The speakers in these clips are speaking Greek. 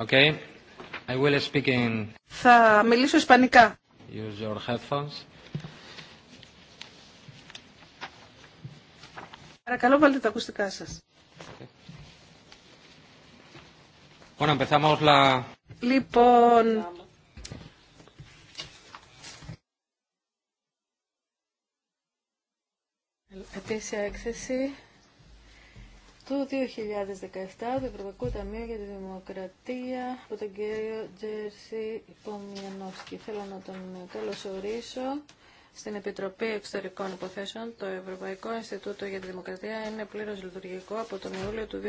Okay. I will speak in... Θα μιλήσω ισπανικά. Use your headphones. Παρακαλώ βάλτε τα ακουστικά σας. Okay. Bueno, la... Λοιπόν, ετήσια έκθεση το 2017 το Ευρωπαϊκό Ταμείου για τη Δημοκρατία από τον κύριο Τζέρσι Πομιανόφσκι. Θέλω να τον καλωσορίσω στην Επιτροπή Εξωτερικών Υποθέσεων. Το Ευρωπαϊκό Ινστιτούτο για τη Δημοκρατία είναι πλήρως λειτουργικό από τον Ιούλιο του 2013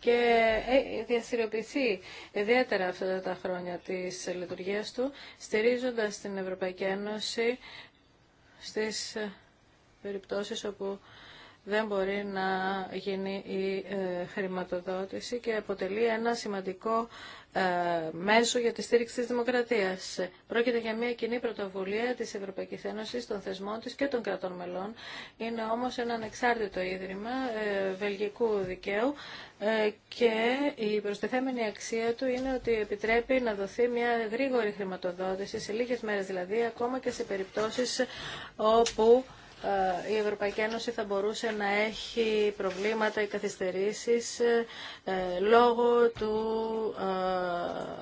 και ε, διαστηριοποιηθεί ιδιαίτερα αυτά τα χρόνια της λειτουργία του, στηρίζοντα την Ευρωπαϊκή Ένωση στις περιπτώσεις όπου δεν μπορεί να γίνει η ε, χρηματοδότηση και αποτελεί ένα σημαντικό ε, μέσο για τη στήριξη της δημοκρατίας. Πρόκειται για μια κοινή πρωτοβουλία της Ευρωπαϊκής Ένωσης, των θεσμών της και των κρατών μελών. Είναι όμως ένα ανεξάρτητο ίδρυμα ε, βελγικού δικαίου και η προστιθέμενη αξία του είναι ότι επιτρέπει να δοθεί μια γρήγορη χρηματοδότηση, σε λίγες μέρες δηλαδή, ακόμα και σε περιπτώσεις όπου ε, η Ευρωπαϊκή Ένωση θα μπορούσε να έχει προβλήματα ή καθυστερήσεις ε, λόγω του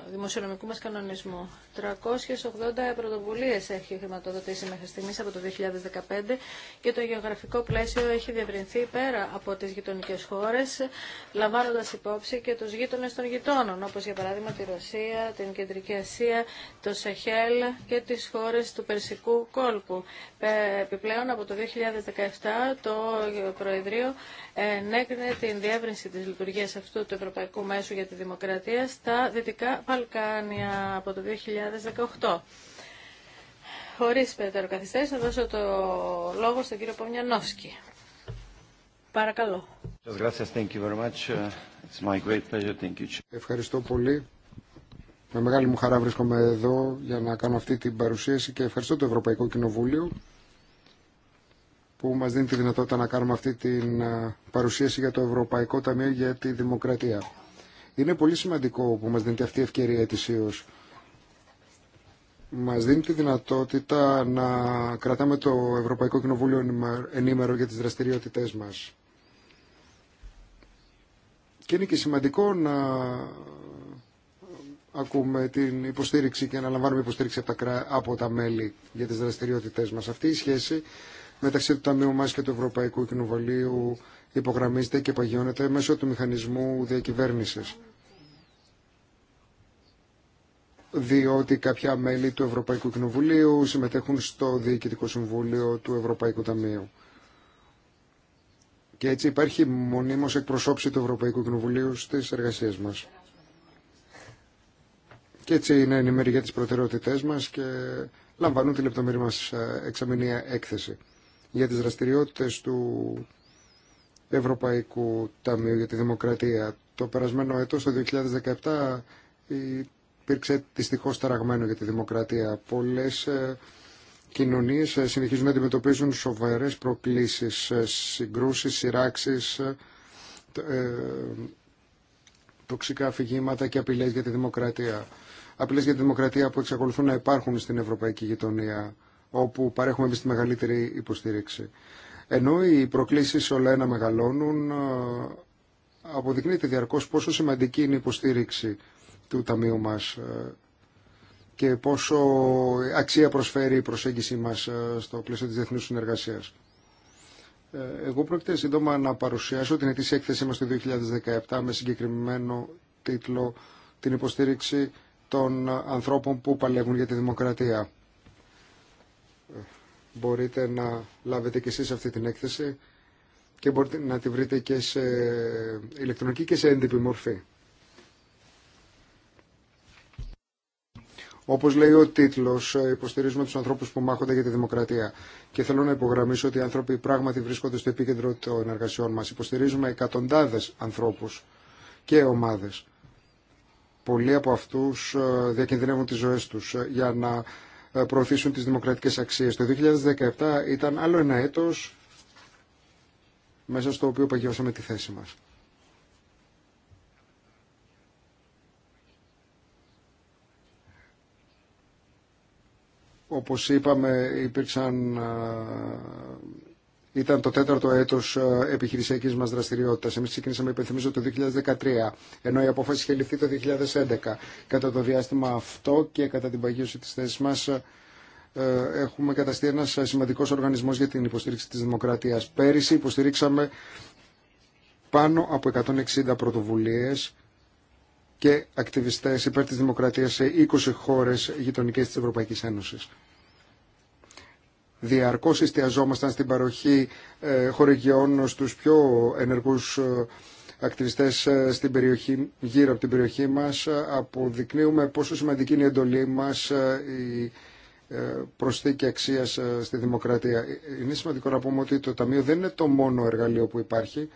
ε, δημοσιονομικού μας κανονισμού. 380 πρωτοβουλίες έχει χρηματοδοτήσει μέχρι στιγμής από το 2015 και το γεωγραφικό πλαίσιο έχει διευρυνθεί πέρα από τις γειτονικές χώρες, λαμβάνοντας υπόψη και τους γείτονες των γειτόνων, όπως για παράδειγμα τη Ρωσία, την Κεντρική Ασία, το Σεχέλ και τις χώρες του Περσικού κόλπου. Επιπλέον το 2017 το Προεδρείο ενέκρινε την διεύρυνση της λειτουργίας αυτού του Ευρωπαϊκού Μέσου για τη Δημοκρατία στα Δυτικά Βαλκάνια από το 2018. Χωρίς περαιτέρω καθυστέρηση θα δώσω το λόγο στον κύριο Πομιανόφσκι. Παρακαλώ. Ευχαριστώ πολύ. Με μεγάλη μου χαρά βρίσκομαι εδώ για να κάνω αυτή την παρουσίαση και ευχαριστώ το Ευρωπαϊκό Κοινοβούλιο που μας δίνει τη δυνατότητα να κάνουμε αυτή την ε, παρουσίαση για το Ευρωπαϊκό Ταμείο για τη Δημοκρατία. Είναι πολύ σημαντικό που μας δίνει αυτή η ευκαιρία ετησίως. Μας δίνει τη δυνατότητα να κρατάμε το Ευρωπαϊκό Κοινοβούλιο ενήμερο για τις δραστηριότητές μας. Και είναι και σημαντικό να ακούμε την υποστήριξη και να λαμβάνουμε υποστήριξη από τα, από τα μέλη για τις δραστηριότητές μας. Αυτή η σχέση μεταξύ του Ταμείου μας και του Ευρωπαϊκού Κοινοβουλίου υπογραμμίζεται και παγιώνεται μέσω του μηχανισμού διακυβέρνηση. Διότι κάποια μέλη του Ευρωπαϊκού Κοινοβουλίου συμμετέχουν στο Διοικητικό Συμβούλιο του Ευρωπαϊκού Ταμείου. Και έτσι υπάρχει μονίμως εκπροσώψη του Ευρωπαϊκού Κοινοβουλίου στις εργασίες μας. Και έτσι είναι ενημεροί για τις προτεραιότητές μας και λαμβάνουν τη λεπτομερή μας ε, εξαμηνία έκθεση για τις δραστηριότητες του Ευρωπαϊκού Ταμείου για τη Δημοκρατία. Το περασμένο έτος, το 2017, υπήρξε δυστυχώ ταραγμένο για τη δημοκρατία. Πολλές ε, κοινωνίες ε, συνεχίζουν να αντιμετωπίζουν σοβαρές προκλήσεις, ε, συγκρούσεις, σειράξεις, τοξικά αφηγήματα και απειλές για τη δημοκρατία. Απειλές για τη δημοκρατία που εξακολουθούν να υπάρχουν στην ευρωπαϊκή γειτονία όπου παρέχουμε εμείς τη μεγαλύτερη υποστήριξη. Ενώ οι προκλήσεις όλα ένα μεγαλώνουν, αποδεικνύεται διαρκώς πόσο σημαντική είναι η υποστήριξη του Ταμείου μας και πόσο αξία προσφέρει η προσέγγιση μας στο πλαίσιο της διεθνούς συνεργασίας. Ε, εγώ πρόκειται σύντομα να παρουσιάσω την ετήσια έκθεσή μας το 2017 με συγκεκριμένο τίτλο «Την υποστήριξη των ανθρώπων που παλεύουν για τη δημοκρατία» μπορείτε να λάβετε και εσείς αυτή την έκθεση και μπορείτε να τη βρείτε και σε ηλεκτρονική και σε έντυπη μορφή. Όπως λέει ο τίτλος, υποστηρίζουμε τους ανθρώπους που μάχονται για τη δημοκρατία. Και θέλω να υπογραμμίσω ότι οι άνθρωποι πράγματι βρίσκονται στο επίκεντρο των εργασιών μας. Υποστηρίζουμε εκατοντάδες ανθρώπους και ομάδες. Πολλοί από αυτούς ε, διακινδυνεύουν τις ζωές τους ε, για να ε, προωθήσουν τις δημοκρατικές αξίες. Το 2017 ήταν άλλο ένα έτος μέσα στο οποίο παγιώσαμε τη θέση μας. Όπως είπαμε υπήρξαν ε, ήταν το τέταρτο έτος ε, επιχειρησιακή μας δραστηριότητας. Εμεί ξεκινήσαμε, υπενθυμίζω, το 2013, ενώ η απόφαση είχε ληφθεί το 2011. Κατά το διάστημα αυτό και κατά την παγίωση τη θέση μα ε, έχουμε καταστεί ένα σημαντικό οργανισμό για την υποστήριξη τη Δημοκρατία. Πέρυσι υποστηρίξαμε πάνω από 160 πρωτοβουλίε και ακτιβιστές υπέρ της δημοκρατίας σε 20 χώρες γειτονικές της Ευρωπαϊκής Ένωσης διαρκώς εστιαζόμασταν στην παροχή ε, χορηγιών στους πιο ενεργούς ε, ακτιβιστές ε, στην περιοχή, γύρω από την περιοχή μας αποδεικνύουμε πόσο σημαντική είναι η εντολή μας η προσθήκη αξία στη δημοκρατία. Είναι σημαντικό να πούμε ότι το Ταμείο δεν είναι το μόνο εργαλείο που υπάρχει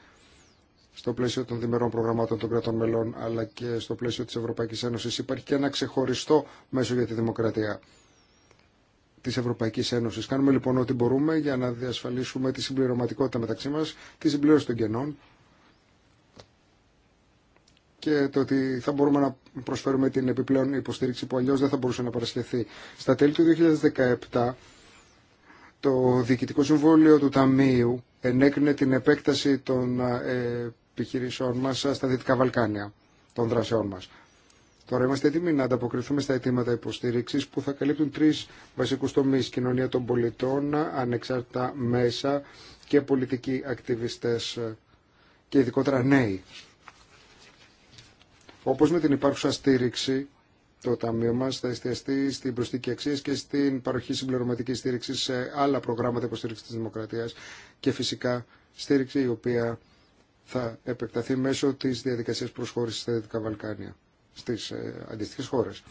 στο πλαίσιο των διμερών προγραμμάτων των κρατών μελών αλλά και στο πλαίσιο της Ευρωπαϊκής Ένωσης υπάρχει και ένα ξεχωριστό μέσο για τη δημοκρατία της Ευρωπαϊκής Ένωσης. Κάνουμε λοιπόν ό,τι μπορούμε για να διασφαλίσουμε τη συμπληρωματικότητα μεταξύ μας, τη συμπλήρωση των κενών και το ότι θα μπορούμε να προσφέρουμε την επιπλέον υποστήριξη που αλλιώς δεν θα μπορούσε να παρασχεθεί. Στα τέλη του 2017 το Διοικητικό Συμβούλιο του Ταμείου ενέκρινε την επέκταση των ε, επιχειρήσεών μας στα Δυτικά Βαλκάνια των δράσεών μας. Τώρα είμαστε έτοιμοι να ανταποκριθούμε στα αιτήματα υποστήριξη που θα καλύπτουν τρει βασικού τομεί: κοινωνία των πολιτών, ανεξάρτητα μέσα και πολιτικοί ακτιβιστέ και ειδικότερα νέοι. Όπω με την υπάρχουσα στήριξη, το Ταμείο μα θα εστιαστεί στην προσθήκη αξία και στην παροχή συμπληρωματική στήριξη σε άλλα προγράμματα υποστήριξη τη Δημοκρατία και φυσικά στήριξη η οποία θα επεκταθεί μέσω τη διαδικασία προσχώρηση στα Δυτικά Βαλκάνια στις ε, αντίστοιχε χώρες.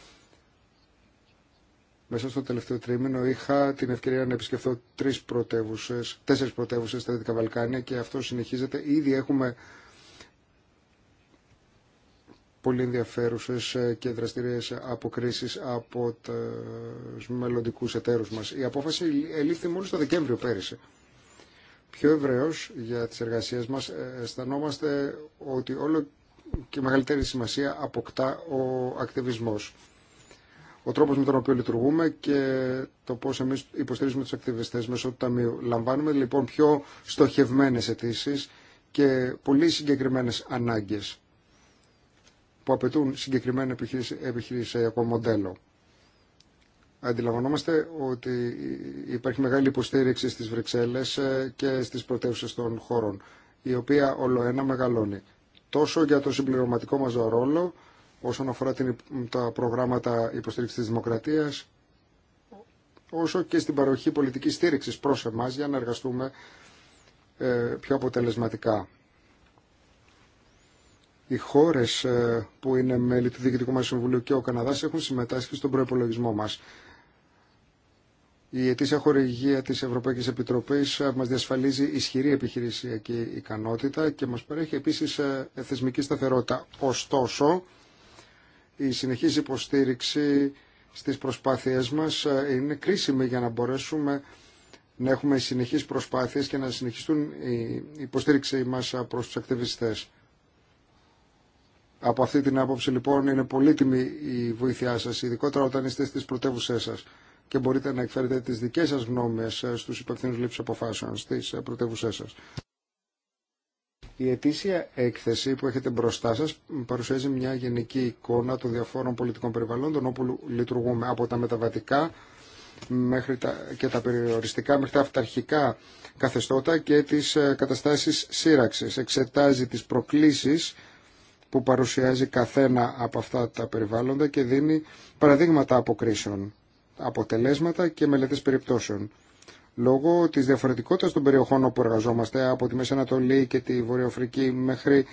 Μέσα στο τελευταίο τρίμηνο είχα την ευκαιρία να επισκεφθώ τρεις πρωτεύουσες, τέσσερις πρωτεύουσες στα Δυτικά Βαλκάνια και αυτό συνεχίζεται. Ήδη έχουμε πολύ ενδιαφέρουσες ε, και δραστηριές αποκρίσεις από τους μελλοντικού εταίρους μας. Η απόφαση ελήφθη μόλις το Δεκέμβριο πέρυσι. Πιο ευρέως για τις εργασίες μας ε, αισθανόμαστε ότι όλο και μεγαλύτερη σημασία αποκτά ο ακτιβισμός. Ο τρόπος με τον οποίο λειτουργούμε και το πώς εμείς υποστηρίζουμε τους ακτιβιστές μέσω του Ταμείου. Λαμβάνουμε λοιπόν πιο στοχευμένες αιτήσει και πολύ συγκεκριμένες ανάγκες που απαιτούν συγκεκριμένο επιχειρησιακό μοντέλο. Αντιλαμβανόμαστε ότι υπάρχει μεγάλη υποστήριξη στις Βρυξέλλες ε, και στις πρωτεύουσες των χώρων, η οποία όλο ένα μεγαλώνει τόσο για το συμπληρωματικό μας ρόλο όσον αφορά την, τα προγράμματα υποστήριξης της δημοκρατίας, όσο και στην παροχή πολιτικής στήριξης προς εμάς για να εργαστούμε ε, πιο αποτελεσματικά. Οι χώρες ε, που είναι μέλη του Διοικητικού μας Συμβουλίου και ο Καναδάς έχουν συμμετάσχει στον προπολογισμό μας. Η ετήσια χορηγία της Ευρωπαϊκής Επιτροπής ε, μας διασφαλίζει ισχυρή επιχειρησιακή ικανότητα και μας παρέχει επίσης ε, ε, θεσμική σταθερότητα. Ωστόσο, η συνεχής υποστήριξη στις προσπάθειές μας είναι κρίσιμη για να μπορέσουμε να έχουμε συνεχείς προσπάθειες και να συνεχιστούν η υποστήριξη μας προς τους ακτιβιστές. Από αυτή την άποψη λοιπόν είναι πολύτιμη η βοήθειά σας, ειδικότερα όταν είστε στις πρωτεύουσές σας και μπορείτε να εκφέρετε τις δικές σας γνώμες ε, στους υπευθύνους λήψης αποφάσεων στις ε, πρωτεύουσές σας. Η ετήσια έκθεση που έχετε μπροστά σας παρουσιάζει μια γενική εικόνα των διαφόρων πολιτικών περιβαλλόντων όπου λειτουργούμε από τα μεταβατικά μέχρι τα, και τα περιοριστικά μέχρι τα αυταρχικά καθεστώτα και τις ε, καταστάσεις σύραξης. Εξετάζει τις προκλήσεις που παρουσιάζει καθένα από αυτά τα περιβάλλοντα και δίνει παραδείγματα αποκρίσεων αποτελέσματα και μελέτες περιπτώσεων. Λόγω της διαφορετικότητας των περιοχών όπου εργαζόμαστε από τη Μέση Ανατολή και τη Βορειοαφρική μέχρι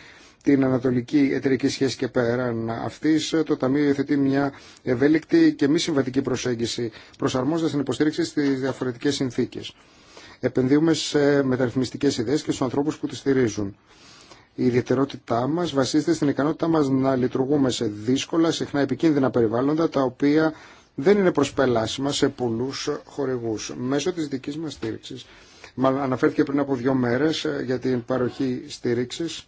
την ανατολική εταιρική σχέση και πέραν αυτή, το Ταμείο υιοθετεί μια ευέλικτη και μη συμβατική προσέγγιση, προσαρμόζοντα την υποστήριξη στι διαφορετικέ συνθήκε. Επενδύουμε σε μεταρρυθμιστικέ ιδέε και στου ανθρώπου που τι στηρίζουν. Η ιδιαιτερότητά μα βασίζεται στην ικανότητά μα να λειτουργούμε σε δύσκολα, συχνά επικίνδυνα περιβάλλοντα, τα οποία δεν είναι προσπελάσιμα σε πολλούς χορηγούς. Μέσω της δικής μας στήριξης, αναφέρθηκε πριν από δύο μέρες ε, για την παροχή στήριξης,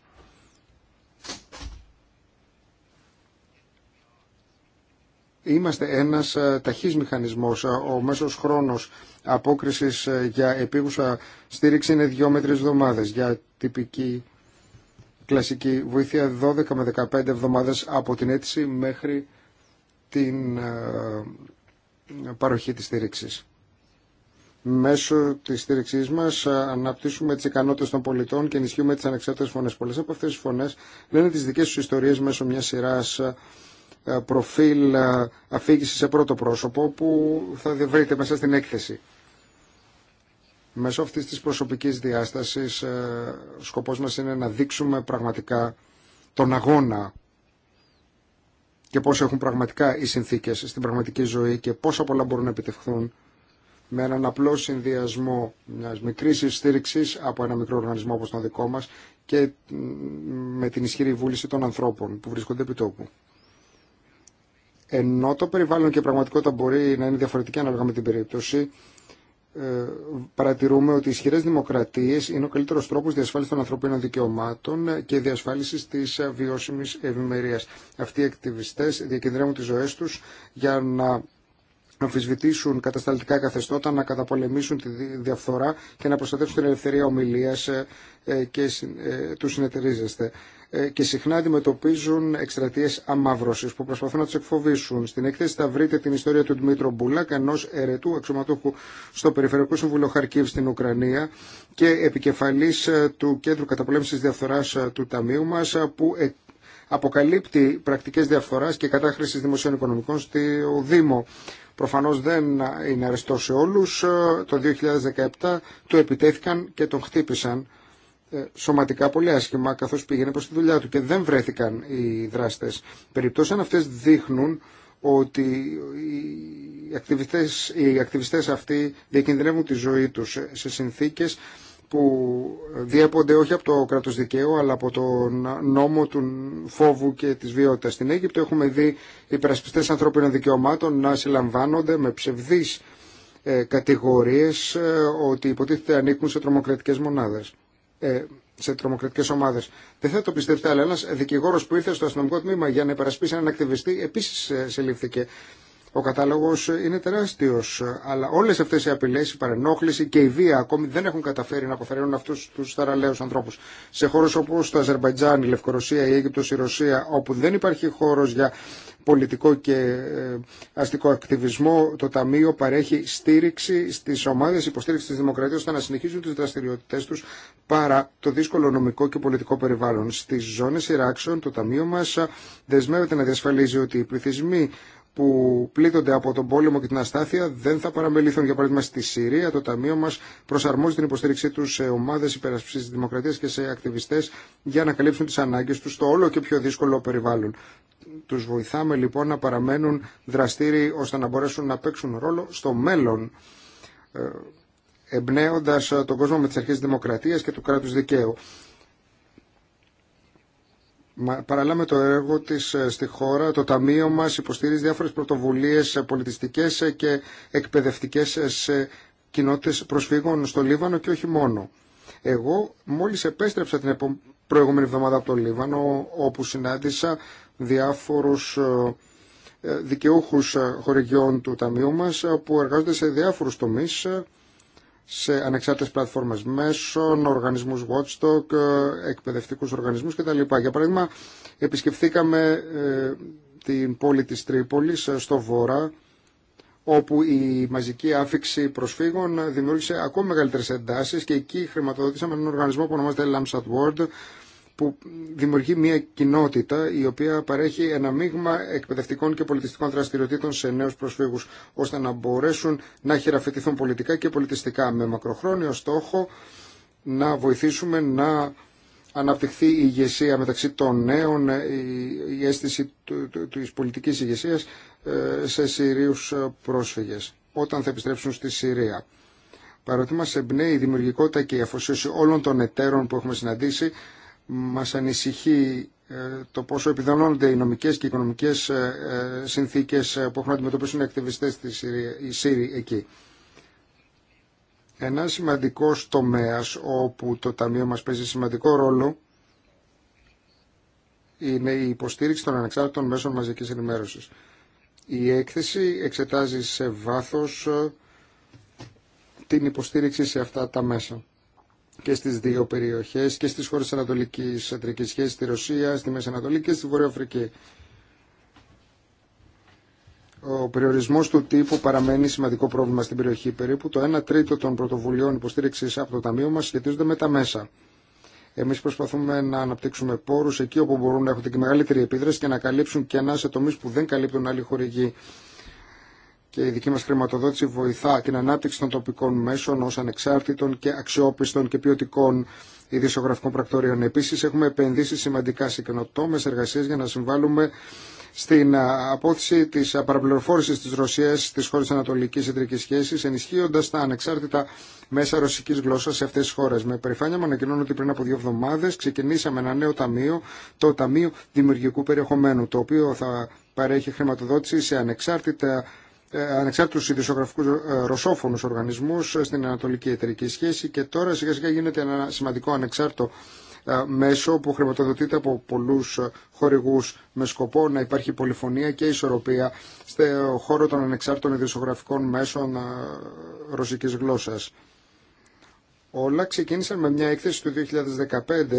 Είμαστε ένας ε, ταχύς μηχανισμός. Ε, ο μέσος χρόνος απόκρισης για επίγουσα στήριξη είναι δυο με τρεις εβδομάδες. Για τυπική κλασική βοήθεια 12 με 15 εβδομάδες από την αίτηση μέχρι την ε, παροχή της στήριξης. Μέσω τη στήριξή μα ε, αναπτύσσουμε τι ικανότητε των πολιτών και ενισχύουμε τι ανεξάρτητε φωνέ. Πολλέ από αυτέ τι φωνέ λένε τι δικέ του ιστορίε μέσω μια σειρά ε, προφίλ αφήγηση σε πρώτο πρόσωπο που θα βρείτε μέσα στην έκθεση. Μέσω αυτή τη προσωπική διάσταση, σκοπό μα είναι να δείξουμε πραγματικά τον αγώνα και πώς έχουν πραγματικά οι συνθήκες στην πραγματική ζωή και πόσα πολλά μπορούν να επιτευχθούν με έναν απλό συνδυασμό μια μικρή στήριξη από ένα μικρό οργανισμό όπως το δικό μα και με την ισχυρή βούληση των ανθρώπων που βρίσκονται επί τόπου. Ενώ το περιβάλλον και η πραγματικότητα μπορεί να είναι διαφορετική ανάλογα με την περίπτωση, ε, παρατηρούμε ότι οι ισχυρέ δημοκρατίες είναι ο καλύτερος τρόπος διασφάλισης των ανθρωπίνων δικαιωμάτων και διασφάλιση της βιώσιμη ευημερία. Αυτοί οι ακτιβιστέ διακεντρέμουν τι ζωές τους για να αμφισβητήσουν κατασταλτικά καθεστώτα, να καταπολεμήσουν τη διαφθορά και να προστατεύσουν την ελευθερία ομιλία ε, ε, και του συνεταιρίζεστε. Ε, και συχνά αντιμετωπίζουν εκστρατείε αμαύρωση που προσπαθούν να του εκφοβήσουν. Στην έκθεση θα βρείτε την ιστορία του Δημήτρου Μπουλάκ, ενό αιρετού αξιωματούχου στο Περιφερειακό Συμβούλιο Χαρκίβ στην Ουκρανία και επικεφαλή ε, του Κέντρου Καταπολέμηση Διαφθορά ε, του Ταμείου μα, που αποκαλύπτει πρακτικέ διαφθορά και κατάχρηση δημοσίων οικονομικών στο Δήμο. Προφανώ δεν είναι αρεστό σε όλου. Το 2017 του επιτέθηκαν και τον χτύπησαν ε, σωματικά πολύ άσχημα καθώς πήγαινε προς τη δουλειά του και δεν βρέθηκαν οι δράστες. περιπτώσει αν αυτές δείχνουν ότι οι ακτιβιστές, οι ακτιβιστές αυτοί διακινδυνεύουν τη ζωή τους σε συνθήκες που διέπονται όχι από το κράτος δικαίου αλλά από τον νόμο του φόβου και της βιότητας. Στην Αίγυπτο έχουμε δει υπερασπιστές ανθρωπίνων δικαιωμάτων να συλλαμβάνονται με ψευδείς ε, κατηγορίες ε, ότι υποτίθεται ανήκουν σε τρομοκρατικές μονάδες. Ε, σε τρομοκρατικέ ομάδε. Δεν θα το πιστεύετε, αλλά ένα δικηγόρο που ήρθε στο αστυνομικό τμήμα για να υπερασπίσει έναν ακτιβιστή επίση ε, συλλήφθηκε. Ο κατάλογο είναι τεράστιο, αλλά όλε αυτέ οι απειλέ, η παρενόχληση και η βία ακόμη δεν έχουν καταφέρει να αποφεραίνουν αυτού του θαραλέου ανθρώπου. Σε χώρε όπω το Αζερβαϊτζάν, η Λευκορωσία, η Αίγυπτο, η Ρωσία, όπου δεν υπάρχει χώρο για πολιτικό και ε, αστικό ακτιβισμό, το Ταμείο παρέχει στήριξη στις ομάδες υποστήριξης της δημοκρατίας ώστε να συνεχίζουν τις δραστηριότητες τους παρά το δύσκολο νομικό και πολιτικό περιβάλλον. Στις ζώνες σειράξεων το Ταμείο μας ε, δεσμεύεται να διασφαλίζει ότι οι πληθυσμοί που πλήττονται από τον πόλεμο και την αστάθεια δεν θα παραμεληθούν. Για παράδειγμα, στη Συρία το Ταμείο μα προσαρμόζει την υποστήριξή του σε ομάδε υπερασπιστή τη δημοκρατία και σε ακτιβιστέ για να καλύψουν τι ανάγκε του στο όλο και πιο δύσκολο περιβάλλον. Τους βοηθάμε λοιπόν να παραμένουν δραστήριοι ώστε να μπορέσουν να παίξουν ρόλο στο μέλλον ε, εμπνέοντας ε, τον κόσμο με τις αρχές της δημοκρατίας και του κράτους δικαίου. Παραλάμε το έργο της ε, στη χώρα, το Ταμείο μας υποστηρίζει διάφορες πρωτοβουλίες πολιτιστικές και εκπαιδευτικές σε κοινότητες προσφύγων στο Λίβανο και όχι μόνο. Εγώ μόλις επέστρεψα την προηγούμενη εβδομάδα από το Λίβανο όπου συνάντησα διάφορους ε, ε, δικαιούχους ε, χορηγιών του Ταμείου μας που εργάζονται σε διάφορους τομείς σε ανεξάρτητες πλατφόρμες μέσων, οργανισμούς watchdog, εκπαιδευτικούς οργανισμούς κτλ. Για παράδειγμα, επισκεφθήκαμε την πόλη της Τρίπολης στο Βόρα, όπου η μαζική άφηξη προσφύγων δημιούργησε ακόμη μεγαλύτερες εντάσεις και εκεί χρηματοδοτήσαμε έναν οργανισμό που ονομάζεται Lamsat World, που δημιουργεί μια κοινότητα η οποία παρέχει ένα μείγμα εκπαιδευτικών και πολιτιστικών δραστηριοτήτων σε νέους προσφύγους ώστε να μπορέσουν να χειραφετηθούν πολιτικά και πολιτιστικά με μακροχρόνιο στόχο να βοηθήσουμε να αναπτυχθεί η ηγεσία μεταξύ των νέων, η αίσθηση της πολιτικής ηγεσίας ε, σε Συρίους πρόσφυγες όταν θα επιστρέψουν στη Συρία. Παρότι μας εμπνέει η δημιουργικότητα και η αφοσίωση όλων των εταίρων που έχουμε συναντήσει, μας ανησυχεί ε, το πόσο επιδονώνται οι νομικές και οικονομικές ε, ε, συνθήκες που έχουν αντιμετωπίσουν οι ακτιβιστές της ΣΥΡΙ εκεί. Ένα σημαντικό τομέα όπου το Ταμείο μας παίζει σημαντικό ρόλο είναι η υποστήριξη των ανεξάρτητων μέσων μαζικής ενημέρωσης. Η έκθεση εξετάζει σε βάθος την υποστήριξη σε αυτά τα μέσα και στις δύο περιοχές και στις χώρες Ανατολικής Αντρικής σχέση στη Ρωσία, στη Μέση Ανατολή και στη Βόρεια Αφρική. Ο περιορισμό του τύπου παραμένει σημαντικό πρόβλημα στην περιοχή. Περίπου το 1 τρίτο των πρωτοβουλειών υποστήριξη από το Ταμείο μα σχετίζονται με τα μέσα. Εμεί προσπαθούμε να αναπτύξουμε πόρου εκεί όπου μπορούν να έχουν και μεγαλύτερη επίδραση και να καλύψουν κενά σε τομεί που δεν καλύπτουν άλλοι χορηγοί και η δική μας χρηματοδότηση βοηθά την ανάπτυξη των τοπικών μέσων ως ανεξάρτητων και αξιόπιστων και ποιοτικών ειδησιογραφικών πρακτορίων. Επίσης έχουμε επενδύσει σημαντικά σε καινοτόμες εργασίες για να συμβάλλουμε στην απόθεση της παραπληροφόρησης της Ρωσίας στις χώρες Ανατολικής Ιτρικής Σχέσης, ενισχύοντας τα ανεξάρτητα μέσα ρωσικής γλώσσας σε αυτές τις χώρες. Με περηφάνεια μου ανακοινώνω ότι πριν από δύο εβδομάδες ξεκινήσαμε ένα νέο ταμείο, το Ταμείο Δημιουργικού Περιεχομένου, το οποίο θα παρέχει χρηματοδότηση σε ανεξάρτητα ε, ανεξάρτητου ιδιοσιογραφικούς ε, ρωσόφωνου οργανισμού στην Ανατολική Εταιρική Σχέση και τώρα σιγά σιγά γίνεται ένα σημαντικό ανεξάρτητο ε, μέσο που χρηματοδοτείται από πολλού χορηγού με σκοπό να υπάρχει πολυφωνία και ισορροπία στο χώρο των ανεξάρτητων ιδιοσιογραφικών μέσων ρωσική γλώσσα. Όλα ξεκίνησαν με μια έκθεση του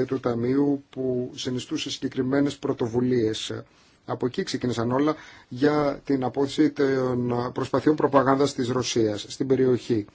2015 του Ταμείου που συνιστούσε συγκεκριμένε πρωτοβουλίε. Από εκεί ξεκίνησαν όλα για την απόθεση των προσπαθειών προπαγάνδας της Ρωσίας στην περιοχή.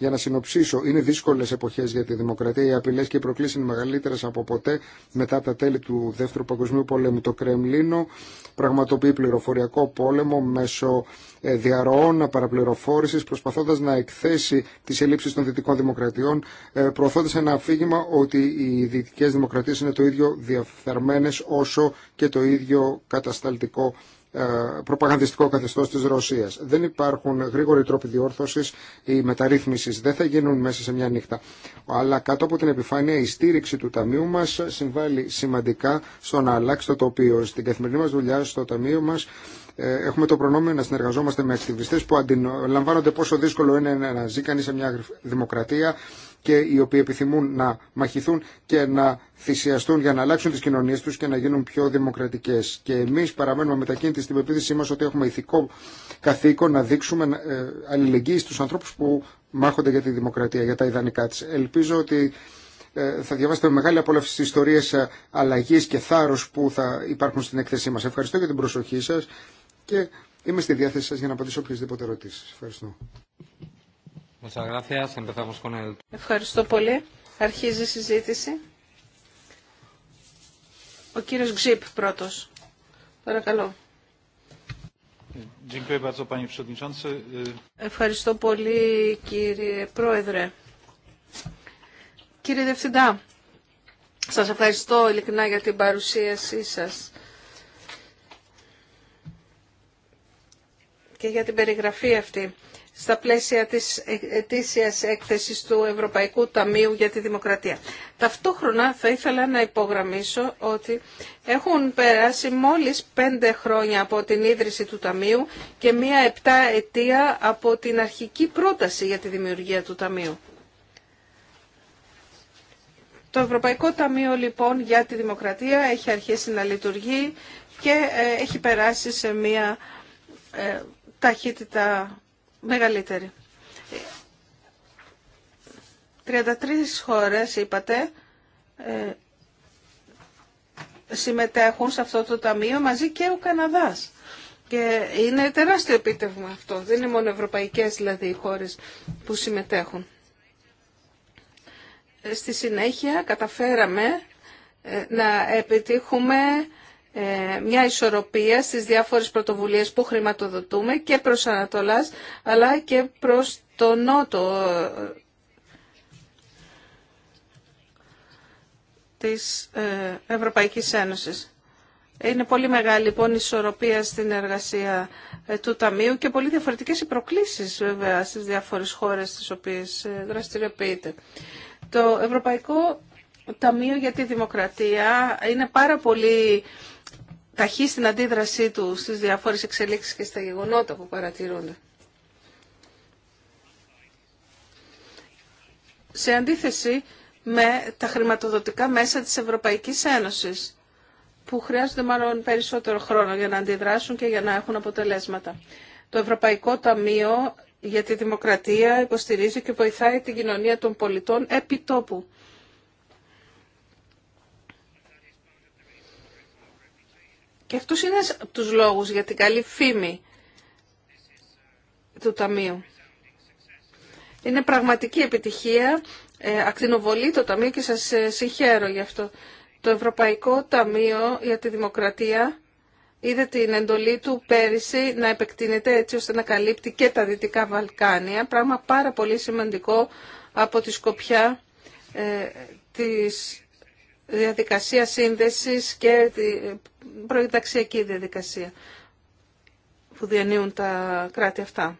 Για να συνοψίσω, είναι δύσκολε εποχέ για τη δημοκρατία. Οι απειλέ και οι προκλήσει είναι μεγαλύτερε από ποτέ μετά τα τέλη του Δεύτερου Παγκοσμίου Πολέμου. Το Κρεμλίνο πραγματοποιεί πληροφοριακό πόλεμο μέσω ε, διαρροών παραπληροφόρηση, προσπαθώντα να εκθέσει τι ελλείψει των δυτικών δημοκρατιών, ε, προωθώντα ένα αφήγημα ότι οι δυτικέ δημοκρατίε είναι το ίδιο διαφθαρμένε όσο και το ίδιο κατασταλτικό ε, προπαγανδιστικό καθεστώς της Ρωσίας. Δεν υπάρχουν γρήγοροι τρόποι διόρθωσης ή μεταρρύθμισης. Δεν θα γίνουν μέσα σε μια νύχτα. Αλλά κάτω από την επιφάνεια η στήριξη του Ταμείου μας συμβάλλει σημαντικά στο να αλλάξει το τοπίο. Στην καθημερινή μας δουλειά στο Ταμείο μας ε, έχουμε το προνόμιο να συνεργαζόμαστε με ακτιβιστές που αντιλαμβάνονται πόσο δύσκολο είναι να ζει σε μια δημοκρατία και οι οποίοι επιθυμούν να μαχηθούν και να θυσιαστούν για να αλλάξουν τις κοινωνίες τους και να γίνουν πιο δημοκρατικές. Και εμείς παραμένουμε μετακίνητοι στην πεποίθησή μας ότι έχουμε ηθικό καθήκον να δείξουμε ε, αλληλεγγύη στους ανθρώπους που μάχονται για τη δημοκρατία, για τα ιδανικά της. Ελπίζω ότι ε, θα διαβάσετε με μεγάλη απόλαυση τις ιστορίες ε, αλλαγής και θάρρος που θα υπάρχουν στην εκθέσή μας. Ευχαριστώ για την προσοχή σας και είμαι στη διάθεση σας για να απαντήσω οποιασδήποτε ερωτήσεις. Ευχαριστώ. Ευχαριστώ πολύ. Αρχίζει η συζήτηση. Ο κύριος Γκζίπ πρώτος. Παρακαλώ. Ευχαριστώ πολύ κύριε Πρόεδρε. Κύριε Δευθυντά, σας ευχαριστώ ειλικρινά για την παρουσίασή σας και για την περιγραφή αυτή στα πλαίσια της ετήσιας έκθεσης του Ευρωπαϊκού Ταμείου για τη Δημοκρατία. Ταυτόχρονα θα ήθελα να υπογραμμίσω ότι έχουν περάσει μόλις πέντε χρόνια από την ίδρυση του Ταμείου και μία επτά ετία από την αρχική πρόταση για τη δημιουργία του Ταμείου. Το Ευρωπαϊκό Ταμείο λοιπόν για τη Δημοκρατία έχει αρχίσει να λειτουργεί και ε, έχει περάσει σε μία ε, ταχύτητα μεγαλύτερη. 33 χώρες, είπατε, ε, συμμετέχουν σε αυτό το ταμείο μαζί και ο Καναδάς. Και είναι τεράστιο επίτευγμα αυτό. Δεν είναι μόνο ευρωπαϊκές δηλαδή οι χώρες που συμμετέχουν. Ε, στη συνέχεια καταφέραμε ε, να επιτύχουμε ε, μια ισορροπία στις διάφορες πρωτοβουλίες που χρηματοδοτούμε και προς Ανατολάς αλλά και προς το Νότο ε, της ε, Ευρωπαϊκής Ένωσης. Είναι πολύ μεγάλη λοιπόν η ισορροπία στην εργασία του Ταμείου και πολύ διαφορετικές οι προκλήσεις βέβαια στις διάφορες χώρες στις οποίες δραστηριοποιείται. Το Ευρωπαϊκό Ταμείο για τη Δημοκρατία είναι πάρα πολύ ταχύ στην αντίδρασή του στις διάφορες εξελίξεις και στα γεγονότα που παρατηρούνται. Σε αντίθεση με τα χρηματοδοτικά μέσα της Ευρωπαϊκής Ένωσης, που χρειάζονται μάλλον περισσότερο χρόνο για να αντιδράσουν και για να έχουν αποτελέσματα. Το Ευρωπαϊκό Ταμείο για τη Δημοκρατία υποστηρίζει και βοηθάει την κοινωνία των πολιτών επί τόπου. Και αυτό είναι τους λόγους για την καλή φήμη του Ταμείου. Είναι πραγματική επιτυχία, ε, ακτινοβολεί το Ταμείο και σας ε, συγχαίρω γι' αυτό. Το Ευρωπαϊκό Ταμείο για τη Δημοκρατία είδε την εντολή του πέρυσι να επεκτείνεται έτσι ώστε να καλύπτει και τα Δυτικά Βαλκάνια, πράγμα πάρα πολύ σημαντικό από τη σκοπιά ε, της διαδικασία σύνδεσης και προεταξιακή διαδικασία που διανύουν τα κράτη αυτά.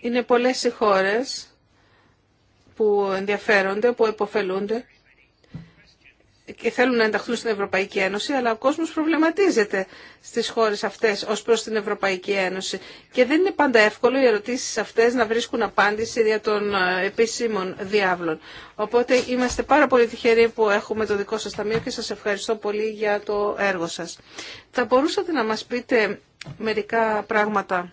Είναι πολλές οι χώρες που ενδιαφέρονται, που υποφελούνται και θέλουν να ενταχθούν στην Ευρωπαϊκή Ένωση, αλλά ο κόσμος προβληματίζεται στις χώρες αυτές ως προς την Ευρωπαϊκή Ένωση. Και δεν είναι πάντα εύκολο οι ερωτήσεις αυτές να βρίσκουν απάντηση για των ε, επίσημων διάβλων. Οπότε είμαστε πάρα πολύ τυχεροί που έχουμε το δικό σας ταμείο και σας ευχαριστώ πολύ για το έργο σας. Θα μπορούσατε να μας πείτε μερικά πράγματα.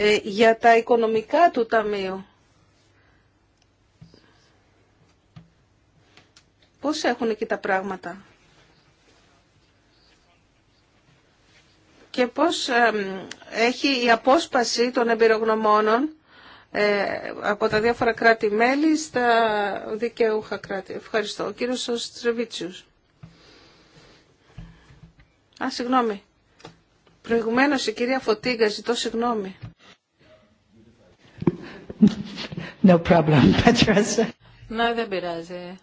Ε, για τα οικονομικά του Ταμείου. Πώς έχουν εκεί τα πράγματα. Και πώς έχει η απόσπαση των εμπειρογνωμόνων ε, από τα διάφορα κράτη-μέλη στα δικαιούχα κράτη. Ευχαριστώ. Ο κύριος Στρεβίτσιος. Α, συγγνώμη. Προηγουμένως η κυρία Φωτίγκα ζητώ συγγνώμη. No problem, Petra. Ναι, δεν πειράζει.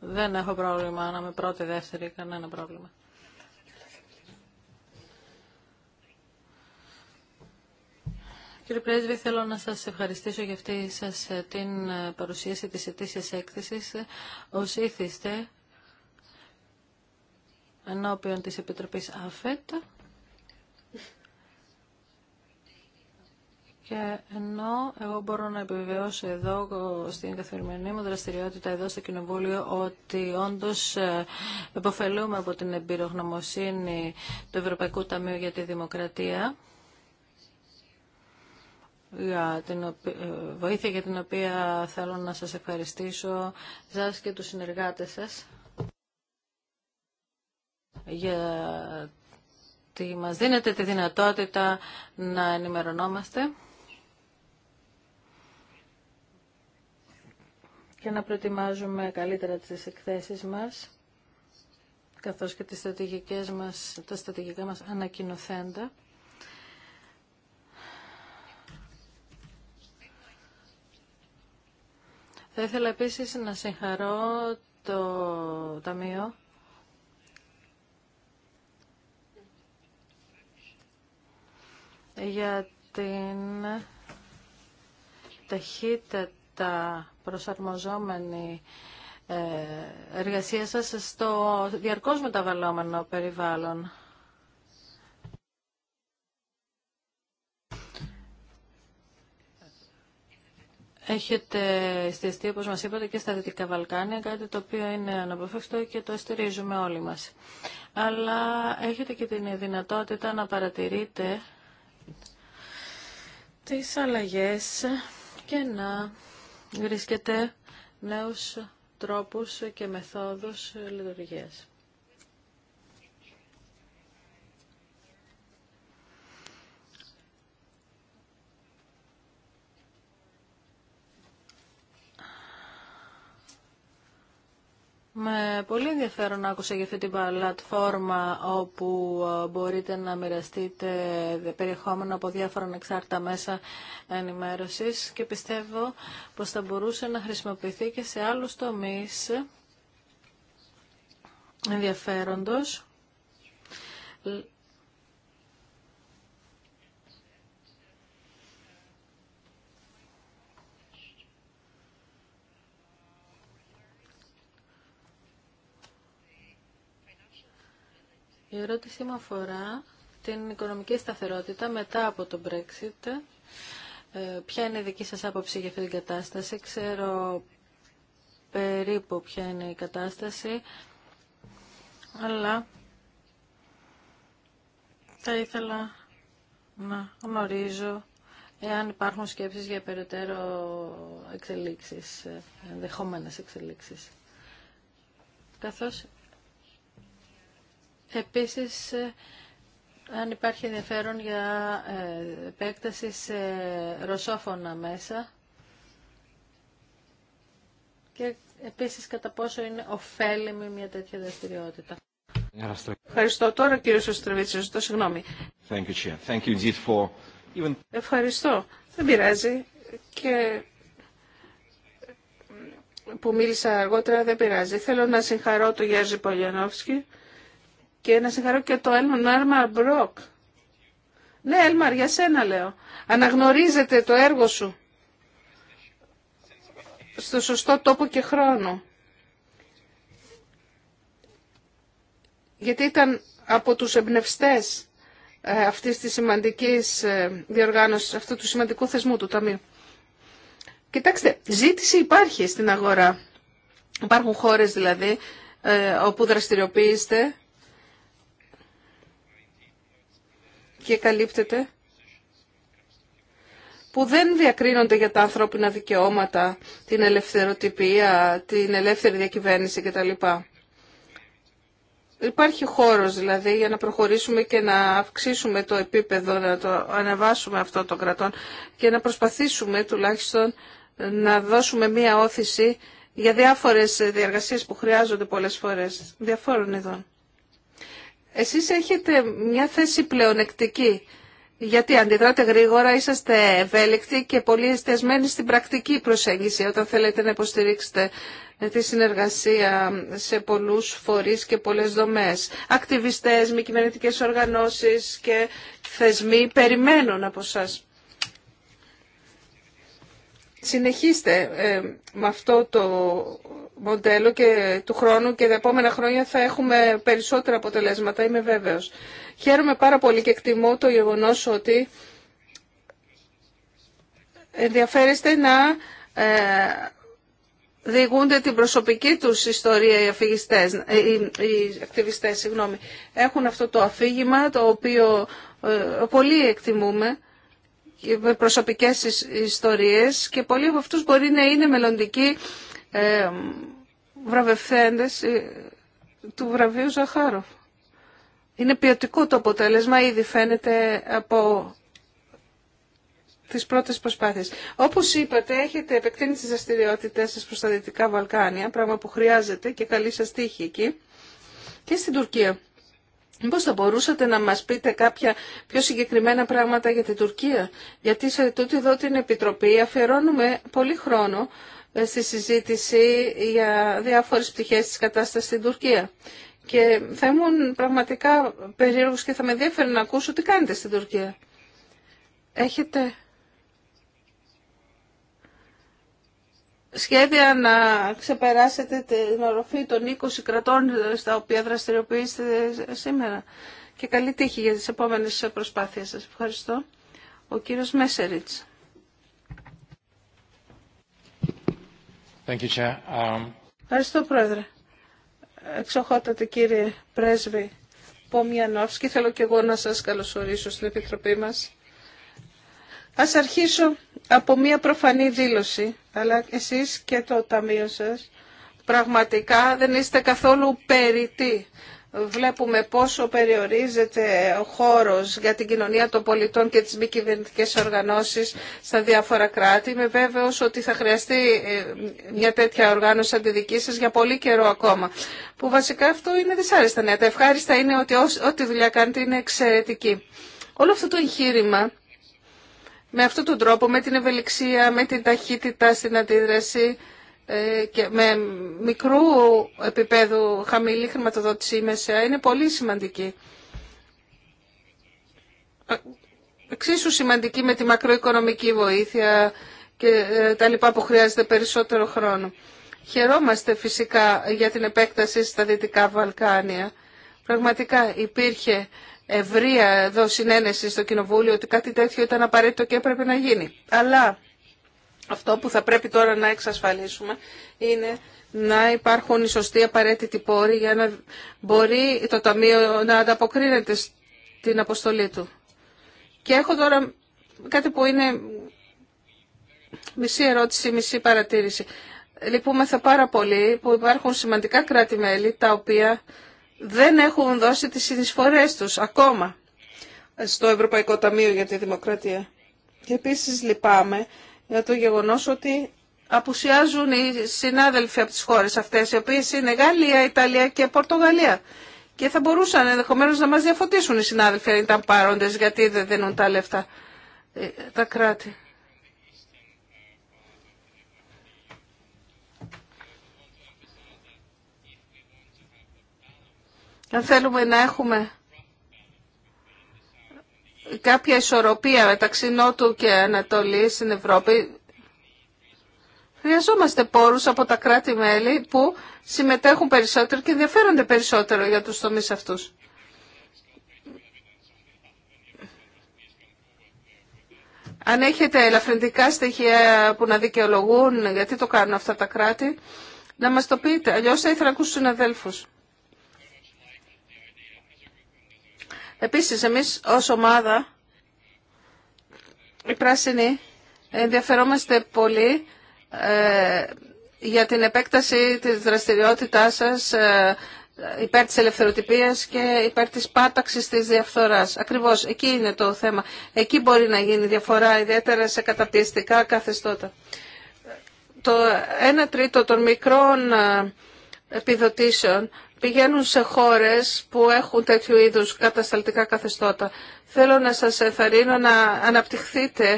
Δεν έχω πρόβλημα να είμαι πρώτη, δεύτερη, κανένα πρόβλημα. Κύριε Πρέσβη, θέλω να σας ευχαριστήσω για αυτή σας ε, την ε, παρουσίαση της ετήσιας έκθεσης. Ως ήθιστε ενώπιον της Επιτροπής ΑΦΕΤ. Και ενώ εγώ μπορώ να επιβεβαιώσω εδώ στην καθημερινή μου δραστηριότητα εδώ στο Κοινοβούλιο ότι όντως ε, επωφελούμε από την εμπειρογνωμοσύνη του Ευρωπαϊκού Ταμείου για τη Δημοκρατία για την ε, βοήθεια για την οποία θέλω να σας ευχαριστήσω σας και τους συνεργάτες σας για τη μας δίνετε τη δυνατότητα να ενημερωνόμαστε. και να προετοιμάζουμε καλύτερα τις εκθέσεις μας καθώς και τις στρατηγικές μας, τα στρατηγικά μας ανακοινοθέντα. Θα ήθελα επίσης να συγχαρώ το Ταμείο για την ταχύτητα τα προσαρμοζόμενη ε, εργασία σας στο διαρκώς μεταβαλλόμενο περιβάλλον. Έχετε εστιαστεί, όπως μας είπατε, και στα Δυτικά Βαλκάνια, κάτι το οποίο είναι αναποφευκτό και το στηρίζουμε όλοι μας. Αλλά έχετε και την δυνατότητα να παρατηρείτε τις αλλαγές και να βρίσκεται νέους τρόπους και μεθόδους λειτουργίας. Με πολύ ενδιαφέρον άκουσα για αυτή την πλατφόρμα όπου ε, μπορείτε να μοιραστείτε περιεχόμενο από διάφορα ανεξάρτητα μέσα ενημέρωσης και πιστεύω πως θα μπορούσε να χρησιμοποιηθεί και σε άλλους τομείς ενδιαφέροντος Η ερώτησή μου αφορά την οικονομική σταθερότητα μετά από το Brexit. Ε, ποια είναι η δική σας άποψη για αυτή την κατάσταση. Ξέρω περίπου ποια είναι η κατάσταση, αλλά θα ήθελα να γνωρίζω εάν υπάρχουν σκέψεις για περαιτέρω εξελίξεις, ενδεχόμενες εξελίξεις. Καθώς Επίσης, ε, αν υπάρχει ενδιαφέρον για ε, επέκταση σε ρωσόφωνα μέσα και επίσης κατά πόσο είναι ωφέλιμη μια τέτοια δραστηριότητα. Ευχαριστώ τώρα κύριο Σωστρεβίτσιο, ζητώ συγγνώμη. Ευχαριστώ. Δεν πειράζει και που μίλησα αργότερα δεν πειράζει. Θέλω να συγχαρώ τον Γιάννη Πολιανόφσκι και να συγχαρώ και το Έλμαρ Μπροκ. Ναι, Έλμαρ, για σένα λέω. αναγνωρίζετε το έργο σου στο σωστό τόπο και χρόνο. Γιατί ήταν από τους εμπνευστέ ε, αυτής της σημαντικής ε, διοργάνωσης, αυτού του σημαντικού θεσμού του Ταμείου. Κοιτάξτε, ζήτηση υπάρχει στην αγορά. Υπάρχουν χώρες δηλαδή ε, όπου δραστηριοποιείστε και καλύπτεται που δεν διακρίνονται για τα ανθρώπινα δικαιώματα, την ελευθεροτυπία, την ελεύθερη διακυβέρνηση κτλ. Υπάρχει χώρος δηλαδή για να προχωρήσουμε και να αυξήσουμε το επίπεδο, να το ανεβάσουμε αυτό των κρατών και να προσπαθήσουμε τουλάχιστον να δώσουμε μία όθηση για διάφορες διεργασίες που χρειάζονται πολλές φορές διαφόρων ειδών. Εσείς έχετε μια θέση πλεονεκτική. Γιατί αντιδράτε γρήγορα, είσαστε ευέλικτοι και πολύ εστιασμένοι στην πρακτική προσέγγιση όταν θέλετε να υποστηρίξετε τη συνεργασία σε πολλούς φορείς και πολλές δομές. Ακτιβιστές, μη κυβερνητικές οργανώσεις και θεσμοί περιμένουν από σας συνεχίστε ε, με αυτό το μοντέλο και του χρόνου και τα επόμενα χρόνια θα έχουμε περισσότερα αποτελέσματα, είμαι βέβαιος. Χαίρομαι πάρα πολύ και εκτιμώ το γεγονός ότι ενδιαφέρεστε να ε, διηγούνται την προσωπική τους ιστορία οι, ε, οι, ακτιβιστές. Συγγνώμη. Έχουν αυτό το αφήγημα το οποίο ε, πολύ εκτιμούμε με προσωπικές ιστορίες και πολλοί από αυτούς μπορεί να είναι μελλοντικοί ε, βραβευθέντες ε, του βραβείου Ζαχάροφ. Είναι ποιοτικό το αποτέλεσμα, ήδη φαίνεται από τις πρώτες προσπάθειες. Όπως είπατε, έχετε επεκτείνει τις δραστηριότητε σας προς τα Δυτικά Βαλκάνια, πράγμα που χρειάζεται και καλή σας τύχη εκεί, και στην Τουρκία. Μήπως θα μπορούσατε να μας πείτε κάποια πιο συγκεκριμένα πράγματα για την Τουρκία. Γιατί σε τούτη εδώ την Επιτροπή αφιερώνουμε πολύ χρόνο ε, στη συζήτηση για διάφορες πτυχές της κατάστασης στην Τουρκία. Και θα ήμουν πραγματικά περίεργος και θα με ενδιαφέρει να ακούσω τι κάνετε στην Τουρκία. Έχετε σχέδια να ξεπεράσετε την οροφή των 20 κρατών στα οποία δραστηριοποιήσετε σήμερα. Και καλή τύχη για τις επόμενες προσπάθειες σας. Ευχαριστώ. Ο κύριος Μέσεριτς. Thank you, Chair. Um... Ευχαριστώ, Πρόεδρε. Εξοχότατε, κύριε Πρέσβη Πομιανόφσκη, θέλω και εγώ να σας καλωσορίσω στην Επιτροπή μας. Ας αρχίσω από μια προφανή δήλωση, αλλά εσείς και το ταμείο σας πραγματικά δεν είστε καθόλου περιττή. Βλέπουμε πόσο περιορίζεται ο χώρος για την κοινωνία των πολιτών και τις μη κυβερνητικέ οργανώσεις στα διάφορα κράτη. Είμαι βέβαιος ότι θα χρειαστεί ε, μια τέτοια οργάνωση σαν τη δική σας για πολύ καιρό ακόμα. Που βασικά αυτό είναι δυσάρεστα νέα. Τα ευχάριστα είναι ότι ό,τι δουλειά κάνετε είναι εξαιρετική. Όλο αυτό το εγχείρημα με αυτόν τον τρόπο, με την ευελιξία, με την ταχύτητα στην αντίδραση ε, και με μικρού επίπεδου χαμηλή χρηματοδότηση μέσα είναι πολύ σημαντική. Ε, εξίσου σημαντική με τη μακροοικονομική βοήθεια και ε, τα λοιπά που χρειάζεται περισσότερο χρόνο. Χαιρόμαστε φυσικά για την επέκταση στα Δυτικά Βαλκάνια. Πραγματικά υπήρχε ευρεία εδώ συνένεση στο Κοινοβούλιο ότι κάτι τέτοιο ήταν απαραίτητο και έπρεπε να γίνει. Αλλά αυτό που θα πρέπει τώρα να εξασφαλίσουμε είναι να υπάρχουν οι σωστοί απαραίτητοι πόροι για να μπορεί το Ταμείο να ανταποκρίνεται στην αποστολή του. Και έχω τώρα κάτι που είναι μισή ερώτηση, μισή παρατήρηση. Λυπούμεθα πάρα πολύ που υπάρχουν σημαντικά κράτη-μέλη τα οποία δεν έχουν δώσει τις συνεισφορές τους ακόμα στο Ευρωπαϊκό Ταμείο για τη Δημοκρατία. Και επίσης λυπάμαι για το γεγονός ότι απουσιάζουν οι συνάδελφοι από τις χώρες αυτές, οι οποίες είναι Γαλλία, Ιταλία και Πορτογαλία. Και θα μπορούσαν ενδεχομένως να μας διαφωτίσουν οι συνάδελφοι αν ήταν πάροντες γιατί δεν δίνουν τα λεφτά ε, τα κράτη. Αν θέλουμε να έχουμε κάποια ισορροπία μεταξύ Νότου και ανατολή στην Ευρώπη, Χρειαζόμαστε πόρους από τα κράτη-μέλη που συμμετέχουν περισσότερο και ενδιαφέρονται περισσότερο για τους τομείς αυτούς. Αν έχετε ελαφρυντικά στοιχεία που να δικαιολογούν γιατί το κάνουν αυτά τα κράτη, να μας το πείτε. Αλλιώς θα ήθελα να ακούσω Επίσης, εμείς ως ομάδα, οι πράσινοι, ενδιαφερόμαστε πολύ ε, για την επέκταση της δραστηριότητάς σας ε, υπέρ της και υπέρ της πάταξης της διαφθοράς. Ακριβώς, εκεί είναι το θέμα. Εκεί μπορεί να γίνει διαφορά, ιδιαίτερα σε καταπιεστικά καθεστώτα. Το 1 τρίτο των μικρών ε, επιδοτήσεων πηγαίνουν σε χώρες που έχουν τέτοιου είδους κατασταλτικά καθεστώτα. Θέλω να σας εθαρρύνω να αναπτυχθείτε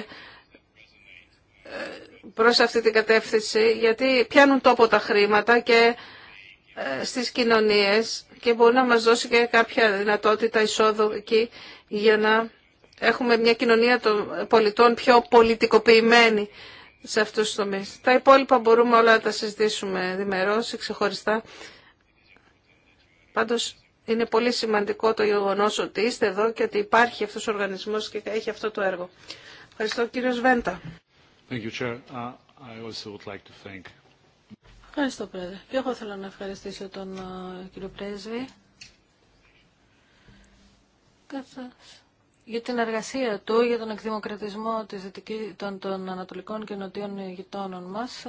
ε, προς αυτή την κατεύθυνση, γιατί πιάνουν τόπο τα χρήματα και ε, στις κοινωνίες και μπορεί να μας δώσει και κάποια δυνατότητα εισόδου εκεί για να έχουμε μια κοινωνία των πολιτών πιο πολιτικοποιημένη σε αυτούς τους τομείς. Τα υπόλοιπα μπορούμε όλα να τα συζητήσουμε διμερώς ξεχωριστά Πάντως είναι πολύ σημαντικό το γεγονός ότι είστε εδώ και ότι υπάρχει αυτός ο οργανισμός και έχει αυτό το έργο. Ευχαριστώ κύριος Βέντα. Ευχαριστώ Πρόεδρε. Και εγώ θέλω να ευχαριστήσω τον uh, κύριο Πρέσβη για την εργασία του, για τον εκδημοκρατισμό της των, των ανατολικών και νοτιών γειτόνων μας.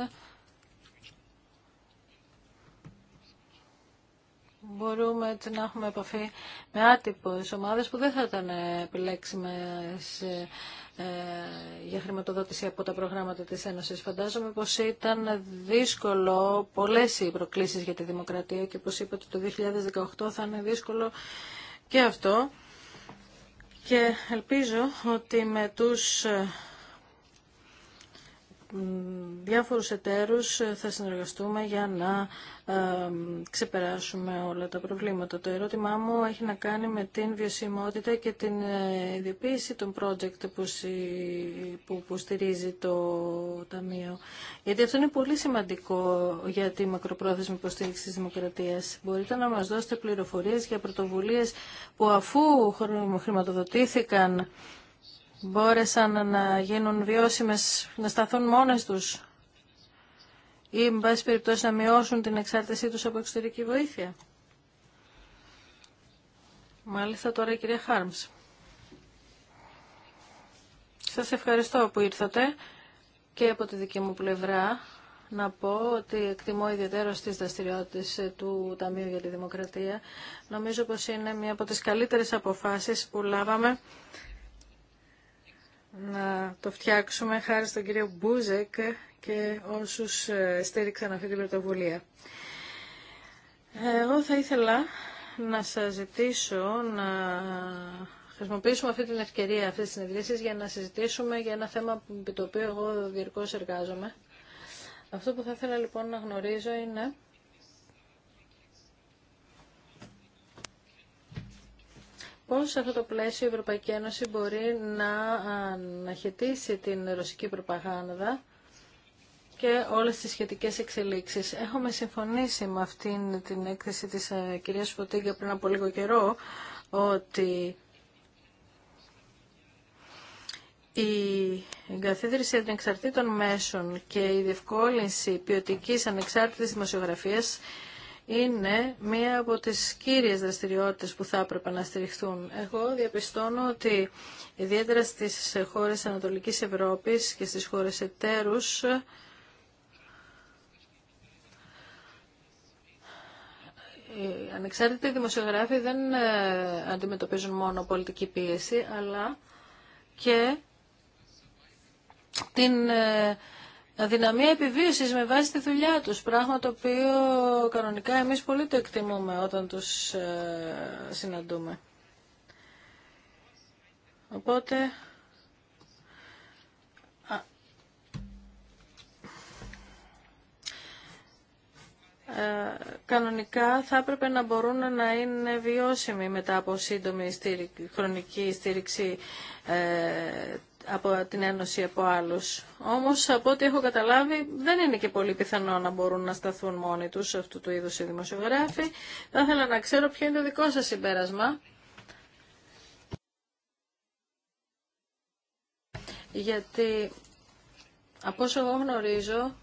μπορούμε να έχουμε επαφή με άτυπες ομάδες που δεν θα ήταν επιλέξιμες ε, ε, για χρηματοδότηση από τα προγράμματα της Ένωσης. Φαντάζομαι πως ήταν δύσκολο πολλές οι προκλήσεις για τη δημοκρατία και πως είπατε το 2018 θα είναι δύσκολο και αυτό. Και ελπίζω ότι με τους ε, διάφορους εταίρους ε, θα συνεργαστούμε για να ε, ξεπεράσουμε όλα τα προβλήματα. Το ερώτημά μου έχει να κάνει με την βιωσιμότητα και την ε, ιδιοποίηση των project που, που, που στηρίζει το Ταμείο. Γιατί αυτό είναι πολύ σημαντικό για τη μακροπρόθεσμη υποστήριξη της δημοκρατίας. Μπορείτε να μας δώσετε πληροφορίες για πρωτοβουλίες που αφού χρηματοδοτήθηκαν μπόρεσαν να γίνουν βιώσιμες, να σταθούν μόνες τους ή, με πάση περιπτώσει, να μειώσουν την εξάρτησή τους από εξωτερική βοήθεια. Μάλιστα τώρα η κυρία Χάρμς. Σας ευχαριστώ που ήρθατε και από τη δική μου πλευρά να πω ότι εκτιμώ ιδιαίτερα στις δραστηριότητες ε, του Ταμείου για τη Δημοκρατία. Νομίζω πως είναι μία από τις καλύτερες αποφάσεις που λάβαμε να το φτιάξουμε χάρη στον κύριο Μπούζεκ και όσους ε, στήριξαν αυτή την πρωτοβουλία. Εγώ θα ήθελα να σας ζητήσω να χρησιμοποιήσουμε αυτή την ευκαιρία αυτής της συνεδρίασης για να συζητήσουμε για ένα θέμα με το οποίο εγώ διαρκώς εργάζομαι. Αυτό που θα ήθελα λοιπόν να γνωρίζω είναι Πώς σε αυτό το πλαίσιο η Ευρωπαϊκή Ένωση μπορεί να αναχαιτήσει την ρωσική προπαγάνδα και όλες τις σχετικές εξελίξεις. Έχουμε συμφωνήσει με αυτήν την έκθεση της ε, κυρίας Φωτίγκα πριν από λίγο καιρό ότι η εγκαθίδρυση ανεξαρτήτων μέσων και η διευκόλυνση ποιοτική ανεξάρτητης δημοσιογραφίας είναι μία από τις κύριες δραστηριότητες που θα έπρεπε να στηριχθούν. Εγώ διαπιστώνω ότι ιδιαίτερα στις χώρες Ανατολικής Ευρώπης και στις χώρες εταίρους οι ανεξάρτητοι δημοσιογράφοι δεν ε, αντιμετωπίζουν μόνο πολιτική πίεση, αλλά και την ε, αδυναμία επιβίωσης με βάση τη δουλειά τους, πράγμα το οποίο κανονικά εμείς πολύ το εκτιμούμε όταν τους ε, συναντούμε. Οπότε... Ε, κανονικά θα έπρεπε να μπορούν να είναι βιώσιμοι μετά από σύντομη στήριξη, χρονική στήριξη ε, από την Ένωση από άλλους. Όμως, από ό,τι έχω καταλάβει, δεν είναι και πολύ πιθανό να μπορούν να σταθούν μόνοι τους αυτού του είδους οι δημοσιογράφοι. Θα ήθελα να ξέρω ποιο είναι το δικό σας συμπέρασμα. Γιατί, από όσο εγώ γνωρίζω,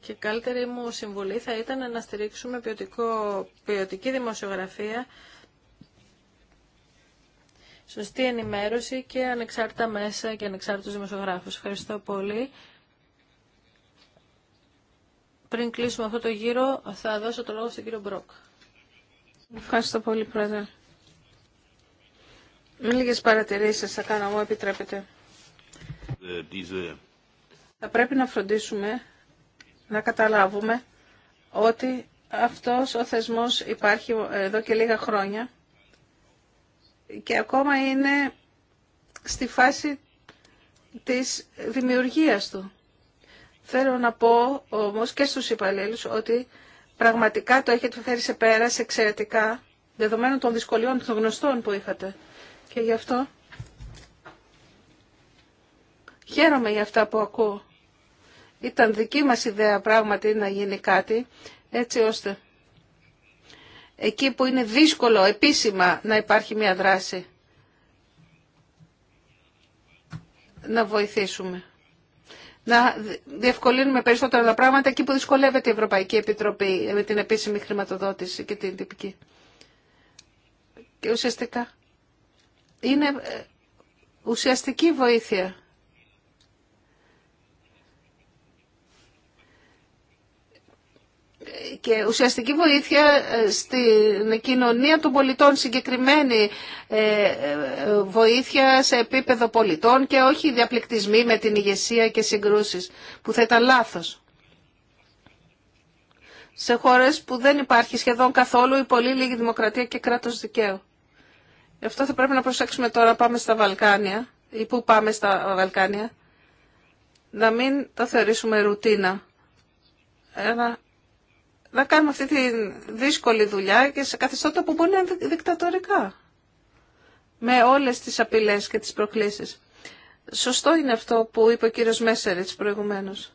και καλύτερη μου συμβουλή θα ήταν να στηρίξουμε ποιοτική δημοσιογραφία σωστή ενημέρωση και ανεξάρτητα μέσα και ανεξάρτητους δημοσιογράφους. Ευχαριστώ πολύ. Πριν κλείσουμε αυτό το γύρο, θα δώσω το λόγο στον κύριο Μπρόκ. Ευχαριστώ πολύ, Πρόεδρε. Λίγες παρατηρήσεις θα κάνω, μου επιτρέπετε. Θα πρέπει να φροντίσουμε να καταλάβουμε ότι αυτός ο θεσμός υπάρχει εδώ και λίγα χρόνια και ακόμα είναι στη φάση της δημιουργίας του. Θέλω να πω όμως και στους υπαλλήλους ότι πραγματικά το έχετε φέρει σε πέρας εξαιρετικά δεδομένων των δυσκολιών των γνωστών που είχατε. Και γι' αυτό χαίρομαι για αυτά που ακούω. Ήταν δική μας ιδέα πράγματι να γίνει κάτι έτσι ώστε εκεί που είναι δύσκολο επίσημα να υπάρχει μια δράση. Να βοηθήσουμε. Να διευκολύνουμε περισσότερα τα πράγματα εκεί που δυσκολεύεται η Ευρωπαϊκή Επιτροπή με την επίσημη χρηματοδότηση και την τυπική. Και ουσιαστικά είναι ε, ουσιαστική βοήθεια και ουσιαστική βοήθεια ε, στην κοινωνία των πολιτών, συγκεκριμένη ε, ε, βοήθεια σε επίπεδο πολιτών και όχι διαπληκτισμοί με την ηγεσία και συγκρούσεις, που θα ήταν λάθος. Σε χώρες που δεν υπάρχει σχεδόν καθόλου ή πολύ λίγη δημοκρατία και κράτος δικαίου. Αυτό θα πρέπει να προσέξουμε τώρα, πάμε στα Βαλκάνια, ή πού πάμε στα Βαλκάνια, να μην το θεωρήσουμε ρουτίνα. Ένα να κάνουμε αυτή τη δύσκολη δουλειά και σε καθεστώτα που μπορεί να είναι δικτατορικά. Με όλες τις απειλές και τις προκλήσεις. Σωστό είναι αυτό που είπε ο κύριος Μέσεριτς προηγουμένως.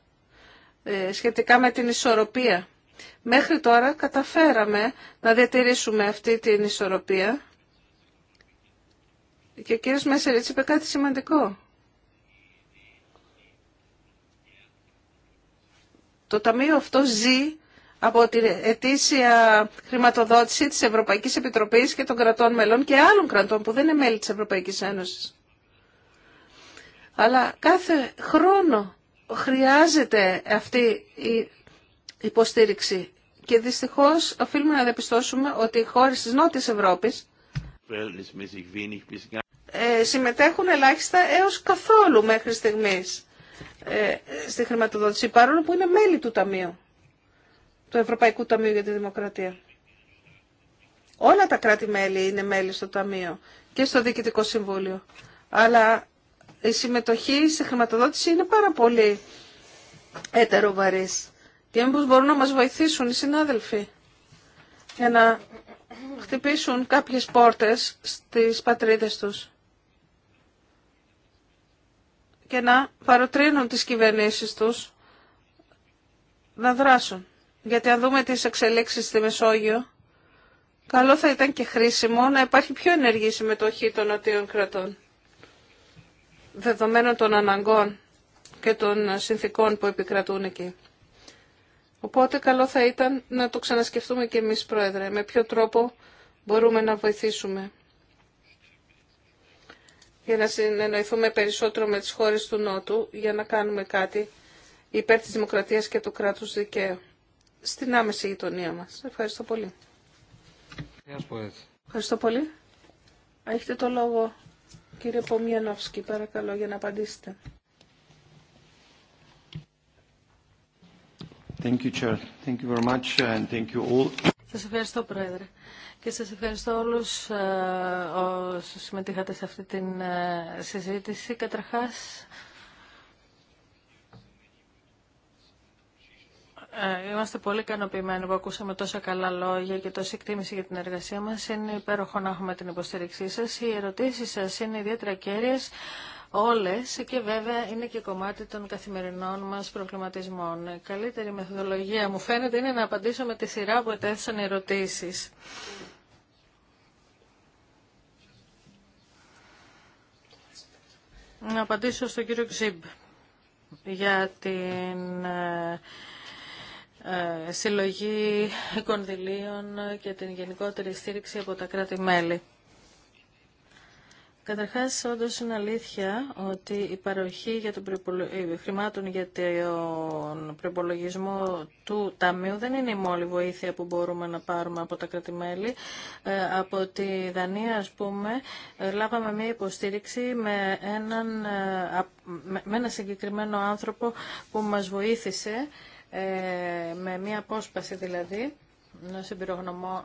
Ε, σχετικά με την ισορροπία. Μέχρι τώρα καταφέραμε να διατηρήσουμε αυτή την ισορροπία. Και ο κύριος Μέσεριτς είπε κάτι σημαντικό. Το ταμείο αυτό ζει από την ετήσια χρηματοδότηση της Ευρωπαϊκής Επιτροπής και των κρατών μελών και άλλων κρατών που δεν είναι μέλη της Ευρωπαϊκής Ένωσης. Αλλά κάθε χρόνο χρειάζεται αυτή η υποστήριξη και δυστυχώς οφείλουμε να διαπιστώσουμε ότι οι χώρες της Νότιας Ευρώπης ε, συμμετέχουν ελάχιστα έως καθόλου μέχρι στιγμής ε, στη χρηματοδότηση, παρόλο που είναι μέλη του Ταμείου του Ευρωπαϊκού Ταμείου για τη Δημοκρατία. Όλα τα κράτη-μέλη είναι μέλη στο Ταμείο και στο Διοικητικό Συμβούλιο. Αλλά η συμμετοχή στη χρηματοδότηση είναι πάρα πολύ ετεροβαρής. Και μήπως μπορούν να μας βοηθήσουν οι συνάδελφοι για να χτυπήσουν κάποιες πόρτες στις πατρίδες τους και να παροτρύνουν τις κυβερνήσεις τους να δράσουν γιατί αν δούμε τις εξελίξεις στη Μεσόγειο, καλό θα ήταν και χρήσιμο να υπάρχει πιο ενεργή συμμετοχή των νοτίων κρατών, δεδομένων των αναγκών και των συνθήκων που επικρατούν εκεί. Οπότε καλό θα ήταν να το ξανασκεφτούμε και εμείς, Πρόεδρε, με ποιο τρόπο μπορούμε να βοηθήσουμε για να συνεννοηθούμε περισσότερο με τις χώρες του Νότου για να κάνουμε κάτι υπέρ της δημοκρατίας και του κράτους δικαίου στην άμεση γειτονία μας. Ευχαριστώ πολύ. Ευχαριστώ πολύ. Έχετε το λόγο, κύριε Πομιανόφσκι, παρακαλώ, για να απαντήσετε. Thank you, Chair. Thank you Σας ευχαριστώ, Πρόεδρε. Και σας ευχαριστώ όλους ε, όσους συμμετείχατε σε αυτή την ε, συζήτηση. Καταρχάς, Ε, είμαστε πολύ ικανοποιημένοι που ακούσαμε τόσα καλά λόγια και τόση εκτίμηση για την εργασία μας. Είναι υπέροχο να έχουμε την υποστήριξή σας. Οι ερωτήσεις σας είναι ιδιαίτερα κέρυες όλες και βέβαια είναι και κομμάτι των καθημερινών μας προβληματισμών. καλύτερη μεθοδολογία μου φαίνεται είναι να απαντήσω με τη σειρά που ετέθησαν οι ερωτήσεις. Να απαντήσω στον κύριο Ξύμπ για την ε, ε, συλλογή κονδυλίων και την γενικότερη στήριξη από τα κράτη-μέλη. Καταρχάς, όντω είναι αλήθεια ότι η παροχή για τον ε, χρημάτων για τον προπολογισμό του Ταμείου δεν είναι η μόνη βοήθεια που μπορούμε να πάρουμε από τα κράτη-μέλη. Ε, από τη Δανία, ας πούμε, λάβαμε μια υποστήριξη με, έναν, με ένα συγκεκριμένο άνθρωπο που μας βοήθησε ε, με μία απόσπαση δηλαδή ενό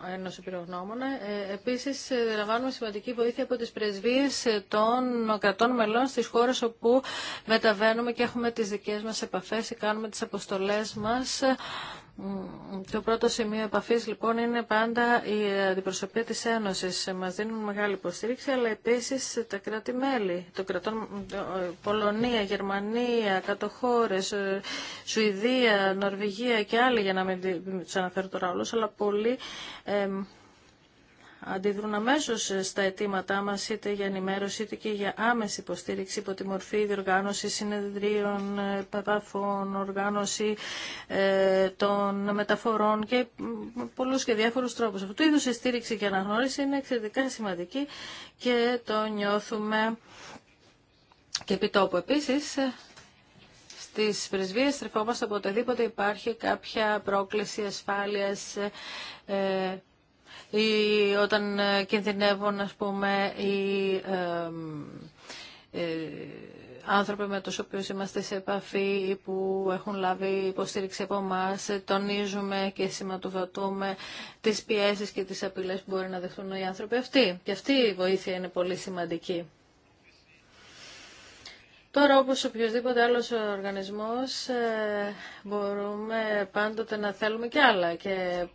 Ε, Επίσης, ε, λαμβάνουμε σημαντική βοήθεια από τις πρεσβείες ε, των κρατών μελών στις χώρες όπου μεταβαίνουμε και έχουμε τις δικές μας επαφές ή κάνουμε τις αποστολές μας το πρώτο σημείο επαφής λοιπόν είναι πάντα η αντιπροσωπεία της Ένωσης. Μας δίνουν μεγάλη υποστήριξη, αλλά επίση τα κράτη-μέλη. Το κρατών ε, Πολωνία, Γερμανία, Κατοχώρε, ε, Σουηδία, Νορβηγία και άλλοι, για να μην του αναφέρω τώρα όλου, αλλά πολλοί αντιδρούν αμέσως στα αιτήματά μας είτε για ενημέρωση είτε και για άμεση υποστήριξη υπό τη μορφή διοργάνωση συνεδρίων, επαφών, οργάνωση ε, των μεταφορών και πολλούς και διάφορους τρόπους. Αυτό το είδους η στήριξη και αναγνώριση είναι εξαιρετικά σημαντική και το νιώθουμε και τόπου. επίσης στις πρεσβείες στρεφόμαστε οποτεδήποτε υπάρχει κάποια πρόκληση ασφάλεια. ε, ή όταν ε, κινδυνεύουν ας πούμε οι ε, άνθρωποι με τους οποίους είμαστε σε επαφή ή που έχουν λάβει υποστήριξη από εμά, τονίζουμε και σηματοδοτούμε τις πιέσεις και τις απειλές που μπορεί να δεχτούν οι άνθρωποι αυτοί. Και αυτή η βοήθεια είναι πολύ σημαντική. Τώρα όπως οποιοδήποτε άλλος οργανισμός ε, μπορούμε πάντοτε να θέλουμε και άλλα και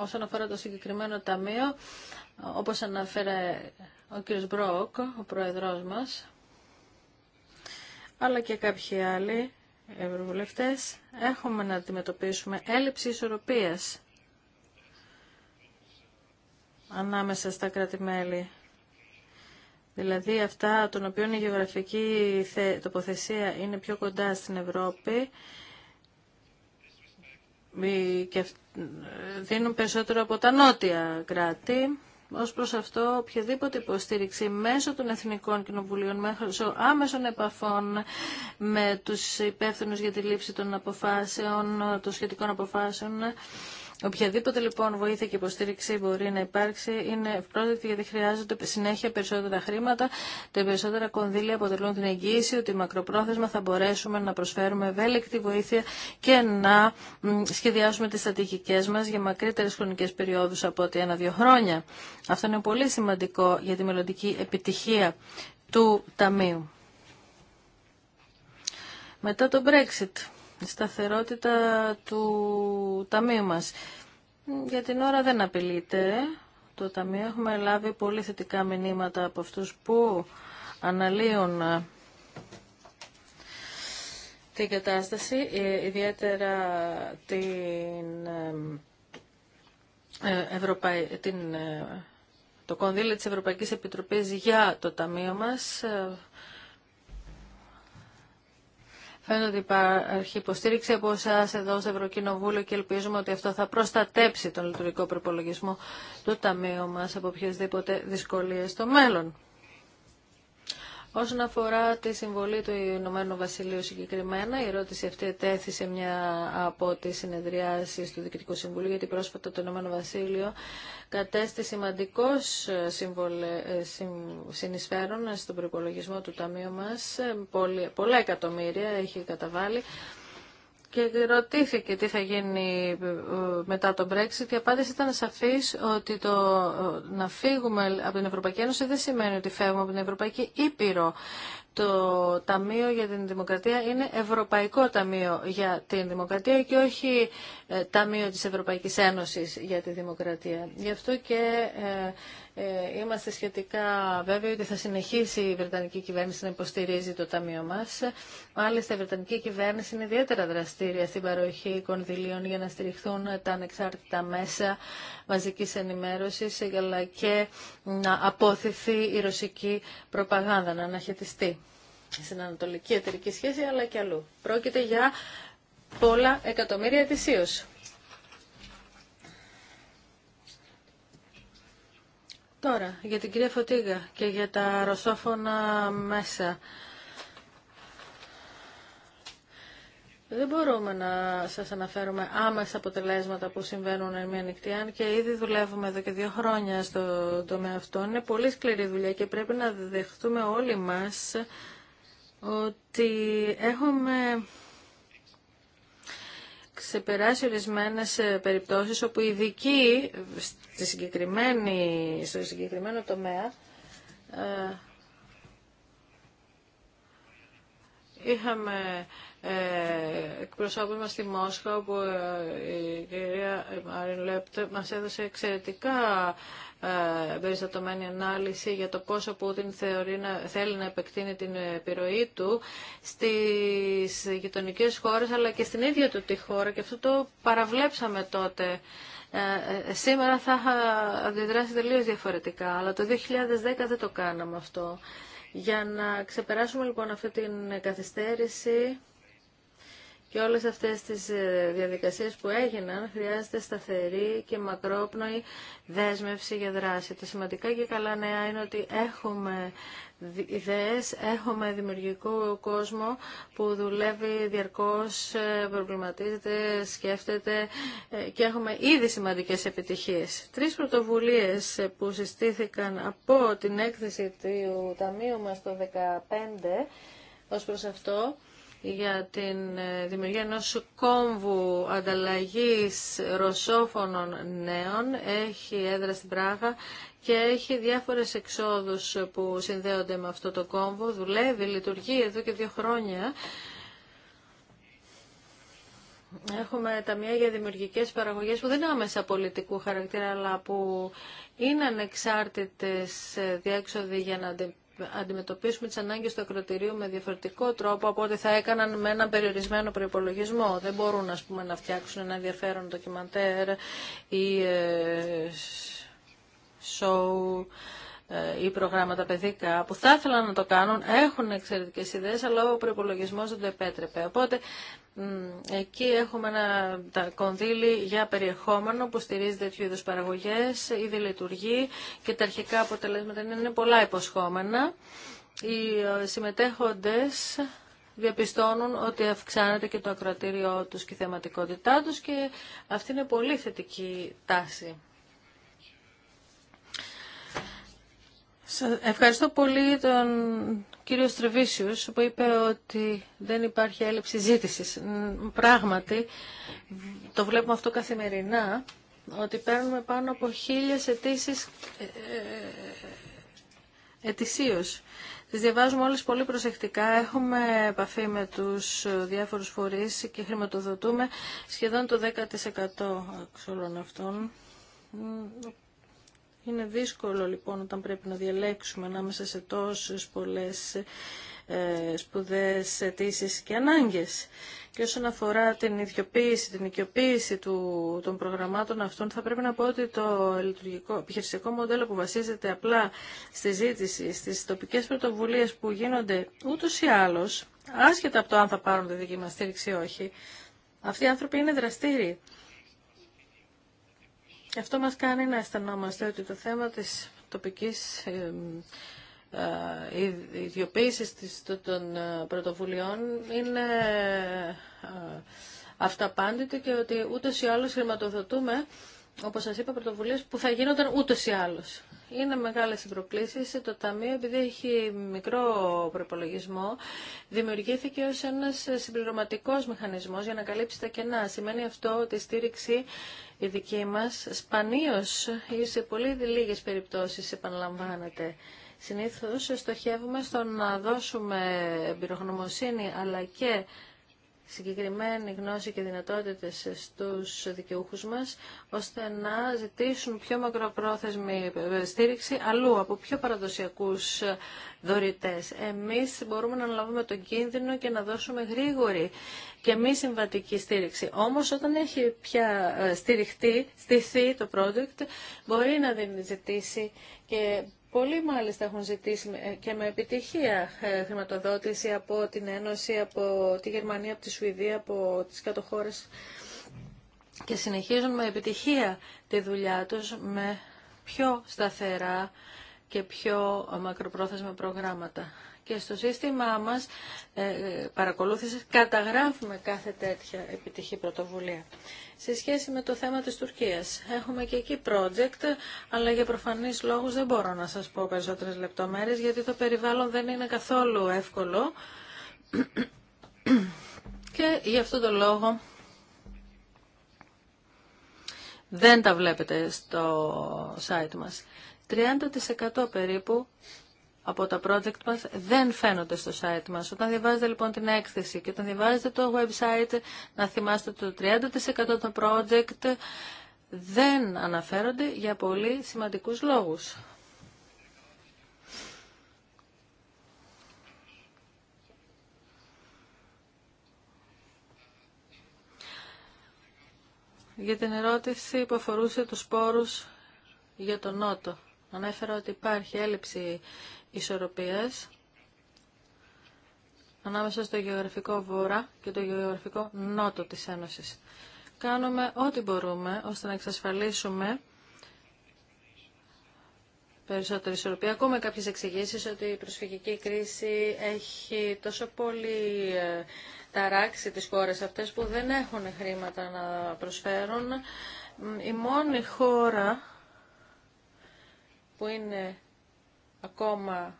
όσον αφορά το συγκεκριμένο ταμείο όπως αναφέρε ο κ. Μπρόκ, ο πρόεδρός μας αλλά και κάποιοι άλλοι ευρωβουλευτές έχουμε να αντιμετωπίσουμε έλλειψη ισορροπίας ανάμεσα στα κράτη-μέλη Δηλαδή αυτά των οποίων η γεωγραφική τοποθεσία είναι πιο κοντά στην Ευρώπη και δίνουν περισσότερο από τα νότια κράτη. Ως προς αυτό, οποιαδήποτε υποστήριξη μέσω των Εθνικών Κοινοβουλίων, μέσω άμεσων επαφών με τους υπεύθυνους για τη λήψη των αποφάσεων, των σχετικών αποφάσεων, Οποιαδήποτε λοιπόν βοήθεια και υποστήριξη μπορεί να υπάρξει είναι ευπρόσδεκτη γιατί χρειάζονται συνέχεια περισσότερα χρήματα. Τα περισσότερα κονδύλια αποτελούν την εγγύηση ότι μακροπρόθεσμα θα μπορέσουμε να προσφέρουμε ευέλικτη βοήθεια και να σχεδιάσουμε τι στρατηγικέ μα για μακρύτερε χρονικέ περιόδου από ότι ένα-δύο χρόνια. Αυτό είναι πολύ σημαντικό για τη μελλοντική επιτυχία του Ταμείου. Μετά το Brexit σταθερότητα του ταμείου μας. Για την ώρα δεν απειλείται το ταμείο. Έχουμε λάβει πολύ θετικά μηνύματα από αυτούς που αναλύουν ε, την κατάσταση, ε, ιδιαίτερα την, ε, Ευρωπαϊ... την... το κονδύλι της Ευρωπαϊκής Επιτροπής για το ταμείο μας Φαίνεται ότι υπάρχει υποστήριξη από εσά εδώ στο Ευρωκοινοβούλιο και ελπίζουμε ότι αυτό θα προστατέψει τον λειτουργικό προπολογισμό του Ταμείου μα από οποιασδήποτε δυσκολίε στο μέλλον. Όσον αφορά τη συμβολή του Ηνωμένου Βασιλείου συγκεκριμένα, η ερώτηση αυτή τέθησε σε μια από τι συνεδριάσει του Διοικητικού Συμβουλίου, γιατί πρόσφατα το Ηνωμένο Βασίλειο κατέστη σημαντικό ε, ε, συνεισφέρον στον προπολογισμό του Ταμείου μα. Ε, πολλά εκατομμύρια έχει καταβάλει και ρωτήθηκε τι θα γίνει ε, μετά το Brexit. Η απάντηση ήταν σαφής ότι το ε, να φύγουμε από την Ευρωπαϊκή Ένωση δεν σημαίνει ότι φεύγουμε από την Ευρωπαϊκή Ήπειρο. Το Ταμείο για την Δημοκρατία είναι Ευρωπαϊκό Ταμείο για την Δημοκρατία και όχι ε, Ταμείο της Ευρωπαϊκής Ένωσης για τη Δημοκρατία. Γι' αυτό και ε, είμαστε σχετικά βέβαιοι ότι θα συνεχίσει η Βρετανική κυβέρνηση να υποστηρίζει το Ταμείο μας. Μάλιστα, η Βρετανική κυβέρνηση είναι ιδιαίτερα δραστήρια στην παροχή κονδυλίων για να στηριχθούν τα ανεξάρτητα μέσα μαζικής ενημέρωσης, αλλά και να απόθυθει η ρωσική προπαγάνδα, να αναχαιτιστεί στην ανατολική εταιρική σχέση, αλλά και αλλού. Πρόκειται για πολλά εκατομμύρια ετησίω. Τώρα, για την κυρία Φωτίγα και για τα ρωσόφωνα μέσα. Δεν μπορούμε να σας αναφέρουμε άμεσα αποτελέσματα που συμβαίνουν εν μία νυχτή, αν και ήδη δουλεύουμε εδώ και δύο χρόνια στο τομέα αυτό. Είναι πολύ σκληρή δουλειά και πρέπει να δεχτούμε όλοι μας ότι έχουμε ξεπεράσει ορισμένε ε, περιπτώσεις όπου οι ειδικοί στη συγκεκριμένη, στο συγκεκριμένο τομέα ε, είχαμε ε, εκπροσώπους στη Μόσχα όπου ε, η κυρία Μάριν μας έδωσε εξαιρετικά ε, περιστατωμένη ανάλυση για το πόσο Πούτιν θεωρεί να, θέλει να επεκτείνει την επιρροή του στις γειτονικέ χώρες αλλά και στην ίδια του τη χώρα και αυτό το παραβλέψαμε τότε. Ε, ε, σήμερα θα είχα αντιδράσει τελείως διαφορετικά, αλλά το 2010 δεν το κάναμε αυτό. Για να ξεπεράσουμε λοιπόν αυτή την καθυστέρηση, και όλες αυτές τις ε, διαδικασίες που έγιναν χρειάζεται σταθερή και μακρόπνοη δέσμευση για δράση. Τα σημαντικά και καλά νέα είναι ότι έχουμε ιδέες, έχουμε δημιουργικό κόσμο που δουλεύει διαρκώς, ε, προβληματίζεται, σκέφτεται ε, και έχουμε ήδη σημαντικές επιτυχίες. Τρεις πρωτοβουλίες που συστήθηκαν από την έκθεση του Ταμείου μας το 2015 ως προς αυτό για την ε, δημιουργία ενός κόμβου ανταλλαγής ρωσόφωνων νέων. Έχει έδρα στην Πράγα και έχει διάφορες εξόδους που συνδέονται με αυτό το κόμβο. Δουλεύει, λειτουργεί εδώ και δύο χρόνια. Έχουμε μια για δημιουργικές παραγωγές που δεν είναι άμεσα πολιτικού χαρακτήρα, αλλά που είναι ανεξάρτητες ε, διέξοδοι για να αντιμετωπίσουμε τις ανάγκες του ακροτηρίου με διαφορετικό τρόπο από ό,τι θα έκαναν με έναν περιορισμένο προϋπολογισμό. Δεν μπορούν ας πούμε, να φτιάξουν ένα ενδιαφέρον ντοκιμαντέρ ή ε, σοου ε, ή προγράμματα παιδικά που θα ήθελαν να το κάνουν, έχουν εξαιρετικές ιδέες, αλλά ο προπολογισμό δεν το επέτρεπε. Οπότε Εκεί έχουμε ένα τα κονδύλι για περιεχόμενο που στηρίζει τέτοιου είδου παραγωγέ, ήδη λειτουργεί και τα αρχικά αποτελέσματα είναι πολλά υποσχόμενα. Οι ε, συμμετέχοντες διαπιστώνουν ότι αυξάνεται και το ακροατήριό τους και η θεματικότητά τους και αυτή είναι πολύ θετική τάση. Ευχαριστώ πολύ τον κύριος Τρεβίσιος που είπε ότι δεν υπάρχει έλλειψη ζήτησης. Πράγματι, το βλέπουμε αυτό καθημερινά, ότι παίρνουμε πάνω από χίλιες αιτήσει ε, ε, ετησίως. Τις διαβάζουμε όλες πολύ προσεκτικά, έχουμε επαφή με τους διάφορους φορείς και χρηματοδοτούμε σχεδόν το 10% όλων αυτών. Είναι δύσκολο λοιπόν όταν πρέπει να διαλέξουμε ανάμεσα σε τόσες πολλές ε, σπουδές αιτήσει και ανάγκες. Και όσον αφορά την ιδιοποίηση, την οικειοποίηση του, των προγραμμάτων αυτών, θα πρέπει να πω ότι το λειτουργικό επιχειρησιακό μοντέλο που βασίζεται απλά στη ζήτηση, στις τοπικές πρωτοβουλίες που γίνονται ούτως ή άλλως, άσχετα από το αν θα πάρουν τη δική μας στήριξη ή όχι, αυτοί οι άνθρωποι είναι δραστήριοι. Και αυτό μας κάνει να αισθανόμαστε ότι το θέμα της τοπικής ιδιοποίησης των ε, πρωτοβουλειών είναι ε, αυταπάντητο και ότι ούτως ή άλλως χρηματοδοτούμε, όπως σας είπα, πρωτοβουλίες που θα γίνονταν ούτως ή άλλως. Είναι μεγάλες οι προκλήσεις. Το Ταμείο, επειδή έχει μικρό προπολογισμό, δημιουργήθηκε ως ένας συμπληρωματικός μηχανισμός για να καλύψει τα κενά. Σημαίνει αυτό ότι η στήριξη η δική μας σπανίως ή σε πολύ λίγες περιπτώσεις επαναλαμβάνεται. Συνήθως στοχεύουμε στο να δώσουμε εμπειρογνωμοσύνη αλλά και συγκεκριμένη γνώση και δυνατότητες στους δικαιούχους μας, ώστε να ζητήσουν πιο μακροπρόθεσμη στήριξη αλλού, από πιο παραδοσιακούς δωρητές. Εμείς μπορούμε να αναλάβουμε τον κίνδυνο και να δώσουμε γρήγορη και μη συμβατική στήριξη. Όμως όταν έχει πια ε, στηριχτεί, στηθεί το project, μπορεί να ζητήσει και Πολλοί μάλιστα έχουν ζητήσει ε, και με επιτυχία ε, χρηματοδότηση από την Ένωση, από τη Γερμανία, από τη Σουηδία, από τις κατοχώρες και συνεχίζουν με επιτυχία τη δουλειά τους με πιο σταθερά και πιο μακροπρόθεσμα προγράμματα και στο σύστημά μας ε, παρακολούθησης καταγράφουμε κάθε τέτοια επιτυχή πρωτοβουλία. Σε σχέση με το θέμα της Τουρκίας, έχουμε και εκεί project, αλλά για προφανείς λόγους δεν μπορώ να σας πω περισσότερες λεπτομέρειες, γιατί το περιβάλλον δεν είναι καθόλου εύκολο. Και γι' αυτόν τον λόγο δεν τα βλέπετε στο site μας. 30% περίπου από τα project μας δεν φαίνονται στο site μας. Όταν διαβάζετε λοιπόν την έκθεση και όταν διαβάζετε το website, να θυμάστε ότι το 30% των project δεν αναφέρονται για πολύ σημαντικούς λόγους. Για την ερώτηση που αφορούσε τους σπόρους για τον Νότο. Ανέφερα ότι υπάρχει έλλειψη ισορροπίας ανάμεσα στο γεωγραφικό βόρα και το γεωγραφικό νότο της Ένωσης. Κάνουμε ό,τι μπορούμε ώστε να εξασφαλίσουμε περισσότερη ισορροπία. Ακούμε κάποιες εξηγήσεις ότι η προσφυγική κρίση έχει τόσο πολύ ε, ταράξει τις χώρες αυτές που δεν έχουν χρήματα να προσφέρουν. Η μόνη χώρα που είναι ακόμα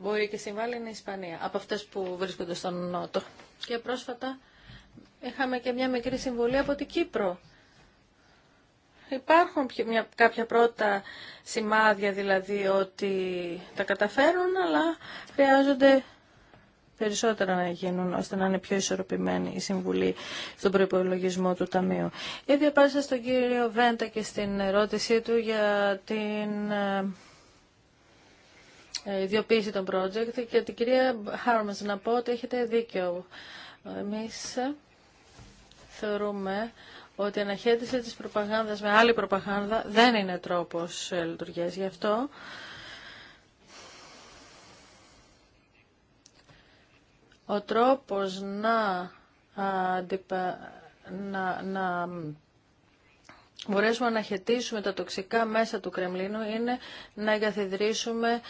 μπορεί και συμβάλλει είναι η Ισπανία, από αυτές που βρίσκονται στον Νότο. Και πρόσφατα είχαμε και μια μικρή συμβολή από την Κύπρο. Υπάρχουν μια, κάποια πρώτα σημάδια δηλαδή ότι τα καταφέρουν, αλλά χρειάζονται περισσότερα να γίνουν ώστε να είναι πιο ισορροπημένη η συμβουλή στον προπολογισμό του Ταμείου. Ήδη απάντησα στον κύριο Βέντα και στην ερώτησή του για την ε, ε, ιδιοποίηση των project και την κυρία Χάρμας να πω ότι έχετε δίκιο. Εμείς θεωρούμε ότι η αναχέτηση της προπαγάνδας με άλλη προπαγάνδα δεν είναι τρόπος ε, λειτουργίας. Γι' αυτό ο τρόπος να, να, μπορέσουμε να αναχαιτήσουμε τα τοξικά μέσα του Κρεμλίνου είναι να εγκαθιδρύσουμε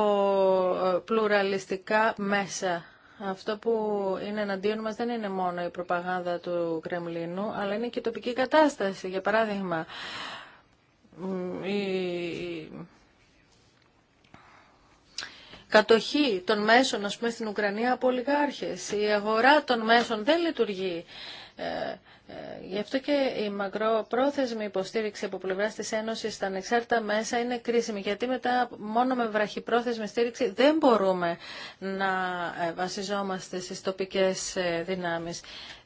από ε, πλουραλιστικά μέσα. Αυτό που είναι εναντίον μας δεν είναι μόνο η προπαγάνδα του Κρεμλίνου, αλλά είναι και η τοπική κατάσταση. Για παράδειγμα, η κατοχή των μέσων, ας πούμε, στην Ουκρανία από ολιγάρχες. Η αγορά των μέσων δεν λειτουργεί ε, ε, γι' αυτό και η μακροπρόθεσμη υποστήριξη από πλευρά τη Ένωση στα ανεξάρτητα μέσα είναι κρίσιμη, γιατί μετά μόνο με βραχυπρόθεσμη στήριξη δεν μπορούμε να ε, βασιζόμαστε στι τοπικέ ε, δυνάμει.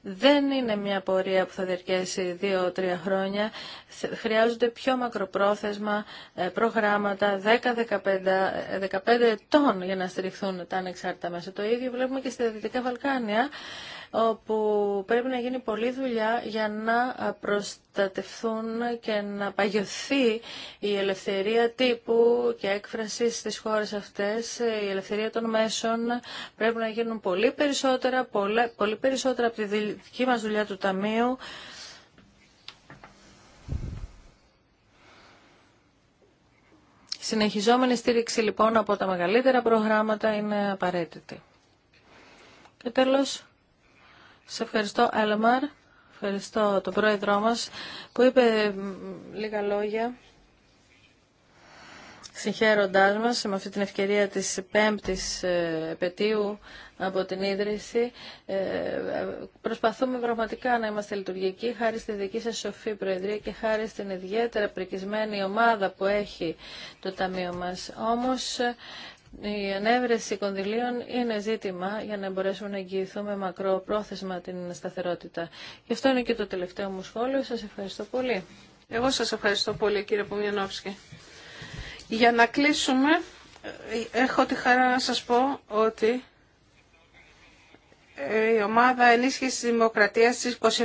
Δεν είναι μια πορεία που θα διαρκέσει δύο-τρία χρόνια. Χρειάζονται πιο μακροπρόθεσμα προγράμματα 10-15 ετών για να στηριχθούν τα ανεξάρτητα μέσα. Το ίδιο βλέπουμε και στα Δυτικά Βαλκάνια, όπου πρέπει να γίνει πολλή δουλειά για να προστατευθούν και να παγιωθεί η ελευθερία τύπου και έκφραση στις χώρες αυτές, η ελευθερία των μέσων. Πρέπει να γίνουν πολύ περισσότερα, πολλά, πολύ περισσότερα από τη δική μας δουλειά του Ταμείου. Συνεχιζόμενη στήριξη λοιπόν από τα μεγαλύτερα προγράμματα είναι απαραίτητη. Και τέλος, σε ευχαριστώ Έλμαρ Ευχαριστώ τον πρόεδρό μας που είπε λίγα λόγια συγχαίροντάς μας με αυτή την ευκαιρία της πέμπτης ε, επαιτίου από την ίδρυση. Ε, προσπαθούμε πραγματικά να είμαστε λειτουργικοί χάρη στη δική σας σοφή Προεδρία και χάρη στην ιδιαίτερα πρικισμένη ομάδα που έχει το Ταμείο μας. Όμως η ανέβρεση κονδυλίων είναι ζήτημα για να μπορέσουμε να εγγυηθούμε μακροπρόθεσμα την σταθερότητα. Γι' αυτό είναι και το τελευταίο μου σχόλιο. Σας ευχαριστώ πολύ. Εγώ σας ευχαριστώ πολύ κύριε Πουμιανόφσκη. Για να κλείσουμε, έχω τη χαρά να σας πω ότι ε, η ομάδα ενίσχυσης δημοκρατίας στις 27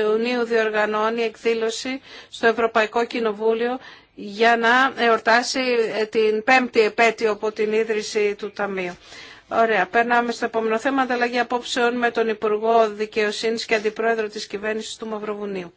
Ιουνίου διοργανώνει εκδήλωση στο Ευρωπαϊκό Κοινοβούλιο για να εορτάσει ε, την πέμπτη επέτειο από την ίδρυση του Ταμείου. Ωραία, περνάμε στο επόμενο θέμα, ανταλλαγή απόψεων με τον Υπουργό Δικαιοσύνης και Αντιπρόεδρο της Κυβέρνησης του Μαυροβουνίου.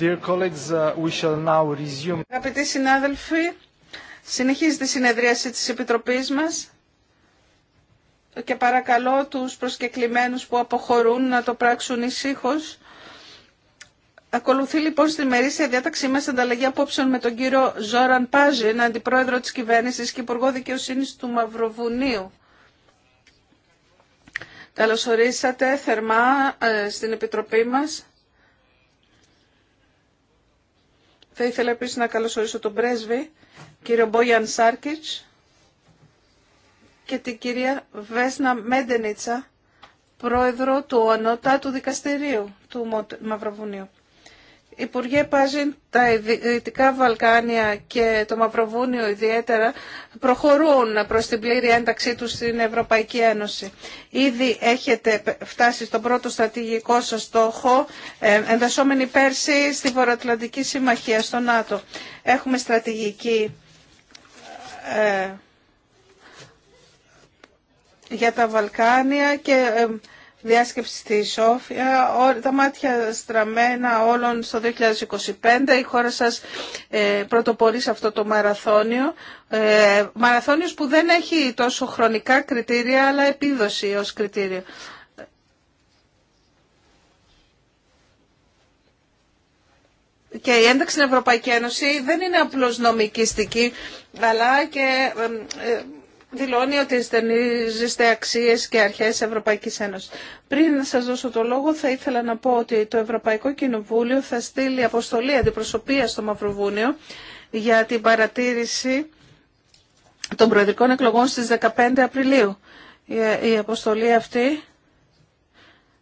Dear uh, Αγαπητοί συνάδελφοι, συνεχίζεται η συνεδρίαση της Επιτροπής μας και παρακαλώ τους προσκεκλημένους που αποχωρούν να το πράξουν ησύχως. Ακολουθεί λοιπόν στη μερίσια διάταξή μας ανταλλαγή απόψεων με τον κύριο Ζόραν Πάζιν, αντιπρόεδρο της κυβέρνησης και υπουργό δικαιοσύνης του Μαυροβουνίου. Καλωσορίσατε θερμά ε, στην Επιτροπή μας. Θα ήθελα επίση να καλωσορίσω τον πρέσβη, κύριο Μπόγιαν Σάρκιτς και την κυρία Βέσνα Μέντενιτσα, πρόεδρο του Ανώτατου Δικαστηρίου του Μαυροβουνίου. Υπουργέ Πάζιν, τα Δυτικά Βαλκάνια και το Μαυροβούνιο ιδιαίτερα προχωρούν προς την πλήρη ένταξή τους στην Ευρωπαϊκή Ένωση. Ήδη έχετε φτάσει στον πρώτο στρατηγικό σας στόχο, ε, εντασσόμενοι πέρσι στη Βορειοατλαντική Συμμαχία, στο ΝΑΤΟ. Έχουμε στρατηγική ε, για τα Βαλκάνια και ε, διάσκεψη στη Σόφια, τα μάτια στραμμένα όλων στο 2025. Η χώρα σας ε, πρωτοπορεί σε αυτό το μαραθώνιο. Ε, μαραθώνιος που δεν έχει τόσο χρονικά κριτήρια, αλλά επίδοση ως κριτήριο. Και η ένταξη στην Ευρωπαϊκή Ένωση δεν είναι απλώς νομικιστική, αλλά και ε, δηλώνει ότι στενίζεστε αξίες και αρχές Ευρωπαϊκής Ένωσης. Πριν να σας δώσω το λόγο, θα ήθελα να πω ότι το Ευρωπαϊκό Κοινοβούλιο θα στείλει αποστολή αντιπροσωπεία στο Μαυροβούνιο για την παρατήρηση των προεδρικών εκλογών στις 15 Απριλίου. Η αποστολή αυτή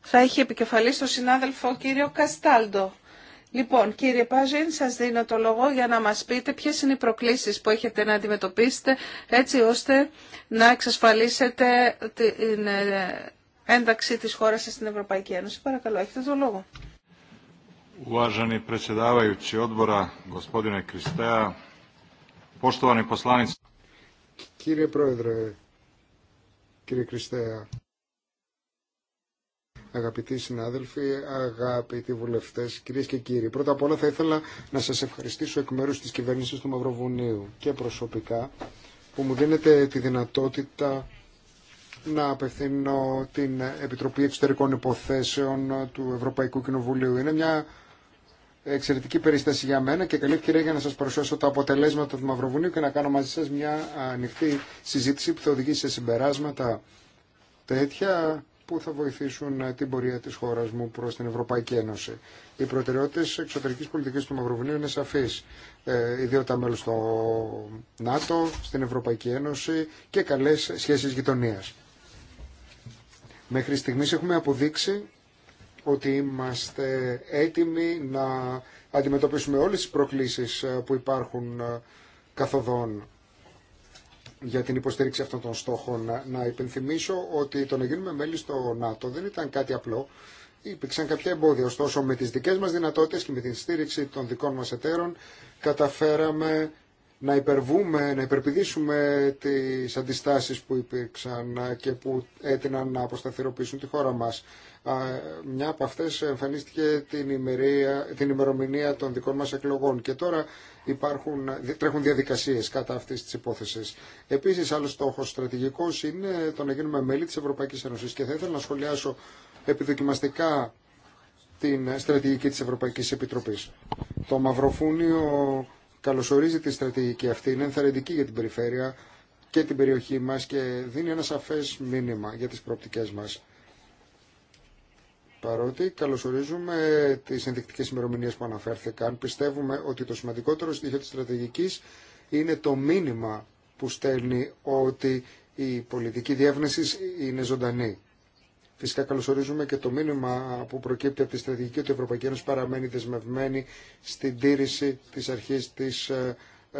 θα έχει επικεφαλή στον συνάδελφο κύριο Καστάλντο Λοιπόν, κύριε Πάζιν, σας δίνω το λόγο για να μας πείτε ποιες είναι οι προκλήσεις που έχετε να αντιμετωπίσετε έτσι ώστε να εξασφαλίσετε την ε, ένταξη της χώρας σας στην Ευρωπαϊκή Ένωση. Παρακαλώ, έχετε το λόγο. Κύριε Πρόεδρε, κύριε Κριστέα, αγαπητοί συνάδελφοι, αγαπητοί βουλευτέ, κυρίες και κύριοι. Πρώτα απ' όλα θα ήθελα να σα ευχαριστήσω εκ μέρου τη κυβέρνηση του Μαυροβουνίου και προσωπικά που μου δίνετε τη δυνατότητα να απευθύνω την Επιτροπή Εξωτερικών Υποθέσεων του Ευρωπαϊκού Κοινοβουλίου. Είναι μια εξαιρετική περίσταση για μένα και καλή ευκαιρία για να σας παρουσιάσω τα αποτελέσματα του Μαυροβουνίου και να κάνω μαζί σας μια ανοιχτή συζήτηση που θα οδηγήσει σε συμπεράσματα τέτοια που θα βοηθήσουν ε, την πορεία της χώρας μου προς την Ευρωπαϊκή Ένωση. Οι προτεραιότητες εξωτερικής πολιτικής του Μαυροβουνίου είναι σαφείς. Ε, μέλος στο ΝΑΤΟ, στην Ευρωπαϊκή Ένωση και καλές σχέσεις γειτονίας. Μέχρι στιγμής έχουμε αποδείξει ότι είμαστε έτοιμοι να αντιμετωπίσουμε όλες τις προκλήσεις ε, που υπάρχουν ε, καθοδόν για την υποστήριξη αυτών των στόχων. Να υπενθυμίσω ότι το να γίνουμε μέλη στο ΝΑΤΟ δεν ήταν κάτι απλό. Υπήρξαν κάποια εμπόδια. Ωστόσο, με τι δικέ μα δυνατότητε και με την στήριξη των δικών μα εταίρων, καταφέραμε να υπερβούμε, να υπερπηδήσουμε τι αντιστάσει που υπήρξαν και που έτειναν να αποσταθεροποιήσουν τη χώρα μα. Μια από αυτέ εμφανίστηκε την, ημερία, την ημερομηνία των δικών μα εκλογών και τώρα υπάρχουν, τρέχουν διαδικασίε κατά αυτή τη υπόθεση. Επίση, άλλο στόχο στρατηγικό είναι το να γίνουμε μέλη τη Ευρωπαϊκή Ένωση. Και θα ήθελα να σχολιάσω επιδοκιμαστικά την στρατηγική της Ευρωπαϊκής Επιτροπής. Το Μαυροφούνιο καλωσορίζει τη στρατηγική αυτή, είναι ενθαρρυντική για την περιφέρεια και την περιοχή μα και δίνει ένα σαφέ μήνυμα για τι προοπτικές μα. Παρότι καλωσορίζουμε τις ενδεικτικές ημερομηνίε που αναφέρθηκαν, πιστεύουμε ότι το σημαντικότερο στοιχείο της στρατηγικής είναι το μήνυμα που στέλνει ότι η πολιτική διεύνεση είναι ζωντανή. Φυσικά καλωσορίζουμε και το μήνυμα που προκύπτει από τη στρατηγική ότι η Ευρωπαϊκή Ένωση παραμένει δεσμευμένη στην τήρηση της αρχής της ε, ε,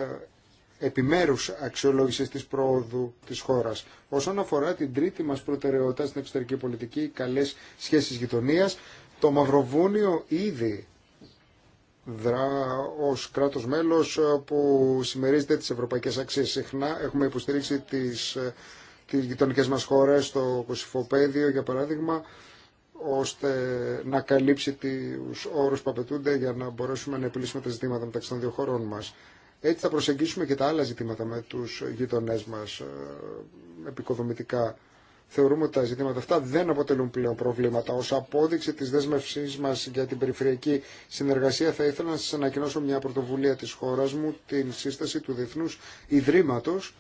επιμέρους αξιολόγησης της πρόοδου της χώρας. Όσον αφορά την τρίτη μας προτεραιότητα στην εξωτερική πολιτική, οι καλές σχέσεις γειτονίας, το Μαυροβούνιο ήδη δρά ως κράτος μέλος που συμμερίζεται τις ευρωπαϊκές αξίες. Συχνά έχουμε υποστηρίξει τις, τις γειτονικές μας χώρες, το Κωσυφοπαίδιο για παράδειγμα, ώστε να καλύψει τους όρους που απαιτούνται για να μπορέσουμε να επιλύσουμε τα ζητήματα μεταξύ των δύο χωρών μας. Έτσι θα προσεγγίσουμε και τα άλλα ζητήματα με τους γειτονές μας ε, επικοδομητικά. Θεωρούμε ότι τα ζητήματα αυτά δεν αποτελούν πλέον προβλήματα. Ως απόδειξη της δέσμευσής μας για την περιφερειακή συνεργασία θα ήθελα να σας ανακοινώσω μια πρωτοβουλία της χώρας μου, την σύσταση του Διεθνούς Ιδρύματος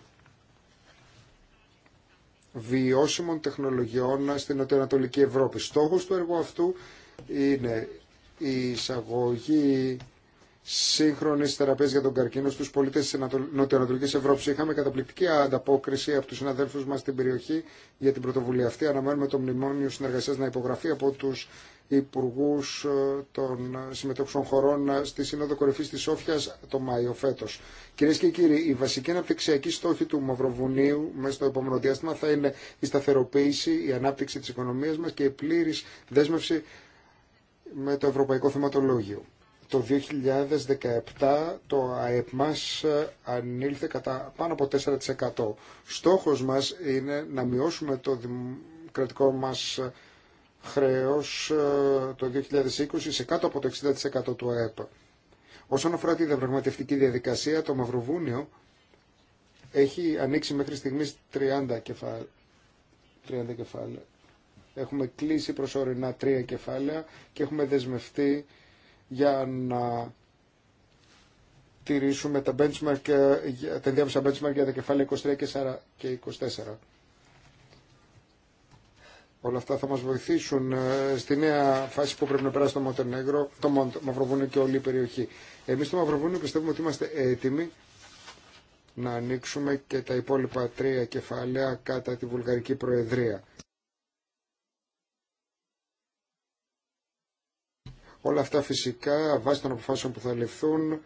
βιώσιμων τεχνολογιών στην Νοτιοανατολική Ευρώπη. Στόχος του έργου αυτού είναι η εισαγωγή σύγχρονη θεραπεία για τον καρκίνο στου πολίτε τη Νοτιοανατολική Ευρώπη. Είχαμε καταπληκτική ανταπόκριση από του συναδέλφου μα στην περιοχή για την πρωτοβουλία αυτή. Αναμένουμε το μνημόνιο συνεργασία να υπογραφεί από του υπουργού ε, των συμμετόχων χωρών ε, στη Σύνοδο Κορυφή τη Σόφια το Μάιο φέτο. Κυρίε και κύριοι, η βασική αναπτυξιακή στόχη του Μαυροβουνίου μέσα στο επόμενο διάστημα θα είναι η σταθεροποίηση, η ανάπτυξη τη οικονομία μα και η πλήρη δέσμευση με το ευρωπαϊκό θεματολόγιο. Το 2017 το ΑΕΠ μας ανήλθε κατά πάνω από 4%. Στόχος μας είναι να μειώσουμε το κρατικό μας χρέος ε, το 2020 σε κάτω από το 60% του ΑΕΠ. Όσον αφορά τη διαπραγματευτική διαδικασία, το Μαυροβούνιο έχει ανοίξει μέχρι στιγμής 30 κεφάλαια. 30 κεφάλαια. Έχουμε κλείσει προσωρινά τρία κεφάλαια και έχουμε δεσμευτεί για να τηρήσουμε τα, benchmark, ε, τα ενδιάμεσα benchmark για τα κεφάλαια 23 και 24. Όλα αυτά θα μας βοηθήσουν ε, στη νέα φάση που πρέπει να περάσει το Μοντενέγρο, το και όλη η περιοχή. Εμείς στο Μαυροβούνιο πιστεύουμε ότι είμαστε έτοιμοι να ανοίξουμε και τα υπόλοιπα τρία κεφάλαια κατά τη Βουλγαρική Προεδρία. Όλα αυτά φυσικά βάσει των αποφάσεων που θα ληφθούν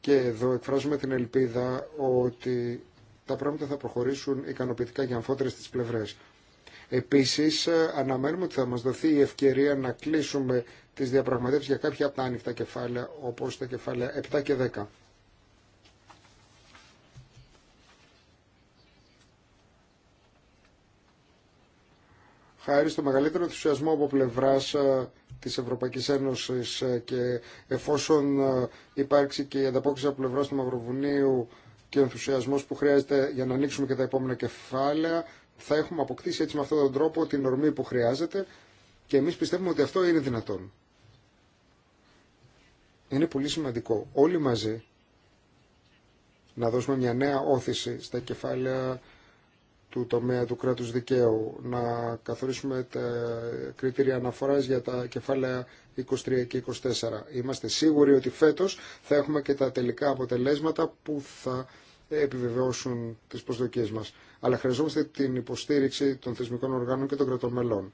και εδώ εκφράζουμε την ελπίδα ότι τα πράγματα θα προχωρήσουν ικανοποιητικά για αμφότερες τις πλευρές. Επίσης, αναμένουμε ότι θα μας δοθεί η ευκαιρία να κλείσουμε τις διαπραγματεύσει για κάποια από τα ανοιχτά κεφάλαια, όπω τα κεφάλαια 7 και 10. χάρη στο μεγαλύτερο ενθουσιασμό από πλευρά ε, τη Ευρωπαϊκή Ένωση ε, και εφόσον ε, υπάρξει και η ανταπόκριση από πλευρά του Μαυροβουνίου και ο ενθουσιασμό που χρειάζεται για να ανοίξουμε και τα επόμενα κεφάλαια, θα έχουμε αποκτήσει έτσι με αυτόν τον τρόπο την ορμή που χρειάζεται και εμεί πιστεύουμε ότι αυτό είναι δυνατόν. Είναι πολύ σημαντικό όλοι μαζί να δώσουμε μια νέα όθηση στα κεφάλαια του τομέα του κράτους δικαίου, να καθορίσουμε τα κριτήρια αναφοράς για τα κεφάλαια 23 και 24. Είμαστε σίγουροι ότι φέτος θα έχουμε και τα τελικά αποτελέσματα που θα επιβεβαιώσουν τις προσδοκίες μας. Αλλά χρειαζόμαστε την υποστήριξη των θεσμικών οργάνων και των κρατομελών. μελών.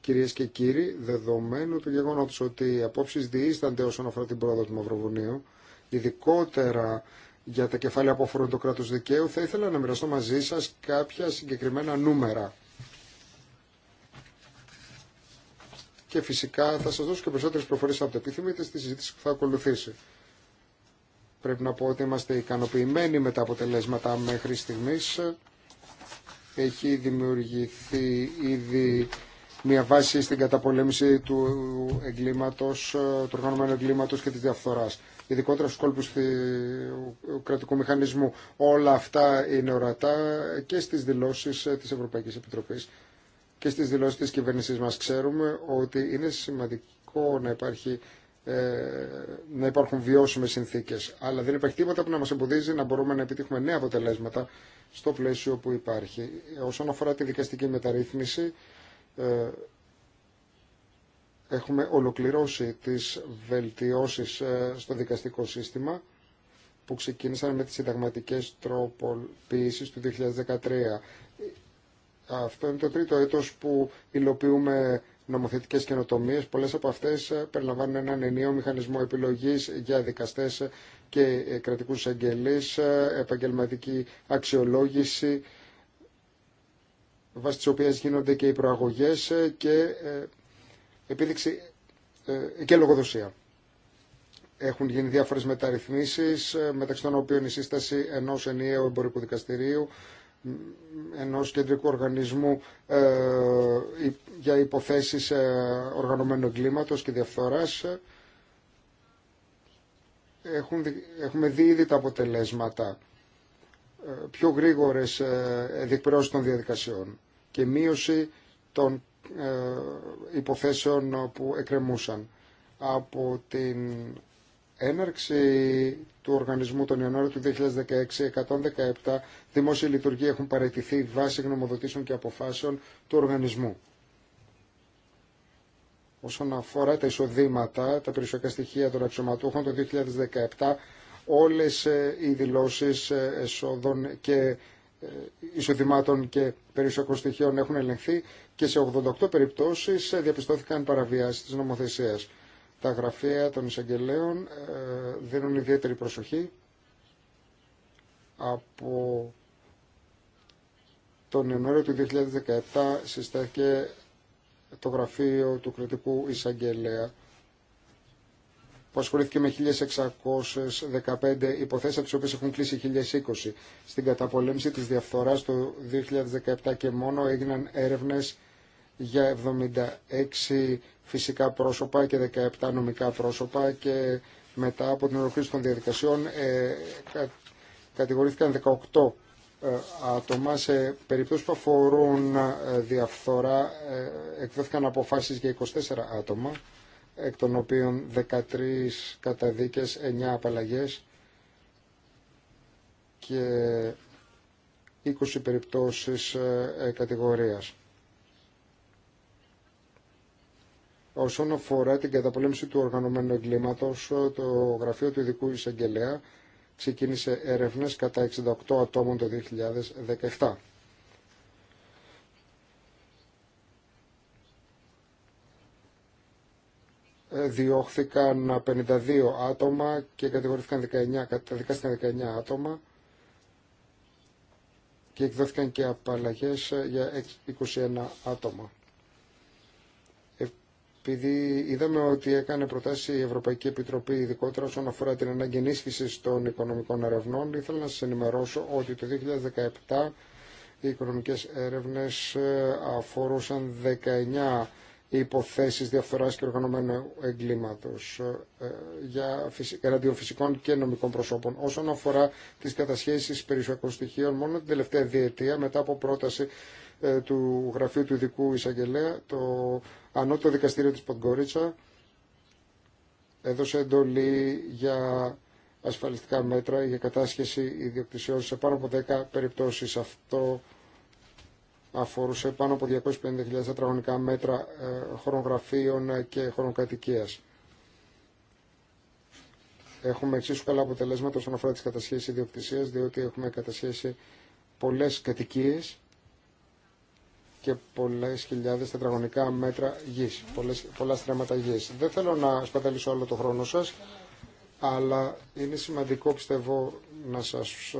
Κυρίες και κύριοι, δεδομένου του γεγονότος ότι οι απόψεις διήστανται όσον αφορά την πρόοδο του Μαυροβουνίου, ειδικότερα για τα κεφάλαια που αφορούν το κράτος δικαίου, θα ήθελα να μοιραστώ μαζί σας κάποια συγκεκριμένα νούμερα. Και φυσικά θα σας δώσω και περισσότερες προφορές από το επιθυμείτε στη συζήτηση που θα ακολουθήσει. Πρέπει να πω ότι είμαστε ικανοποιημένοι με τα αποτελέσματα μέχρι στιγμής. Έχει δημιουργηθεί ήδη μια βάση στην καταπολέμηση του εγκλήματος, ε, του οργανωμένου εγκλήματος και της διαφθοράς ειδικότερα στους κόλπους του κρατικού μηχανισμού. Όλα αυτά είναι ορατά και στις δηλώσεις ε, της Ευρωπαϊκής Επιτροπής και στις δηλώσεις της κυβέρνησης μας. Ξέρουμε ότι είναι σημαντικό να υπάρχει ε, να υπάρχουν βιώσιμες συνθήκες. Αλλά δεν υπάρχει τίποτα που να μας εμποδίζει να μπορούμε να επιτύχουμε νέα αποτελέσματα στο πλαίσιο που υπάρχει. Ε, όσον αφορά τη δικαστική μεταρρύθμιση, έχουμε ολοκληρώσει τις βελτιώσεις ε, στο δικαστικό σύστημα που ξεκίνησαν με τις συνταγματικές τροποποίησεις του 2013. Αυτό είναι το τρίτο έτος που υλοποιούμε νομοθετικές καινοτομίες. Πολλές από αυτές ε, περιλαμβάνουν έναν ενίο μηχανισμό επιλογής για δικαστές και ε, κρατικούς αγγελείς, επαγγελματική αξιολόγηση, βάσει τι οποίε γίνονται και οι προαγωγές και επίδειξη ε, και λογοδοσία. Έχουν γίνει διάφορες μεταρρυθμίσεις, ε, μεταξύ των οποίων η σύσταση ενός ενιαίου εμπορικού δικαστηρίου, ενός κεντρικού οργανισμού ε, για υποθέσεις οργανωμένου εγκλήματος και διαφθοράς. Έχουν, έχουμε δει ήδη τα αποτελέσματα πιο γρήγορες διεκπαιρώσεις των διαδικασιών και μείωση των ε, υποθέσεων που εκκρεμούσαν. Από την έναρξη του οργανισμού τον Ιανουάριο του 2016, 117 δημόσια λειτουργία έχουν παραιτηθεί βάσει γνωμοδοτήσεων και αποφάσεων του οργανισμού. Όσον αφορά τα εισοδήματα, τα περισσοκά στοιχεία των αξιωματούχων, το 2017 όλες ε, οι δηλώσεις ε, εσόδων και ε, εισοδημάτων και περιουσιακών στοιχείων έχουν ελεγχθεί και σε 88 περιπτώσεις ε, διαπιστώθηκαν παραβιάσεις της νομοθεσίας. Τα γραφεία των εισαγγελέων ε, δίνουν ιδιαίτερη προσοχή από τον Ιανουάριο του 2017 συστάθηκε το γραφείο του κριτικού εισαγγελέα που ασχολήθηκε με 1.615 υποθέσεις, από τις οποίες έχουν κλείσει 1.020. Στην καταπολέμηση της διαφθοράς το 2017 και μόνο έγιναν έρευνες για 76 φυσικά πρόσωπα και 17 νομικά πρόσωπα και μετά από την ολοκλήρωση των διαδικασιών ε, κατηγορήθηκαν 18 ε, άτομα σε περιπτώσεις που αφορούν ε, διαφθορά εκδόθηκαν αποφάσεις για 24 άτομα εκ των οποίων 13 καταδίκες, 9 απαλλαγές και 20 περιπτώσεις ε, ε, κατηγορίας. Όσον αφορά την καταπολέμηση του οργανωμένου εγκλήματος, ε, το Γραφείο του Ειδικού Εισαγγελέα ξεκίνησε έρευνες κατά 68 ατόμων το 2017. Ε, διώχθηκαν 52 άτομα και κατηγορήθηκαν 19, καταδικάστηκαν 19 άτομα και εκδόθηκαν και απαλλαγές ε, για 21 άτομα. Επειδή είδαμε ότι έκανε προτάσει η Ευρωπαϊκή Επιτροπή ειδικότερα όσον αφορά την ανάγκη ενίσχυση των οικονομικών ερευνών, ήθελα να σας ενημερώσω ότι το 2017 οι οικονομικές έρευνες ε, αφορούσαν 19 υποθέσεις διαφθοράς και οργανωμένου εγκλήματος ε, για εναντίον φυσικών και νομικών προσώπων. Όσον αφορά τις κατασχέσεις περιουσιακών στοιχείων, μόνο την τελευταία διετία μετά από πρόταση ε, του Γραφείου του Ειδικού Εισαγγελέα, το Ανώτο Δικαστήριο της Ποντγκόριτσα έδωσε εντολή για ασφαλιστικά μέτρα για κατάσχεση ιδιοκτησιών σε πάνω από 10 περιπτώσεις. Αυτό αφορούσε πάνω από 250.000 τετραγωνικά μέτρα ε, γραφείων ε, και κατοικίας. Έχουμε εξίσου καλά αποτελέσματα όσον αφορά τις κατασχέσεις ιδιοκτησίας, διότι έχουμε κατασχέσει πολλές κατοικίες και πολλές χιλιάδες τετραγωνικά μέτρα γης, πολλά στρέμματα γης. Δεν θέλω να σπαταλήσω όλο το χρόνο σας αλλά είναι σημαντικό πιστεύω να σας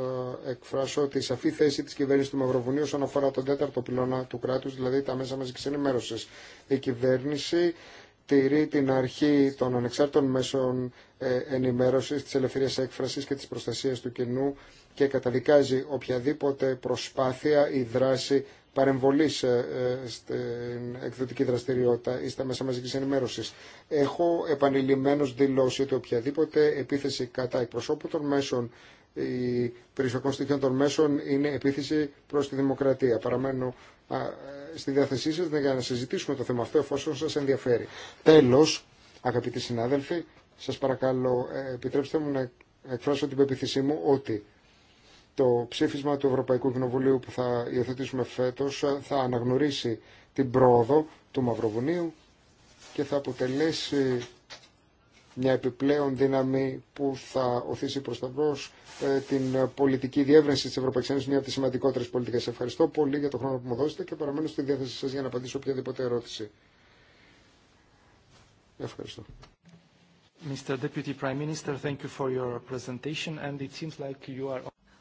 ε, εκφράσω τη σαφή θέση της κυβέρνησης του Μαυροβουνίου όσον αφορά τον τέταρτο πυλώνα του κράτους, δηλαδή τα μέσα μαζικής ενημέρωσης. Η κυβέρνηση τηρεί την αρχή των ανεξάρτητων μέσων ε, ενημέρωσης, της ελευθερίας έκφρασης και της προστασίας του κοινού και καταδικάζει οποιαδήποτε προσπάθεια ή δράση παρεμβολή ε, ε, στην εκδοτική δραστηριότητα ή στα μέσα μαζική ενημέρωση. Έχω επανειλημμένω δηλώσει ότι οποιαδήποτε επίθεση κατά εκπροσώπου των μέσων ή περιφερειακών στοιχείων των μέσων είναι επίθεση προς τη δημοκρατία. Παραμένω ε, στη διάθεσή σα για να συζητήσουμε το θέμα αυτό εφόσον σας ενδιαφέρει. Τέλο, αγαπητοί συνάδελφοι, σα παρακαλώ επιτρέψτε μου να εκφράσω την πεποίθησή μου ότι το ψήφισμα του Ευρωπαϊκού Κοινοβουλίου που θα υιοθετήσουμε φέτος θα αναγνωρίσει την πρόοδο του Μαυροβουνίου και θα αποτελέσει μια επιπλέον δύναμη που θα οθήσει προς τα μπρος ε, την πολιτική διεύρυνση της Ευρωπαϊκής Ένωσης, μια από τις σημαντικότερες πολιτικές. Ευχαριστώ πολύ για τον χρόνο που μου δώσετε και παραμένω στη διάθεση σας για να απαντήσω οποιαδήποτε ερώτηση. Ευχαριστώ. Mr. Deputy Prime Minister, thank you for your presentation and it seems like you are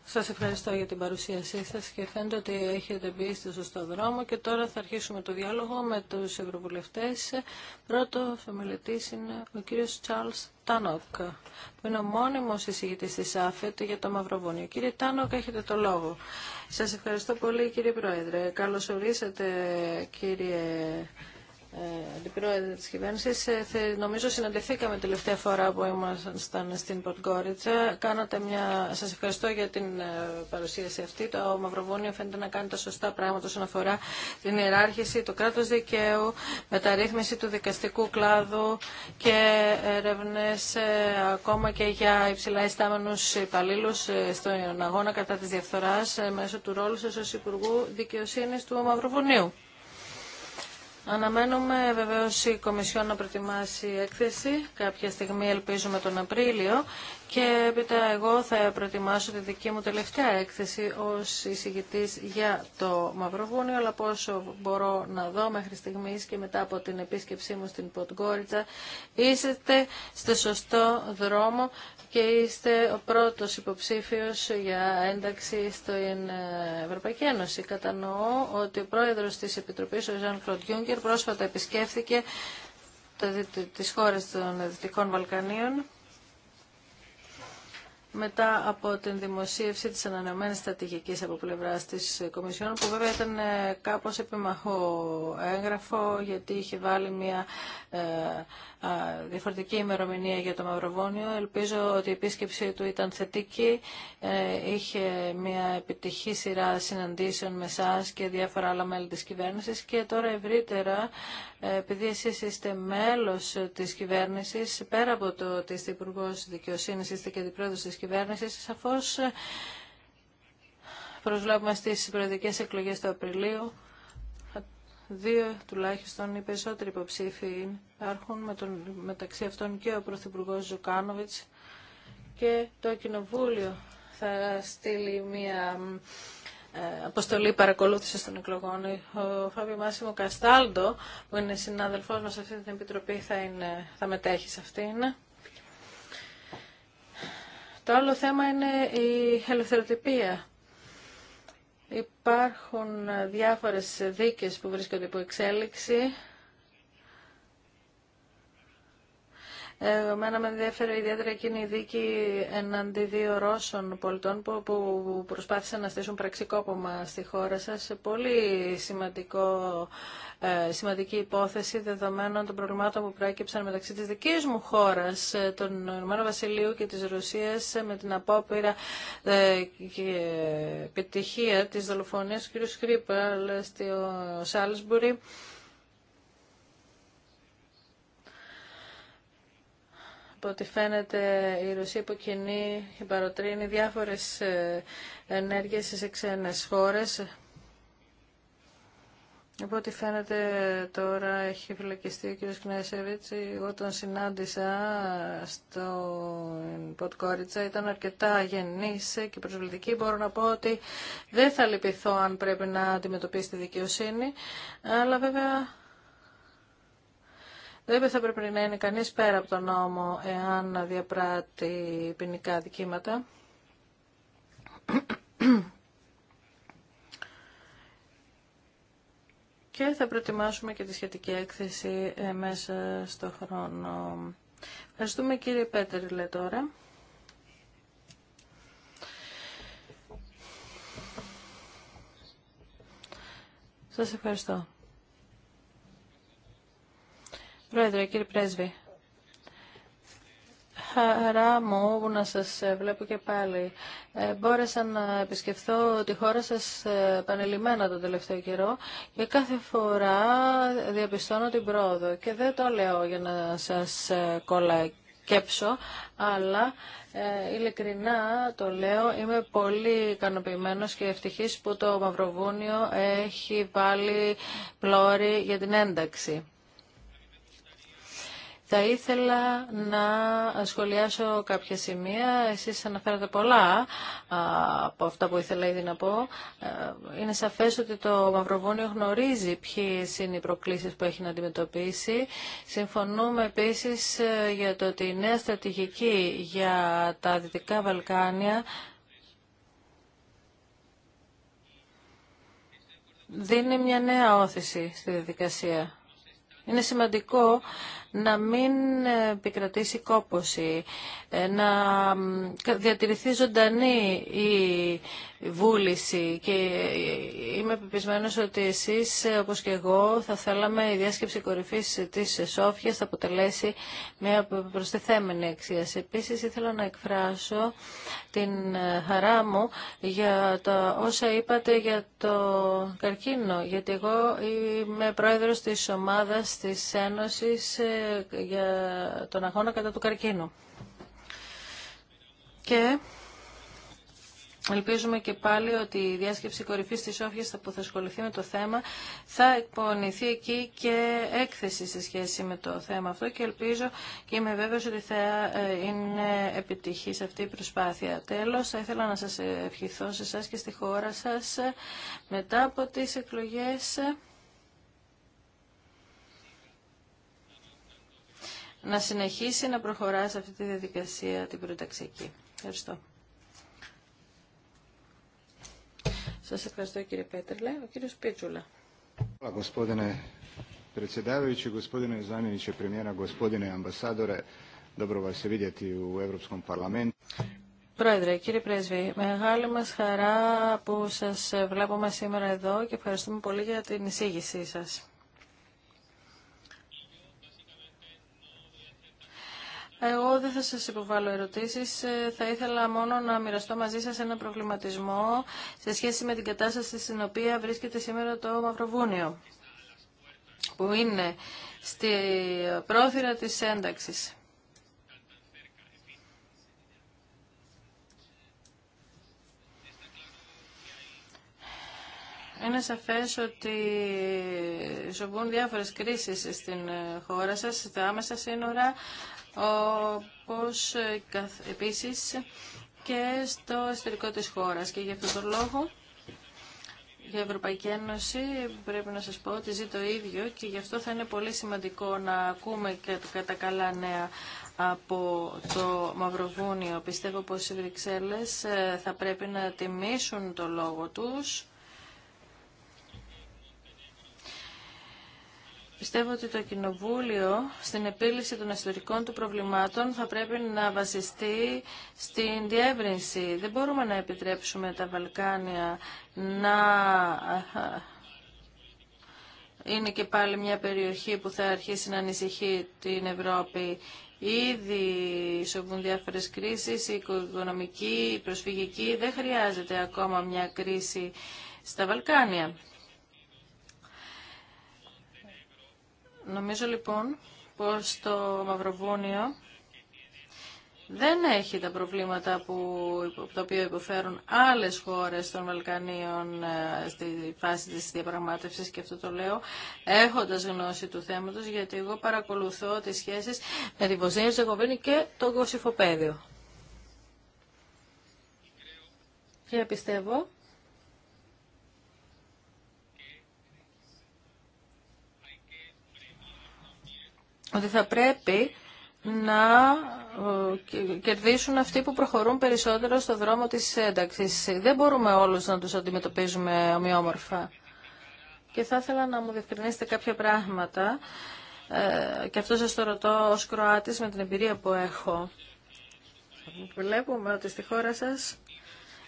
σας ευχαριστώ για την παρουσίασή σας και φαίνεται ότι έχετε μπει στο σωστό δρόμο και τώρα θα αρχίσουμε το διάλογο με του ευρωβουλευτέ. Πρώτο ομιλητή είναι ο κύριος Τσάρλ Τάνοκ, που είναι ο μόνιμο εισηγητή τη ΑΦΕΤ για το Μαυροβούνιο. Κύριε Τάνοκ, έχετε το λόγο. Σας ευχαριστώ πολύ κύριε Πρόεδρε. Καλώς ορίσατε κύριε αντιπρόεδρε τη κυβέρνηση, ε, νομίζω συναντηθήκαμε τελευταία φορά που ήμασταν στην Ποντγκόριτσα. Κάνατε μια... Σας ευχαριστώ για την ε, παρουσίαση αυτή. Το Μαυροβούνιο φαίνεται να κάνει τα σωστά πράγματα όσον αφορά την ιεράρχηση, το κράτο δικαίου, μεταρρύθμιση του δικαστικού κλάδου και έρευνε ε, ακόμα και για υψηλά ειστάμενου υπαλλήλου στον αγώνα κατά τη διαφθορά μέσω του ρόλου σα ω Υπουργού δικαιοσύνη του Μαυροβουνίου. Αναμένουμε βεβαίως η Κομισιόν να προετοιμάσει έκθεση. Κάποια στιγμή ελπίζουμε τον Απρίλιο και έπειτα εγώ θα προετοιμάσω τη δική μου τελευταία έκθεση ως εισηγητής για το Μαυροβούνιο, αλλά πόσο μπορώ να δω μέχρι στιγμής και μετά από την επίσκεψή μου στην Ποτγκόριτσα, είστε στο σωστό δρόμο και είστε ο πρώτος υποψήφιος για ένταξη στην ε, Ευρωπαϊκή Ένωση. Κατανοώ ότι ο πρόεδρος της Επιτροπής, ο Ζαν Κλοντ πρόσφατα επισκέφθηκε τις χώρες των Δυτικών Βαλκανίων μετά από την δημοσίευση της ανανεωμένης στρατηγικής από πλευράς της Κομισιόν, που βέβαια ήταν ε, κάπως επιμαχό έγγραφο, γιατί είχε βάλει μια ε, διαφορετική ημερομηνία για το Μαυροβόνιο. Ελπίζω ότι η επίσκεψή του ήταν θετική. Ε, είχε μια επιτυχή σειρά συναντήσεων με εσά και διάφορα άλλα μέλη της κυβέρνησης και τώρα ευρύτερα, επειδή εσείς είστε μέλος της κυβέρνησης, πέρα από το ότι είστε Υπουργός Δικαιοσύνης, είστε και Αντιπρόεδρος της κυβέρνησης, κυβέρνησης σαφώς ε, προσλάβουμε στις προεδρικές εκλογές του Απριλίου δύο τουλάχιστον οι περισσότεροι υποψήφοι υπάρχουν με τον, μεταξύ αυτών και ο Πρωθυπουργό Ζουκάνοβιτς και το Κοινοβούλιο θα στείλει μια ε, αποστολή παρακολούθησης των εκλογών. Ο Φάβιο Μάσιμο Καστάλντο, που είναι συνάδελφός μας σε αυτή την επιτροπή, θα, είναι, θα μετέχει σε αυτήν. Το άλλο θέμα είναι η ελευθεροτυπία. Υπάρχουν διάφορες δίκες που βρίσκονται υπό εξέλιξη Εμένα με ενδιαφέρει ιδιαίτερα εκείνη η δίκη εναντί δύο Ρώσων πολιτών που, που προσπάθησαν να στήσουν πραξικόπομα στη χώρα σας. Πολύ σημαντικό, ε, σημαντική υπόθεση δεδομένων των προβλημάτων που προέκυψαν μεταξύ της δικής μου χώρας, ε, των Ηνωμένων Βασιλείου και της Ρωσίας ε, με την απόπειρα και επιτυχία της δολοφονίας του κ. στο Σάλσμπουρι. από ό,τι φαίνεται η Ρωσία υποκινεί και παροτρύνει διάφορες ε, ενέργειες σε ξένες χώρες. Από φαίνεται τώρα έχει φυλακιστεί ο κ. Κνέσεβιτς. Εγώ τον συνάντησα στο Ποτκόριτσα. Ήταν αρκετά γεννής και προσβλητική. Μπορώ να πω ότι δεν θα λυπηθώ αν πρέπει να αντιμετωπίσει τη δικαιοσύνη. Αλλά βέβαια δεν θα πρέπει να είναι κανείς πέρα από τον νόμο εάν διαπράττει ποινικά δικήματα. Και θα προετοιμάσουμε και τη σχετική έκθεση ε, μέσα στο χρόνο. Ευχαριστούμε κύριε Πέτερλε τώρα. Σας ευχαριστώ. Πρόεδρε, κύριε Πρέσβη, χαρά μου που να σας ε, βλέπω και πάλι. Ε, μπόρεσα να επισκεφθώ τη χώρα σας ε, πανελειμμένα τον τελευταίο καιρό και κάθε φορά διαπιστώνω την πρόοδο. Και δεν το λέω για να σας κολακέψω, αλλά ε, ειλικρινά το λέω, είμαι πολύ ικανοποιημένο και ευτυχής που το Μαυροβούνιο έχει βάλει πλώρη για την ένταξη. Θα ήθελα να σχολιάσω κάποια σημεία. Εσείς αναφέρατε πολλά από αυτά που ήθελα ήδη να πω. Ε, είναι σαφές ότι το Μαυροβούνιο γνωρίζει ποιες είναι οι προκλήσεις που έχει να αντιμετωπίσει. Συμφωνούμε επίσης ε, για το ότι η νέα στρατηγική για τα Δυτικά Βαλκάνια δίνει μια νέα όθηση στη διαδικασία. Είναι σημαντικό να μην επικρατήσει κόποση, ε, να διατηρηθεί ζωντανή η βούληση και ε, είμαι πεπισμένος ότι εσείς ε, όπως και εγώ θα θέλαμε η διάσκεψη κορυφής της Σόφιας θα αποτελέσει μια προσθεθέμενη αξία. Επίσης ήθελα να εκφράσω την χαρά μου για τα όσα είπατε για το καρκίνο γιατί εγώ είμαι πρόεδρος της ομάδας της Ένωσης για τον αγώνα κατά του καρκίνου. Και Ελπίζουμε και πάλι ότι η διάσκεψη κορυφή τη Όφιας που θα ασχοληθεί με το θέμα θα εκπονηθεί εκεί και έκθεση σε σχέση με το θέμα αυτό και ελπίζω και είμαι βέβαιος ότι θα ε, είναι επιτυχής αυτή η προσπάθεια. Τέλος, θα ήθελα να σας ευχηθώ σε εσά και στη χώρα σας ε, μετά από τις εκλογές. Ε, να συνεχίσει να προχωρά σε αυτή τη διαδικασία την προταξιακή. Ευχαριστώ. Σα ευχαριστώ κύριε Πέτρελε. Ο κύριο Πίτσουλα. Πρόεδρε, κύριε Πρέσβη, μεγάλη μας χαρά που σας βλέπουμε σήμερα εδώ και ευχαριστούμε πολύ για την εισήγησή σας. Εγώ δεν θα σας υποβάλω ερωτήσεις. Ε, θα ήθελα μόνο να μοιραστώ μαζί σας ένα προβληματισμό σε σχέση με την κατάσταση στην οποία βρίσκεται σήμερα το Μαυροβούνιο, που είναι στη πρόθυρα της ένταξης. Είναι σαφές ότι ζωβούν διάφορες κρίσεις στην ε, χώρα σας, στα άμεσα σύνορα, όπως ε, επίσης και στο εσωτερικό της χώρας. Και για αυτόν τον λόγο για Ευρωπαϊκή Ένωση πρέπει να σας πω ότι ζει το ίδιο και γι' αυτό θα είναι πολύ σημαντικό να ακούμε και κατά καλά νέα από το Μαυροβούνιο. Πιστεύω πως οι Βρυξέλλες ε, θα πρέπει να τιμήσουν το λόγο τους Πιστεύω ότι το Κοινοβούλιο στην επίλυση των ιστορικών του προβλημάτων θα πρέπει να βασιστεί στην διεύρυνση. Δεν μπορούμε να επιτρέψουμε τα Βαλκάνια να ε, είναι και πάλι μια περιοχή που θα αρχίσει να ανησυχεί την Ευρώπη. Ήδη σοβούν διάφορε κρίσει, η οικονομική, η προσφυγική. Δεν χρειάζεται ακόμα μια κρίση στα Βαλκάνια. Νομίζω λοιπόν πως το Μαυροβούνιο δεν έχει τα προβλήματα που, τα οποία υποφέρουν άλλες χώρες των Βαλκανίων ε, στη φάση της διαπραγμάτευσης και αυτό το λέω έχοντας γνώση του θέματος γιατί εγώ παρακολουθώ τις σχέσεις με τη Βοσνία Ζεγοβίνη και το Κωσυφοπαίδιο. Και πιστεύω ότι θα πρέπει να ε, κερδίσουν αυτοί που προχωρούν περισσότερο στο δρόμο της ένταξης. Δεν μπορούμε όλους να τους αντιμετωπίζουμε ομοιόμορφα. Και θα ήθελα να μου διευκρινίσετε κάποια πράγματα ε, και αυτό σας το ρωτώ ως Κροάτης με την εμπειρία που έχω. Βλέπουμε ότι στη χώρα σας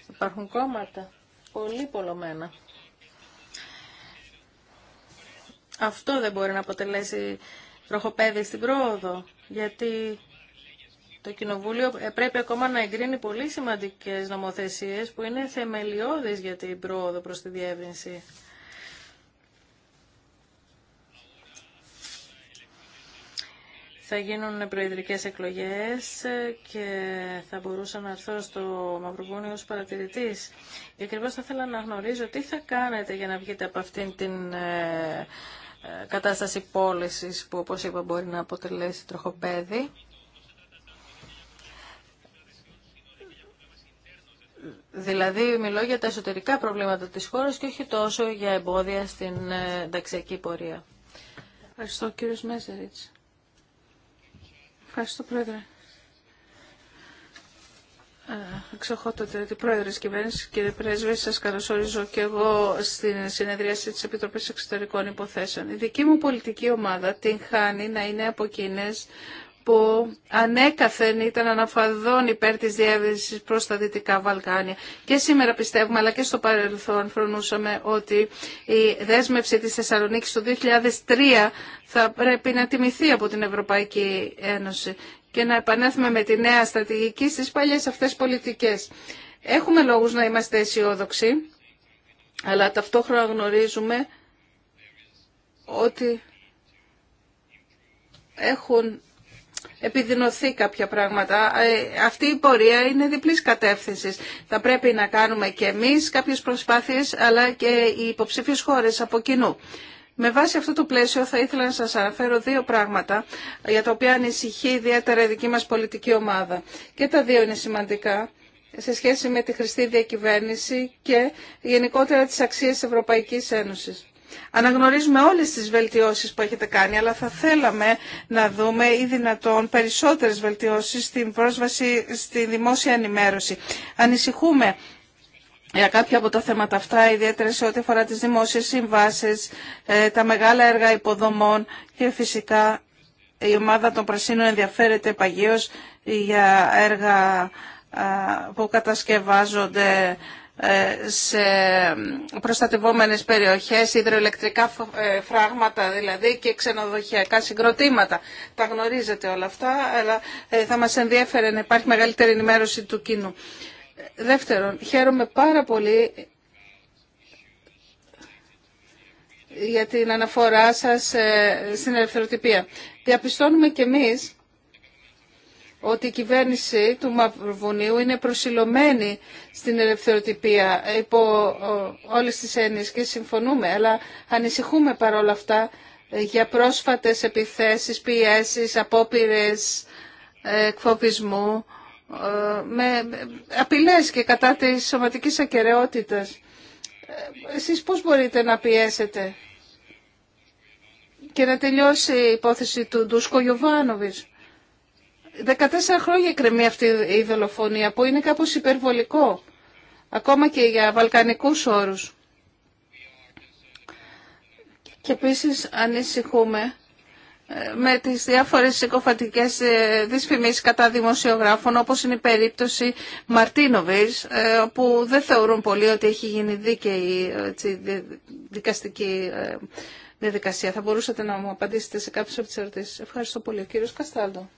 υπάρχουν κόμματα πολύ πολλωμένα. Αυτό δεν μπορεί να αποτελέσει τροχοπέδι στην πρόοδο, γιατί το Κοινοβούλιο ε, πρέπει ακόμα να εγκρίνει πολύ σημαντικές νομοθεσίες που είναι θεμελιώδεις για την πρόοδο προς τη διεύρυνση. Θα γίνουν προεδρικές εκλογές ε, και θα μπορούσα να έρθω στο Μαυροβούνιο ως παρατηρητής. Και ακριβώς θα ήθελα να γνωρίζω τι θα κάνετε για να βγείτε από αυτήν την ε, κατάσταση πώλησης που όπως είπα μπορεί να αποτελέσει τροχοπέδι. Δηλαδή μιλώ για τα εσωτερικά προβλήματα της χώρας και όχι τόσο για εμπόδια στην ε, ενταξιακή πορεία. Ευχαριστώ κύριος Μέζεριτς. Ευχαριστώ πρόεδρε. Εξοχότατε την πρόεδρε τη κυβέρνηση, κύριε Πρέσβη, σα καλωσορίζω και εγώ στην συνεδρίαση τη Επιτροπή Εξωτερικών Υποθέσεων. Η δική μου πολιτική ομάδα την χάνει να είναι από εκείνε που ανέκαθεν ήταν αναφαδόν υπέρ της διεύρυνσης προς τα Δυτικά Βαλκάνια. Και σήμερα πιστεύουμε, αλλά και στο παρελθόν φρονούσαμε ότι η δέσμευση της Θεσσαλονίκης το 2003 θα πρέπει να τιμηθεί από την Ευρωπαϊκή Ένωση και να επανέλθουμε με τη νέα στρατηγική στις παλιές αυτές πολιτικές. Έχουμε λόγους να είμαστε αισιόδοξοι, αλλά ταυτόχρονα γνωρίζουμε ότι έχουν επιδεινωθεί κάποια πράγματα. Ε, αυτή η πορεία είναι διπλής κατεύθυνσης. Θα πρέπει να κάνουμε και εμείς κάποιες προσπάθειες, αλλά και οι υποψήφιες χώρες από κοινού. Με βάση αυτό το πλαίσιο θα ήθελα να σας αναφέρω δύο πράγματα για τα οποία ανησυχεί ιδιαίτερα η δική μας πολιτική ομάδα. Και τα δύο είναι σημαντικά σε σχέση με τη χρηστή διακυβέρνηση και γενικότερα τις αξίες Ευρωπαϊκής Ένωσης. Αναγνωρίζουμε όλες τις βελτιώσεις που έχετε κάνει, αλλά θα θέλαμε να δούμε ή δυνατόν περισσότερες βελτιώσεις στην πρόσβαση στη δημόσια ενημέρωση. Ανησυχούμε για κάποια από τα θέματα αυτά, ιδιαίτερα σε ό,τι αφορά τις δημόσιες συμβάσεις, ε, τα μεγάλα έργα υποδομών και φυσικά η ομάδα των Πρασίνων ενδιαφέρεται παγίως για έργα που κατασκευάζονται ε, σε προστατευόμενες περιοχές, υδροελεκτρικά ε, φράγματα δηλαδή και ξενοδοχειακά συγκροτήματα. Τα γνωρίζετε όλα αυτά, αλλά ε, θα μας ενδιέφερε να υπάρχει μεγαλύτερη ενημέρωση του κοινού. Δεύτερον, χαίρομαι πάρα πολύ για την αναφορά σας στην ελευθεροτυπία. Διαπιστώνουμε κι εμείς ότι η κυβέρνηση του Μαυροβουνίου είναι προσιλωμένη στην ελευθεροτυπία υπό όλες τις έννοιες και συμφωνούμε, αλλά ανησυχούμε παρόλα αυτά για πρόσφατες επιθέσεις, πιέσεις, απόπειρες ε, εκφοβισμού ε, με απειλές και κατά της σωματικής ακαιρεότητας. Ε, εσείς πώς μπορείτε να πιέσετε και να τελειώσει η υπόθεση του Ντούσκο 14 χρόνια κρεμεί αυτή η δολοφονία που είναι κάπως υπερβολικό ακόμα και για βαλκανικούς όρους. Και επίσης ανησυχούμε ε, με τις διάφορες συκοφαντικές ε, δυσφημίσεις κατά δημοσιογράφων όπως είναι η περίπτωση Μαρτίνοβης ε, που δεν θεωρούν πολύ ότι έχει γίνει δίκαιη έτσι, δικαστική διαδικασία. Θα μπορούσατε να μου απαντήσετε σε κάποιες από τις ερωτήσεις. Ευχαριστώ πολύ. Ο κύριος Καστάλτο.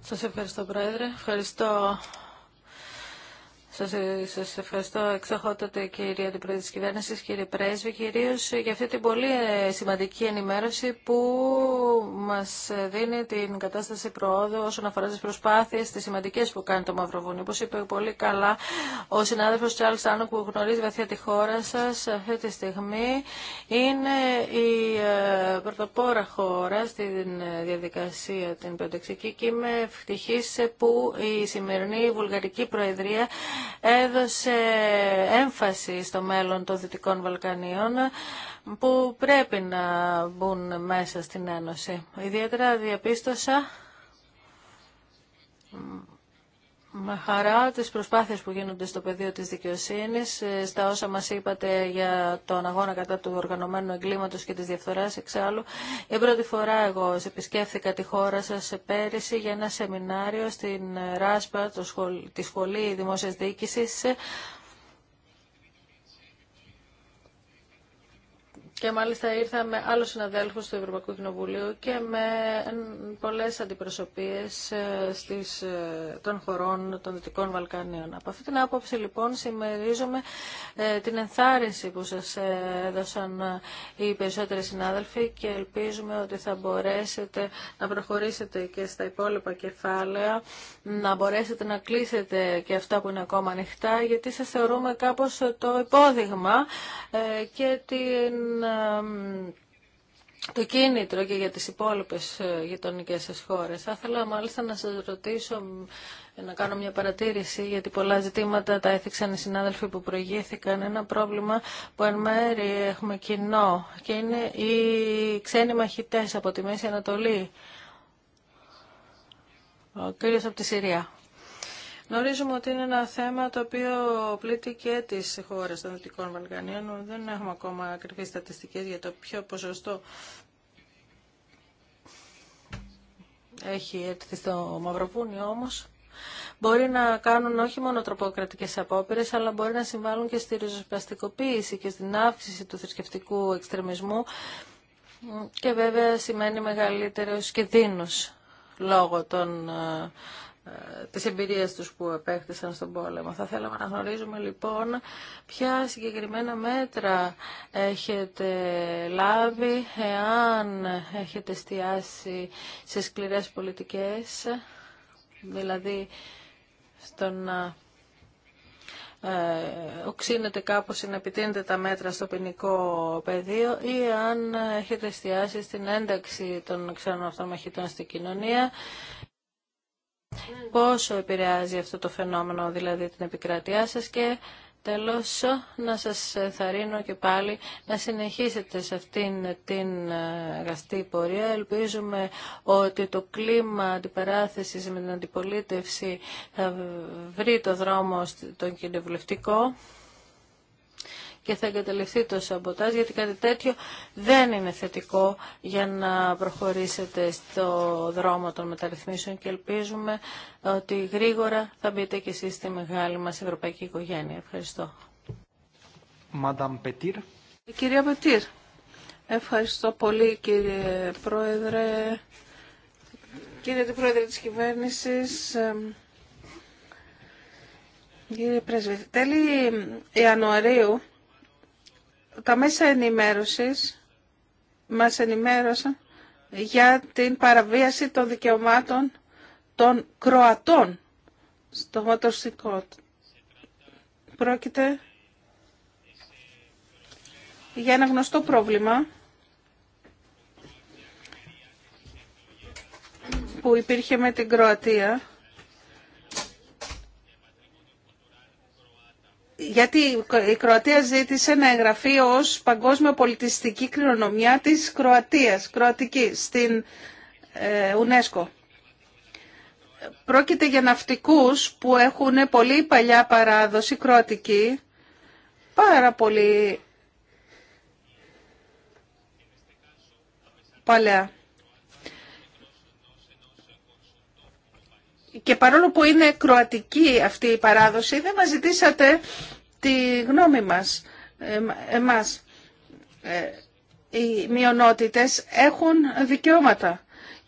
Σας ευχαριστώ Πρόεδρε. Ευχαριστώ σας, σας ευχαριστώ εξοχότατε κυρία την Πρόεδρε της Κυβέρνησης, κύριε Πρέσβη, κυρίως για αυτή την πολύ ε, σημαντική ενημέρωση που μας δίνει την κατάσταση προόδου όσον αφορά τις προσπάθειες, τις σημαντικές που κάνει το Μαυροβούνιο. Όπως είπε πολύ καλά ο συνάδελφος Τσάρλς Σάνο που γνωρίζει βαθιά τη χώρα σας αυτή τη στιγμή, είναι η ε, πρωτοπόρα χώρα στην ε, διαδικασία την πεντεξική και είμαι ευτυχής που η σημερινή βουλγαρική προεδρία έδωσε έμφαση στο μέλλον των Δυτικών Βαλκανίων που πρέπει να μπουν μέσα στην Ένωση. Ιδιαίτερα διαπίστωσα με χαρά τις προσπάθειες που γίνονται στο πεδίο της δικαιοσύνης, ε, στα όσα μας είπατε για τον αγώνα κατά του οργανωμένου εγκλήματος και της διαφθοράς εξάλλου. Για πρώτη φορά εγώ επισκέφθηκα τη χώρα σας πέρυσι για ένα σεμινάριο στην Ράσπα, τη Σχολή Δημόσιας Διοίκησης, και μάλιστα ήρθα με άλλους συναδέλφους του Ευρωπαϊκού Κοινοβουλίου και με πολλές αντιπροσωπείες ε, στις, ε, των χωρών των Δυτικών Βαλκανίων. Από αυτή την άποψη λοιπόν συμμερίζομαι ε, την ενθάρρυνση που σας έδωσαν οι περισσότεροι συνάδελφοι και ελπίζουμε ότι θα μπορέσετε να προχωρήσετε και στα υπόλοιπα κεφάλαια, να μπορέσετε να κλείσετε και αυτά που είναι ακόμα ανοιχτά, γιατί σας θεωρούμε κάπως το υπόδειγμα και την ε, το κίνητρο και για τις υπόλοιπες ε, γειτονικέ σας χώρες. Θα ήθελα μάλιστα να σας ρωτήσω, να κάνω μια παρατήρηση, γιατί πολλά ζητήματα τα έθιξαν οι συνάδελφοι που προηγήθηκαν. Ένα πρόβλημα που εν μέρει έχουμε κοινό και είναι οι ξένοι μαχητές από τη Μέση Ανατολή, ο κύριος από τη Συρία. Γνωρίζουμε ότι είναι ένα θέμα το οποίο πλήττει και τι χώρε των Δυτικών Βαλκανίων. Δεν έχουμε ακόμα ακριβεί στατιστικέ για το ποιο ποσοστό έχει έρθει στο Μαυροβούνιο όμως μπορεί να κάνουν όχι μόνο τροποκρατικέ απόπειρε, αλλά μπορεί να συμβάλλουν και στη ριζοσπαστικοποίηση και στην αύξηση του θρησκευτικού εξτρεμισμού και βέβαια σημαίνει μεγαλύτερο κινδύνους λόγω των ε, τις εμπειρίες τους που επέκτησαν στον πόλεμο. Θα θέλαμε να γνωρίζουμε λοιπόν ποια συγκεκριμένα μέτρα έχετε λάβει εάν έχετε εστιάσει σε σκληρές πολιτικές, δηλαδή στο να ε, οξύνεται κάπως ή τα μέτρα στο ποινικό πεδίο ή αν έχετε εστιάσει στην ένταξη των ξένων αυτομαχητών στην κοινωνία πόσο επηρεάζει αυτό το φαινόμενο δηλαδή την επικρατεία σας και Τέλος, να σας θαρρύνω και πάλι να συνεχίσετε σε αυτήν την ε, αγαστή πορεία. Ελπίζουμε ότι το κλίμα αντιπαράθεσης με την αντιπολίτευση θα βρει το δρόμο στον κοινοβουλευτικό και θα εγκαταλειφθεί το σαμποτάζ γιατί κάτι τέτοιο δεν είναι θετικό για να προχωρήσετε στο δρόμο των μεταρρυθμίσεων και ελπίζουμε ότι γρήγορα θα μπείτε και εσείς στη μεγάλη μας ευρωπαϊκή οικογένεια. Ευχαριστώ. Πετήρ. Κυρία Πετήρ, ευχαριστώ πολύ κύριε Πρόεδρε, κύριε την Πρόεδρε της Κυβέρνησης. Κύριε Πρέσβη. τέλη Ιανουαρίου τα μέσα ενημέρωσης μας ενημέρωσαν για την παραβίαση των δικαιωμάτων των Κροατών στο μοτοσυκό. Πρόκειται για ένα γνωστό πρόβλημα που υπήρχε με την Κροατία γιατί η Κροατία ζήτησε να εγγραφεί ως παγκόσμια πολιτιστική κληρονομιά της Κροατίας, Κροατική, στην ε, UNESCO. Πρόκειται για ναυτικούς που έχουν πολύ παλιά παράδοση κροατική, πάρα πολύ παλιά. και παρόλο που είναι κροατική αυτή η παράδοση, δεν μας ζητήσατε τη γνώμη μας, εμάς. Ε, οι μειονότητες έχουν δικαιώματα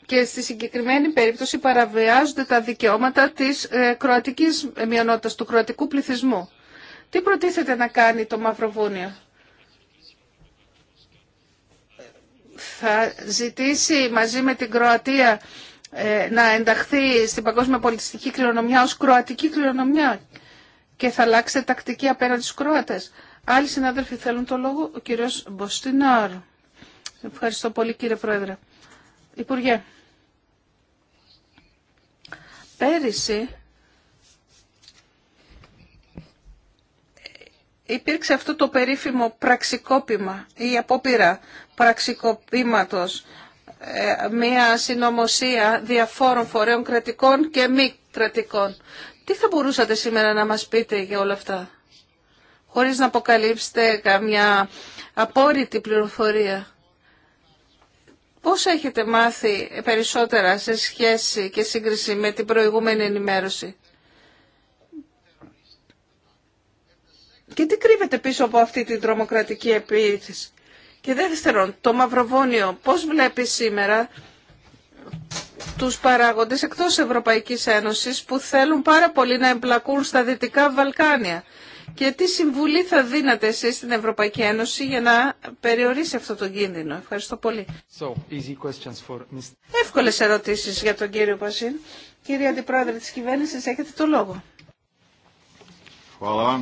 και στη συγκεκριμένη περίπτωση παραβιάζονται τα δικαιώματα της ε, κροατικής μειονότητας, του κροατικού πληθυσμού. Τι προτίθεται να κάνει το Μαυροβούνιο. Θα ζητήσει μαζί με την Κροατία ε, να ενταχθεί στην παγκόσμια πολιτιστική κληρονομιά ως κροατική κληρονομιά και θα αλλάξετε τακτική απέναντι στους Κροάτες. Άλλοι συνάδελφοι θέλουν το λόγο. Ο κύριος Μποστινάρ. Ευχαριστώ πολύ κύριε Πρόεδρε. Υπουργέ, πέρυσι υπήρξε αυτό το περίφημο πραξικόπημα ή απόπειρα πραξικοπήματος ε, μια συνωμοσία διαφόρων φορέων κρατικών και μη κρατικών. Τι θα μπορούσατε σήμερα να μας πείτε για όλα αυτά, χωρίς να αποκαλύψετε καμιά απόρριτη πληροφορία. Πώς έχετε μάθει περισσότερα σε σχέση και σύγκριση με την προηγούμενη ενημέρωση. Και τι κρύβεται πίσω από αυτή την τρομοκρατική επίθεση. Και δεύτερον, το Μαυροβόνιο πώς βλέπει σήμερα τους παράγοντες εκτός Ευρωπαϊκής Ένωσης που θέλουν πάρα πολύ να εμπλακούν στα Δυτικά Βαλκάνια. Και τι συμβουλή θα δίνατε εσείς στην Ευρωπαϊκή Ένωση για να περιορίσει αυτό το κίνδυνο. Ευχαριστώ πολύ. So, easy Εύκολες ερωτήσεις για τον κύριο Πασίν. Κύριε Αντιπρόεδρε της Κυβέρνησης, έχετε το λόγο. Well,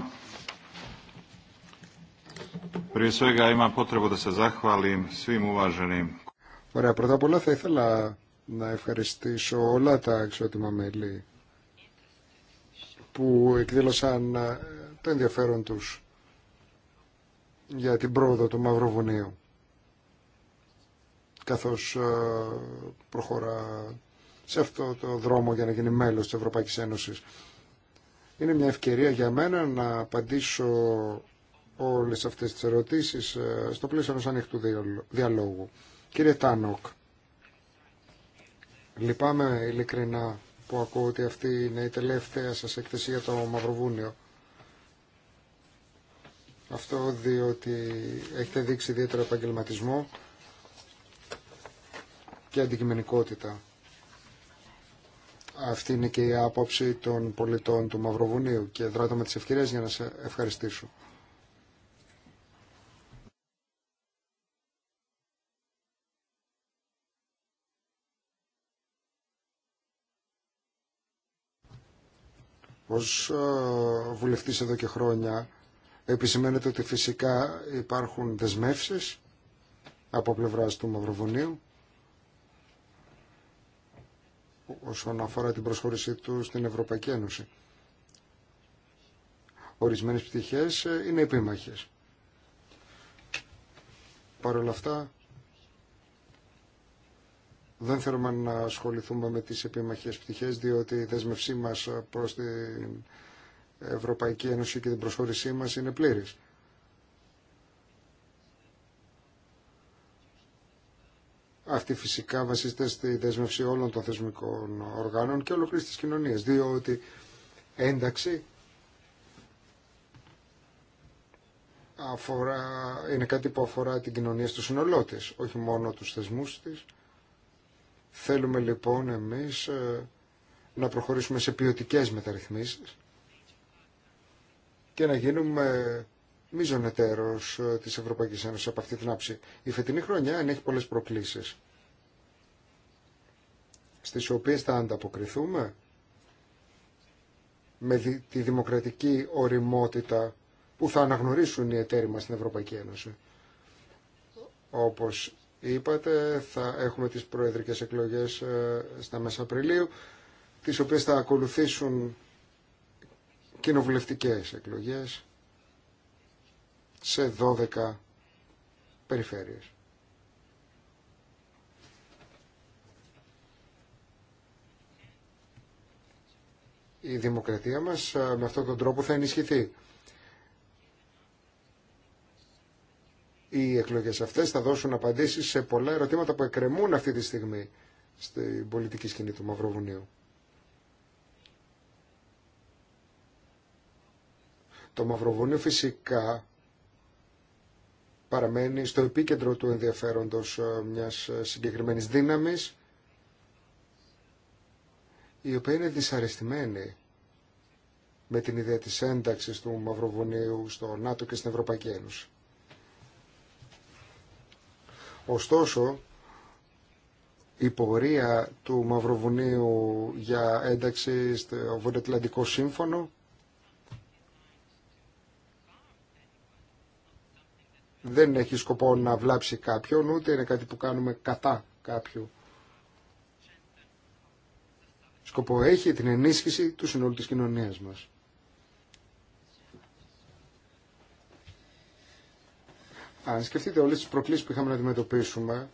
Ωραία, πρώτα απ' όλα θα ήθελα να ευχαριστήσω όλα τα αξιότιμα μέλη που εκδήλωσαν ε, το ενδιαφέρον τους για την πρόοδο του Μαυροβουνίου καθώς ε, προχωρά σε αυτό το δρόμο για να γίνει μέλος της Ευρωπαϊκής Ένωσης. Είναι μια ευκαιρία για μένα να απαντήσω όλες αυτές τις ερωτήσεις ε, στο πλαίσιο ενός ανοιχτού διαλόγου. Κύριε Τάνοκ, λυπάμαι ειλικρινά που ακούω ότι αυτή είναι η τελευταία σας έκθεση για το Μαυροβούνιο. Αυτό διότι έχετε δείξει ιδιαίτερο επαγγελματισμό και αντικειμενικότητα. Αυτή είναι και η άποψη των πολιτών του Μαυροβουνίου και δράτω με τις ευκαιρίες για να σε ευχαριστήσω. Ως ε, βουλευτής εδώ και χρόνια επισημαίνεται ότι φυσικά υπάρχουν δεσμεύσεις από πλευράς του Μαυροβουνίου όσον αφορά την προσχώρησή του στην Ευρωπαϊκή Ένωση. Ορισμένες πτυχές ε, είναι επίμαχες. Παρ' όλα αυτά δεν θέλουμε να ασχοληθούμε με τις επιμαχίες πτυχές, διότι η δέσμευσή μας προς την Ευρωπαϊκή Ένωση και την προσχώρησή μας είναι πλήρης. Αυτή φυσικά βασίζεται στη δέσμευση όλων των θεσμικών οργάνων και ολοκλήρης της κοινωνίας, διότι ένταξη αφορά, είναι κάτι που αφορά την κοινωνία στο συνολό της, όχι μόνο τους θεσμούς της. Θέλουμε λοιπόν εμείς ε, να προχωρήσουμε σε ποιοτικές μεταρρυθμίσεις και να γίνουμε μείζον εταίρος ε, της Ευρωπαϊκής Ένωσης από αυτή την άψη. Η φετινή χρονιά ενέχει πολλές προκλήσεις στις οποίες θα ανταποκριθούμε με τη δημοκρατική οριμότητα που θα αναγνωρίσουν οι εταίροι μας στην Ευρωπαϊκή Ένωση όπως είπατε. Θα έχουμε τις προεδρικές εκλογές ε, στα μέσα Απριλίου, τις οποίες θα ακολουθήσουν κοινοβουλευτικές εκλογές σε 12 περιφέρειες. Η δημοκρατία μας ε, με αυτόν τον τρόπο θα ενισχυθεί. Οι εκλογές αυτές θα δώσουν απαντήσεις σε πολλά ερωτήματα που εκκρεμούν αυτή τη στιγμή στην πολιτική σκηνή του Μαυροβουνίου. Το Μαυροβουνίο φυσικά παραμένει στο επίκεντρο του ενδιαφέροντος ε, μιας ε, συγκεκριμένης δύναμης η οποία είναι δυσαρεστημένη με την ιδέα της ένταξης του Μαυροβουνίου στο ΝΑΤΟ και στην Ευρωπαϊκή Ένωση. Ωστόσο, η πορεία του Μαυροβουνίου για ένταξη στο Βορειοατλαντικό Σύμφωνο δεν έχει σκοπό να βλάψει κάποιον, ούτε είναι κάτι που κάνουμε κατά κάποιου. Σκοπό έχει την ενίσχυση του συνόλου της κοινωνίας μας. Αν σκεφτείτε όλες τις προκλήσεις που είχαμε να αντιμετωπίσουμε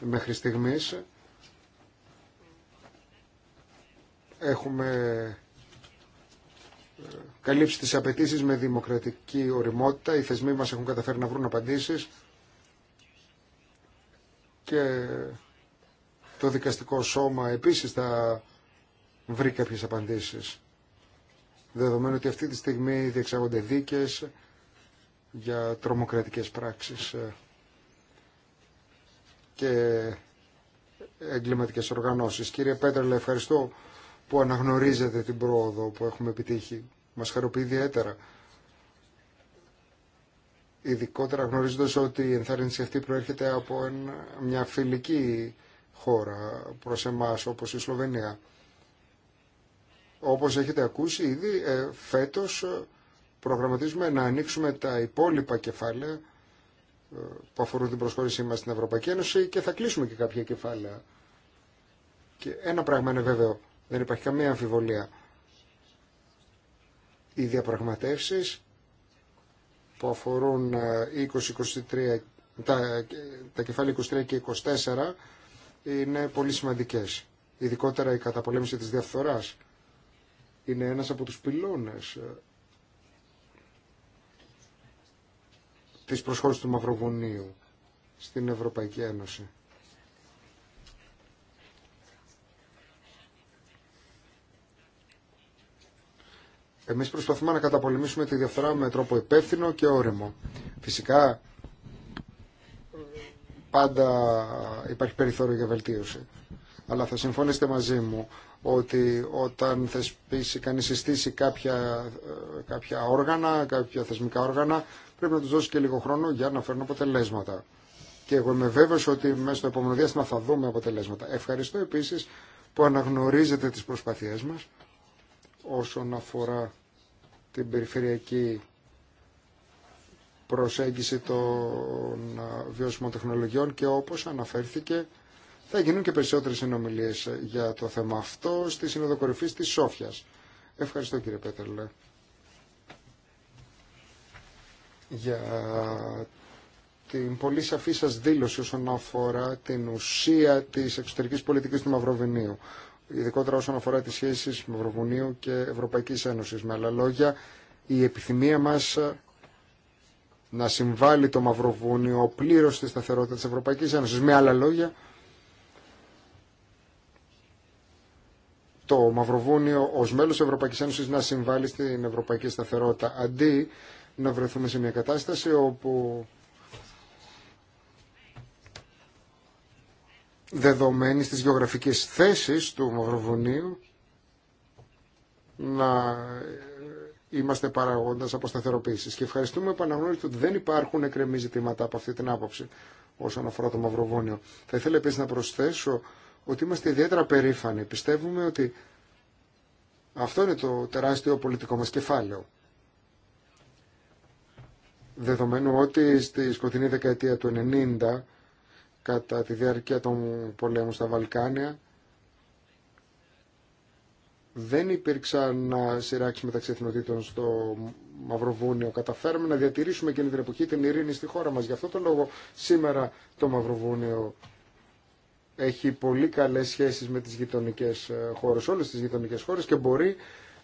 μέχρι στιγμής, έχουμε ε, καλύψει τις απαιτήσει με δημοκρατική οριμότητα. Οι θεσμοί μας έχουν καταφέρει να βρουν απαντήσεις και το δικαστικό σώμα επίσης θα βρει κάποιες απαντήσεις. Δεδομένου ότι αυτή τη στιγμή διεξάγονται δίκες για τρομοκρατικές πράξεις ε, και εγκληματικές οργανώσεις. Κύριε Πέτρελε, ευχαριστώ που αναγνωρίζετε την πρόοδο που έχουμε επιτύχει. Μας χαροποιεί ιδιαίτερα. Ειδικότερα γνωρίζοντα ότι η ενθάρρυνση αυτή προέρχεται από μια φιλική χώρα προς εμάς όπως η Σλοβενία. Όπως έχετε ακούσει ήδη, ε, φέτος προγραμματίζουμε να ανοίξουμε τα υπόλοιπα κεφάλαια ε, που αφορούν την προσχώρησή μας στην Ευρωπαϊκή Ένωση και θα κλείσουμε και κάποια κεφάλαια. Και ένα πράγμα είναι βέβαιο, δεν υπάρχει καμία αμφιβολία. Οι διαπραγματεύσεις που αφορούν 20, ε, τα, τα κεφάλαια 23 και 24 είναι πολύ σημαντικές. Ειδικότερα η καταπολέμηση της διαφθοράς είναι ένας από τους πυλώνες ε, της προσχώρησης του Μαυροβουνίου στην Ευρωπαϊκή Ένωση. Εμείς προσπαθούμε να καταπολεμήσουμε τη διαφθορά με τρόπο υπεύθυνο και όρεμο. Φυσικά πάντα υπάρχει περιθώριο για βελτίωση. Αλλά θα συμφωνήσετε μαζί μου ότι όταν θεσπίσει κανείς συστήσει κάποια, ε, κάποια όργανα, κάποια θεσμικά όργανα, πρέπει να του δώσει και λίγο χρόνο για να φέρουν αποτελέσματα. Και εγώ είμαι βέβαιο ότι μέσα στο επόμενο διάστημα θα δούμε αποτελέσματα. Ευχαριστώ επίση που αναγνωρίζετε τι προσπαθίε μα όσον αφορά την περιφερειακή προσέγγιση των βιώσιμων τεχνολογιών και όπως αναφέρθηκε θα γίνουν και περισσότερες συνομιλίες για το θέμα αυτό στη Συνοδοκορυφή της Σόφιας. Ευχαριστώ κύριε Πέτερλε για την πολύ σαφή σας δήλωση όσον αφορά την ουσία της εξωτερικής πολιτικής του Μαυροβουνίου. Ειδικότερα όσον αφορά τις σχέσεις Μαυροβουνίου και Ευρωπαϊκής Ένωσης. Με άλλα λόγια, η επιθυμία μας να συμβάλλει το Μαυροβούνιο πλήρω στη σταθερότητα της Ευρωπαϊκής Ένωσης. Με άλλα λόγια, το Μαυροβούνιο ως μέλος της Ευρωπαϊκής Ένωσης να συμβάλλει στην Ευρωπαϊκή Σταθερότητα αντί να βρεθούμε σε μια κατάσταση όπου δεδομένη της γεωγραφικής θέσης του Μαυροβουνίου να είμαστε παραγόντας σταθεροποίησης. Και ευχαριστούμε επαναγνώριση ότι δεν υπάρχουν εκρεμή ζητήματα από αυτή την άποψη όσον αφορά το Μαυροβούνιο. Θα ήθελα επίσης να προσθέσω ότι είμαστε ιδιαίτερα περήφανοι. Πιστεύουμε ότι αυτό είναι το τεράστιο πολιτικό μας κεφάλαιο. Δεδομένου ότι στη σκοτεινή δεκαετία του 90 κατά τη διάρκεια των πολέμων στα Βαλκάνια δεν υπήρξαν σειράξει μεταξύ εθνοτήτων στο Μαυροβούνιο. Καταφέραμε να διατηρήσουμε εκείνη την εποχή την ειρήνη στη χώρα μας. Γι' αυτό το λόγο σήμερα το Μαυροβούνιο έχει πολύ καλές σχέσεις με τις γειτονικές ε, χώρες, όλες τις γειτονικές χώρες και μπορεί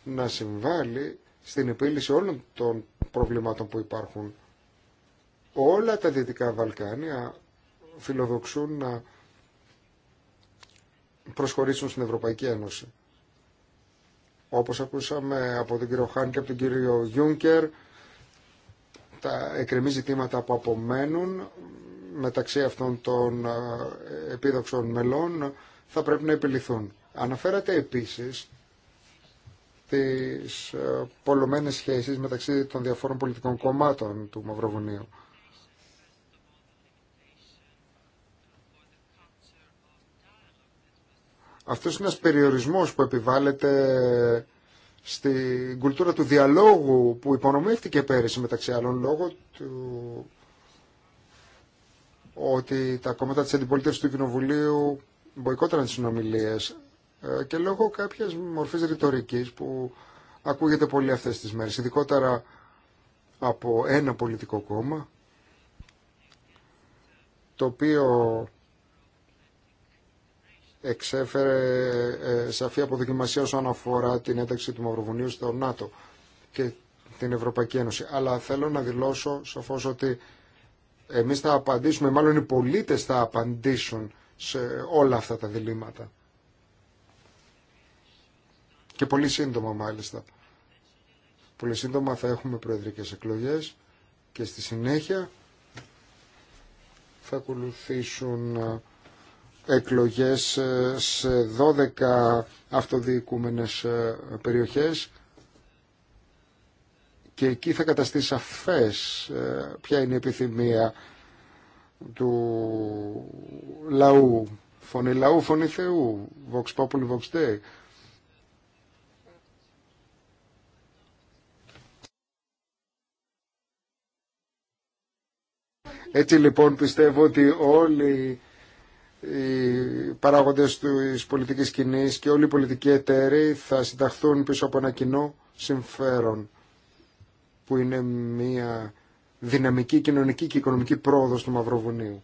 να συμβάλλει στην επίλυση όλων των προβλημάτων που υπάρχουν. Όλα τα Δυτικά Βαλκάνια φιλοδοξούν να προσχωρήσουν στην Ευρωπαϊκή Ένωση. Όπως ακούσαμε από τον κύριο Χάν και από τον κύριο Γιούνκερ, τα εκκρεμή ζητήματα που απομένουν μεταξύ αυτών των ε, επίδοξων μελών θα πρέπει να επιληθούν. Αναφέρατε επίσης τις ε, πολλωμένες σχέσεις μεταξύ των διαφόρων πολιτικών κομμάτων του Μαυροβουνίου. Αυτός είναι ένας περιορισμός που επιβάλλεται στην κουλτούρα του διαλόγου που υπονομεύτηκε πέρυσι μεταξύ άλλων λόγω του ότι τα κόμματα της αντιπολίτευσης του Κοινοβουλίου μποϊκόταραν τις συνομιλίες ε, και λόγω κάποιας μορφής ρητορική που ακούγεται πολύ αυτές τις μέρες, ειδικότερα από ένα πολιτικό κόμμα, το οποίο εξέφερε ε, σαφή αποδοκιμασία όσον αφορά την ένταξη του Μαυροβουνίου στο ΝΑΤΟ και την Ευρωπαϊκή Ένωση. Αλλά θέλω να δηλώσω σαφώς ότι εμείς θα απαντήσουμε, μάλλον οι πολίτες θα απαντήσουν σε όλα αυτά τα διλήμματα. Και πολύ σύντομα μάλιστα. Πολύ σύντομα θα έχουμε προεδρικές εκλογές και στη συνέχεια θα ακολουθήσουν ε, εκλογές ε, σε 12 αυτοδιοικούμενες ε, περιοχές και εκεί θα καταστεί σαφές ποια είναι η επιθυμία του λαού. Φωνή λαού, φωνή Θεού, Vox Populi, Vox Dei. Έτσι λοιπόν πιστεύω ότι όλοι οι παράγοντες της πολιτικής κοινής και όλοι οι πολιτικοί εταίροι θα συνταχθούν πίσω από ένα κοινό συμφέρον που είναι μια δυναμική κοινωνική και οικονομική πρόοδος του Μαυροβουνίου.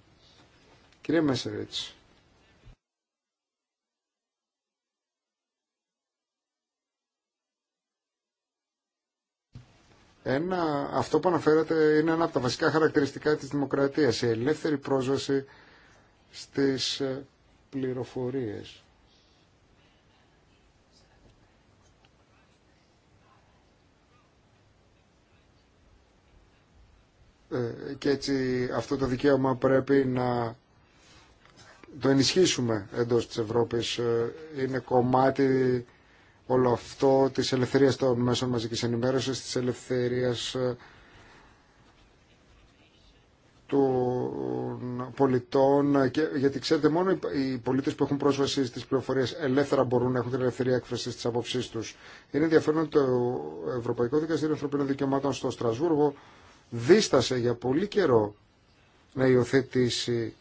Κυρία Μέσερετς, Ένα, αυτό που αναφέρατε είναι ένα από τα βασικά χαρακτηριστικά της δημοκρατίας, η ελεύθερη πρόσβαση στις ε, πληροφορίες. Ε, και έτσι αυτό το δικαίωμα πρέπει να το ενισχύσουμε εντός της Ευρώπης. Ε, είναι κομμάτι όλο αυτό της ελευθερίας των μέσων μαζικής ενημέρωσης, της ελευθερίας ε, των πολιτών και, γιατί ξέρετε μόνο οι πολίτες που έχουν πρόσβαση στις πληροφορίες ελεύθερα μπορούν να έχουν την ελευθερία έκφρασης της απόψής τους. Είναι ενδιαφέρον ότι το Ευρωπαϊκό Δικαστήριο Ανθρωπίνων Δικαιωμάτων στο Στρασβούργο δίστασε για πολύ καιρό να υιοθετήσει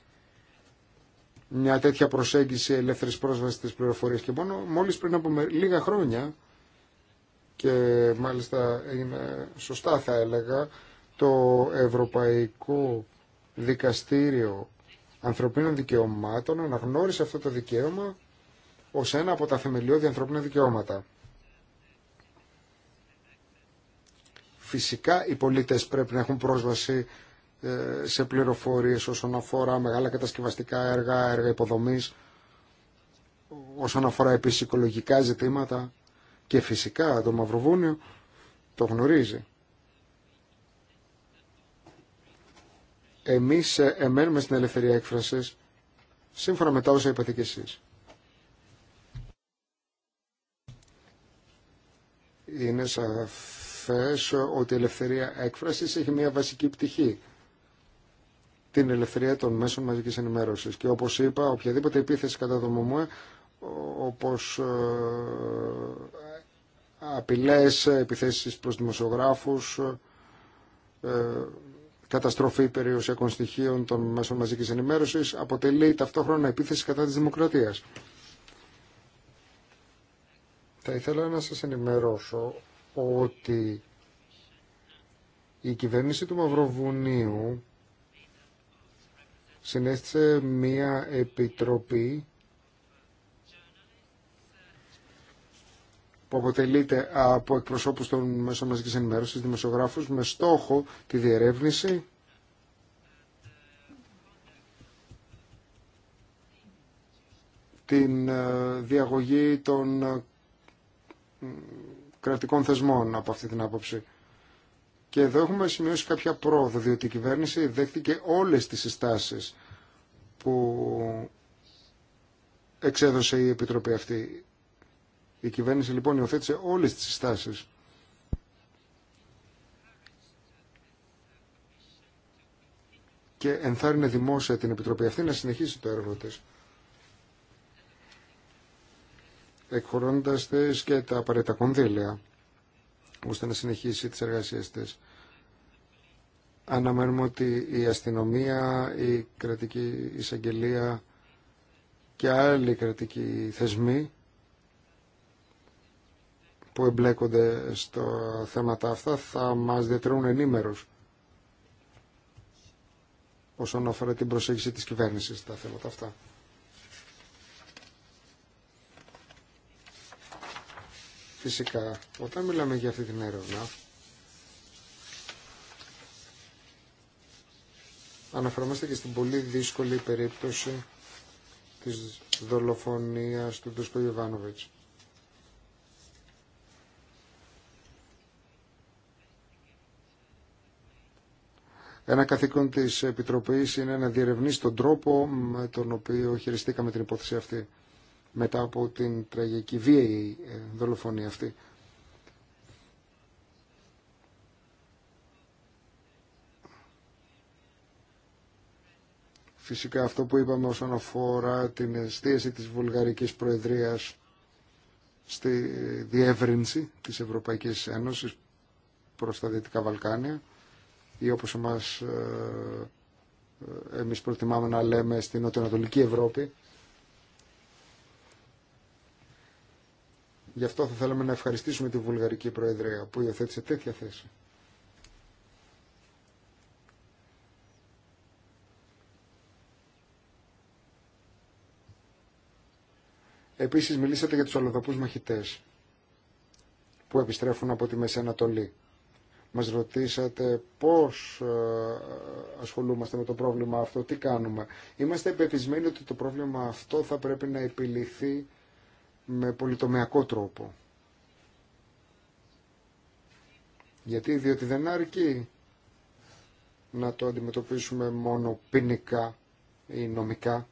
μια τέτοια προσέγγιση ελεύθερη πρόσβαση τη πληροφορία και μόνο μόλις πριν από λίγα χρόνια και μάλιστα είναι σωστά θα έλεγα το Ευρωπαϊκό Δικαστήριο Ανθρωπίνων Δικαιωμάτων αναγνώρισε αυτό το δικαίωμα ως ένα από τα θεμελιώδη ανθρωπίνα δικαιώματα. Φυσικά οι πολίτες πρέπει να έχουν πρόσβαση ε, σε πληροφορίες όσον αφορά μεγάλα κατασκευαστικά έργα, έργα υποδομής, όσον αφορά επίσης οικολογικά ζητήματα και φυσικά το Μαυροβούνιο το γνωρίζει. Εμείς ε, εμένουμε στην ελευθερία έκφρασης σύμφωνα με τα όσα είπατε και εσείς. Είναι σαφές ότι η ελευθερία έκφρασης έχει μια βασική πτυχή την ελευθερία των μέσων μαζική ενημέρωση. Και όπως είπα, οποιαδήποτε επίθεση κατά το ΜΟΜΟΕ, όπως ε, απειλές, επιθέσεις προς δημοσιογράφους, ε, καταστροφή περιουσιακών στοιχείων των μέσων μαζική ενημέρωση αποτελεί ταυτόχρονα επίθεση κατά της δημοκρατίας. Θα ήθελα να σας ενημερώσω ότι η κυβέρνηση του Μαυροβουνίου συνέστησε μία επιτροπή που αποτελείται από εκπροσώπους των μέσων μαζικής ενημέρωσης, δημοσιογράφους, με στόχο τη διερεύνηση την ε, διαγωγή των κρατικών θεσμών από αυτή την άποψη. Και εδώ έχουμε σημειώσει κάποια πρόοδο, διότι η κυβέρνηση δέχτηκε όλες τις συστάσεις που εξέδωσε η Επιτροπή αυτή. Η κυβέρνηση λοιπόν υιοθέτησε όλες τις συστάσεις. Και ενθάρρυνε δημόσια την Επιτροπή αυτή να συνεχίσει το έργο της. Εκχωρώντας και τα απαραίτητα κονδύλια ώστε να συνεχίσει τις εργασίες της. Αναμένουμε ότι η αστυνομία, η κρατική εισαγγελία και άλλοι κρατικοί θεσμοί που εμπλέκονται στο θέματα αυτά θα μας διατηρούν ενήμερους όσον αφορά την προσέγγιση της κυβέρνησης στα θέματα αυτά. Φυσικά, όταν μιλάμε για αυτή την έρευνα, αναφερόμαστε και στην πολύ δύσκολη περίπτωση της δολοφονίας του Ντοσκο Ιωβάνοβιτς. Ένα καθήκον της Επιτροπής είναι να διερευνήσει τον τρόπο με τον οποίο χειριστήκαμε την υπόθεση αυτή μετά από την τραγική η ε, δολοφονία αυτή. Φυσικά αυτό που είπαμε όσον αφορά την εστίαση της Βουλγαρικής Προεδρίας στη διεύρυνση της Ευρωπαϊκής Ένωσης προς τα Δυτικά Βαλκάνια ή όπως εμάς ε, ε, εμείς προτιμάμε να λέμε στην Νοτιοανατολική Ευρώπη Γι' αυτό θα θέλαμε να ευχαριστήσουμε τη Βουλγαρική Προεδρία που υιοθέτησε τέτοια θέση. Επίσης μιλήσατε για τους αλλοδαπούς μαχητές που επιστρέφουν από τη Μέση Ανατολή. Μας ρωτήσατε πώς ε, ασχολούμαστε με το πρόβλημα αυτό, τι κάνουμε. Είμαστε επεπισμένοι ότι το πρόβλημα αυτό θα πρέπει να επιληθεί με πολυτομιακό τρόπο. Γιατί, διότι δεν αρκεί να το αντιμετωπίσουμε μόνο ποινικά ή νομικά.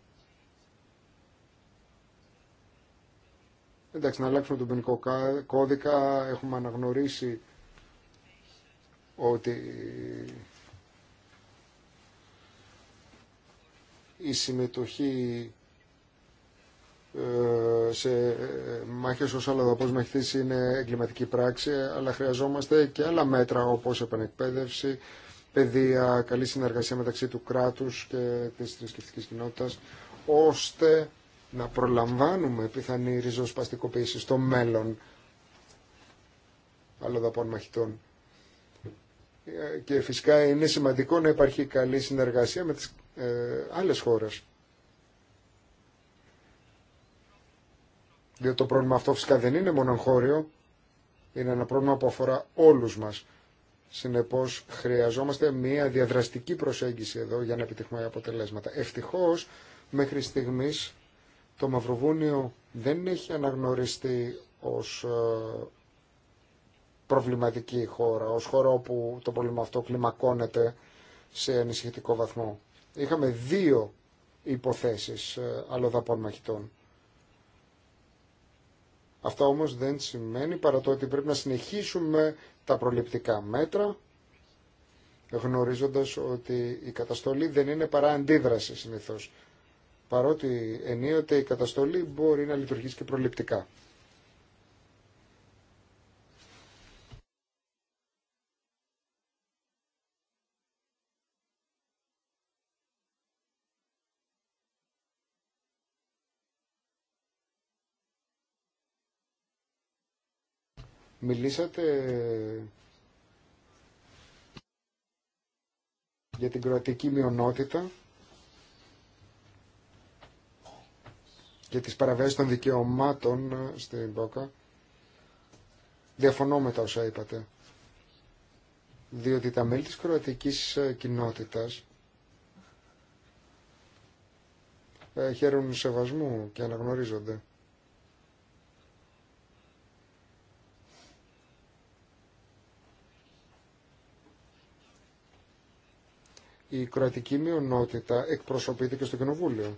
Εντάξει, να αλλάξουμε τον ποινικό κώδικα, έχουμε αναγνωρίσει ότι η συμμετοχή ε, σε ε, μάχες ως αλλοδαπός μαχητής είναι εγκληματική πράξη, αλλά χρειαζόμαστε και άλλα μέτρα όπως επανεκπαίδευση, παιδεία, καλή συνεργασία μεταξύ του κράτους και της θρησκευτική κοινότητα, ώστε να προλαμβάνουμε πιθανή ριζοσπαστικοποίηση στο μέλλον αλλοδαπών μαχητών. Ε, και φυσικά είναι σημαντικό να υπάρχει καλή συνεργασία με τις άλλες χώρες. Διότι το πρόβλημα αυτό φυσικά δεν είναι μόνο χώριο, είναι ένα πρόβλημα που αφορά όλους μας. Συνεπώς χρειαζόμαστε μια διαδραστική προσέγγιση εδώ για να επιτύχουμε αποτελέσματα. Ευτυχώς μέχρι στιγμής το Μαυροβούνιο δεν έχει αναγνωριστεί ως ε, προβληματική χώρα, ως χώρα όπου το πρόβλημα αυτό κλιμακώνεται σε ανησυχητικό βαθμό. Είχαμε δύο υποθέσεις ε, αλλοδαπών μαχητών. Αυτό όμως δεν σημαίνει παρά το ότι πρέπει να συνεχίσουμε τα προληπτικά μέτρα γνωρίζοντας ότι η καταστολή δεν είναι παρά αντίδραση συνήθως παρότι ενίοτε η καταστολή μπορεί να λειτουργήσει και προληπτικά. Μιλήσατε για την κροατική μειονότητα και τις παραβέσεις των δικαιωμάτων ε, στην ΠΟΚΑ. Διαφωνώ με τα όσα είπατε. Διότι τα μέλη της κροατικής ε, κοινότητας ε, χαίρουν σεβασμού και αναγνωρίζονται. η κρατική μειονότητα εκπροσωπείται και στο Κοινοβούλιο.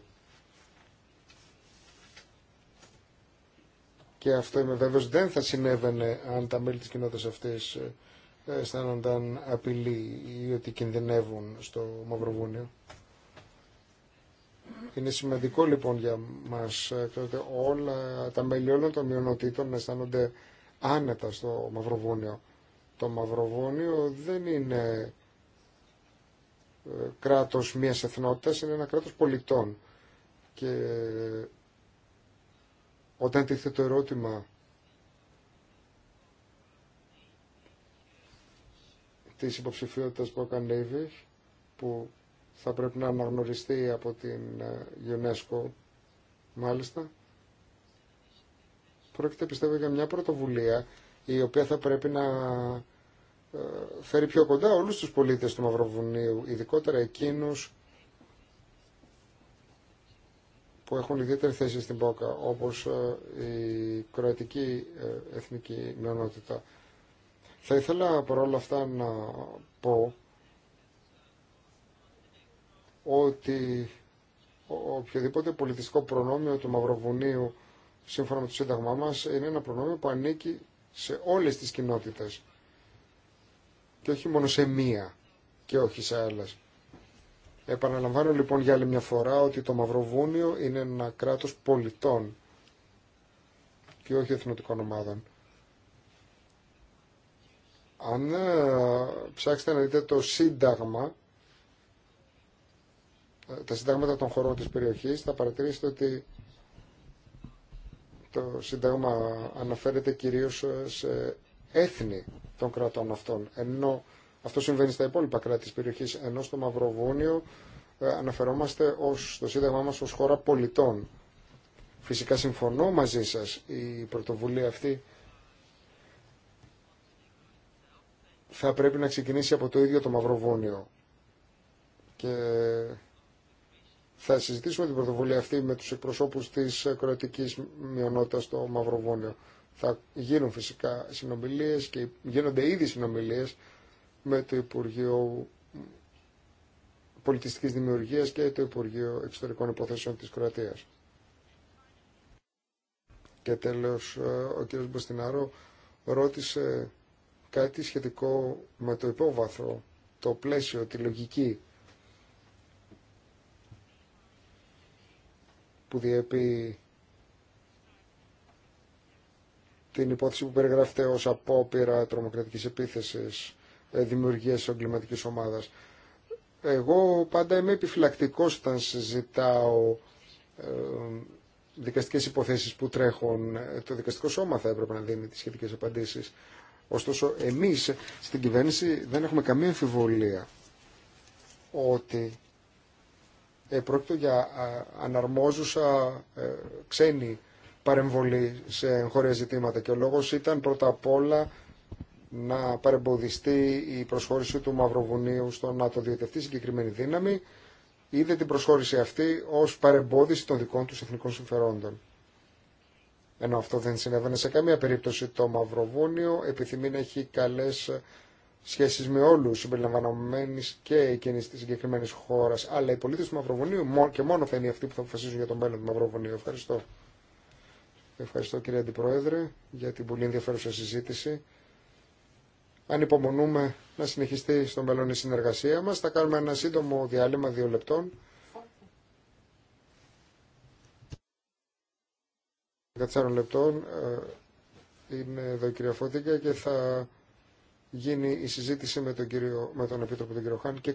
Και αυτό είμαι βέβαιο δεν θα συνέβαινε αν τα μέλη της κοινότητα αυτή ε, αισθάνονταν απειλή ή ότι κινδυνεύουν στο Μαυροβούνιο. Είναι σημαντικό λοιπόν για μας ε, όλα τα μέλη όλων των μειονοτήτων να αισθάνονται άνετα στο Μαυροβούνιο. Το Μαυροβούνιο δεν είναι κράτος μιας εθνότητας, είναι ένα κράτος πολιτών. Και όταν τίθεται το ερώτημα της υποψηφιότητας που έκανε που θα πρέπει να αναγνωριστεί από την ε, UNESCO, μάλιστα, πρόκειται πιστεύω για μια πρωτοβουλία η οποία θα πρέπει να φέρει πιο κοντά όλους τους πολίτες του Μαυροβουνίου, ειδικότερα εκείνους που έχουν ιδιαίτερη θέση στην ΠΟΚΑ, όπως ε, η κροατική ε, εθνική μειονότητα. Θα ήθελα παρόλα αυτά να πω ότι οποιοδήποτε πολιτιστικό προνόμιο του Μαυροβουνίου σύμφωνα με το Σύνταγμά μας είναι ένα προνόμιο που ανήκει σε όλες τις κοινότητες και όχι μόνο σε μία και όχι σε άλλες. Επαναλαμβάνω λοιπόν για άλλη μια φορά ότι το Μαυροβούνιο είναι ένα κράτος πολιτών και όχι εθνοτικών ομάδων. Αν ε, ψάξετε να δείτε το σύνταγμα, ε, τα συντάγματα των χωρών της περιοχής, θα παρατηρήσετε ότι το σύνταγμα αναφέρεται κυρίως ε, σε έθνη των κρατών αυτών. Ενώ αυτό συμβαίνει στα υπόλοιπα κράτη της περιοχής, ενώ στο Μαυροβούνιο ε, αναφερόμαστε ως, στο Σύνταγμά μας ως χώρα πολιτών. Φυσικά συμφωνώ μαζί σας, η πρωτοβουλία αυτή θα πρέπει να ξεκινήσει από το ίδιο το Μαυροβούνιο. Και θα συζητήσουμε την πρωτοβουλία αυτή με τους εκπροσώπους της κρατικής μειονότητας στο Μαυροβούνιο. Θα γίνουν φυσικά συνομιλίες και γίνονται ήδη συνομιλίες με το Υπουργείο Πολιτιστικής Δημιουργίας και το Υπουργείο Εξωτερικών Υποθέσεων της Κροατίας. Και τέλος, ε, ο κ. Μποστινάρο ρώτησε κάτι σχετικό με το υπόβαθρο, το πλαίσιο, τη λογική που διέπει την υπόθεση που περιγράφεται ως απόπειρα τρομοκρατικής επίθεσης, ε, δημιουργίας εγκληματικής ομάδας. Εγώ πάντα είμαι επιφυλακτικός όταν συζητάω ε, δικαστικές υποθέσεις που τρέχουν. Ε, το δικαστικό σώμα θα έπρεπε να δίνει τις σχετικές απαντήσεις. Ωστόσο, εμείς στην κυβέρνηση δεν έχουμε καμία εμφιβολία. ότι πρόκειται για ε, αναρμόζουσα ε, ξένη παρεμβολή σε εγχώρια ζητήματα και ο λόγος ήταν πρώτα απ' όλα να παρεμποδιστεί η προσχώρηση του Μαυροβουνίου στο ΝΑΤΟ, το αυτή συγκεκριμένη δύναμη είδε την προσχώρηση αυτή ως παρεμπόδιση των δικών του εθνικών συμφερόντων. Ενώ αυτό δεν συνέβαινε σε καμία περίπτωση το Μαυροβούνιο, επιθυμεί να έχει καλές σχέσεις με όλους συμπεριλαμβανομένες και εκείνης της συγκεκριμένης χώρας, αλλά οι πολίτες του Μαυροβουνίου και μόνο θα είναι αυτοί που θα αποφασίζουν για το μέλλον του Μαυροβουνίου. Ευχαριστώ. Ευχαριστώ κύριε Αντιπρόεδρε για την πολύ ενδιαφέρουσα συζήτηση. Αν υπομονούμε να συνεχιστεί στο μέλλον η συνεργασία μας, θα κάνουμε ένα σύντομο διάλειμμα δύο λεπτών. Κατσάρων λεπτών ε, είναι εδώ η κυρία Φώτηκα και θα γίνει η συζήτηση με τον, κύριο, με τον Επίτροπο τον κύριο Χάν και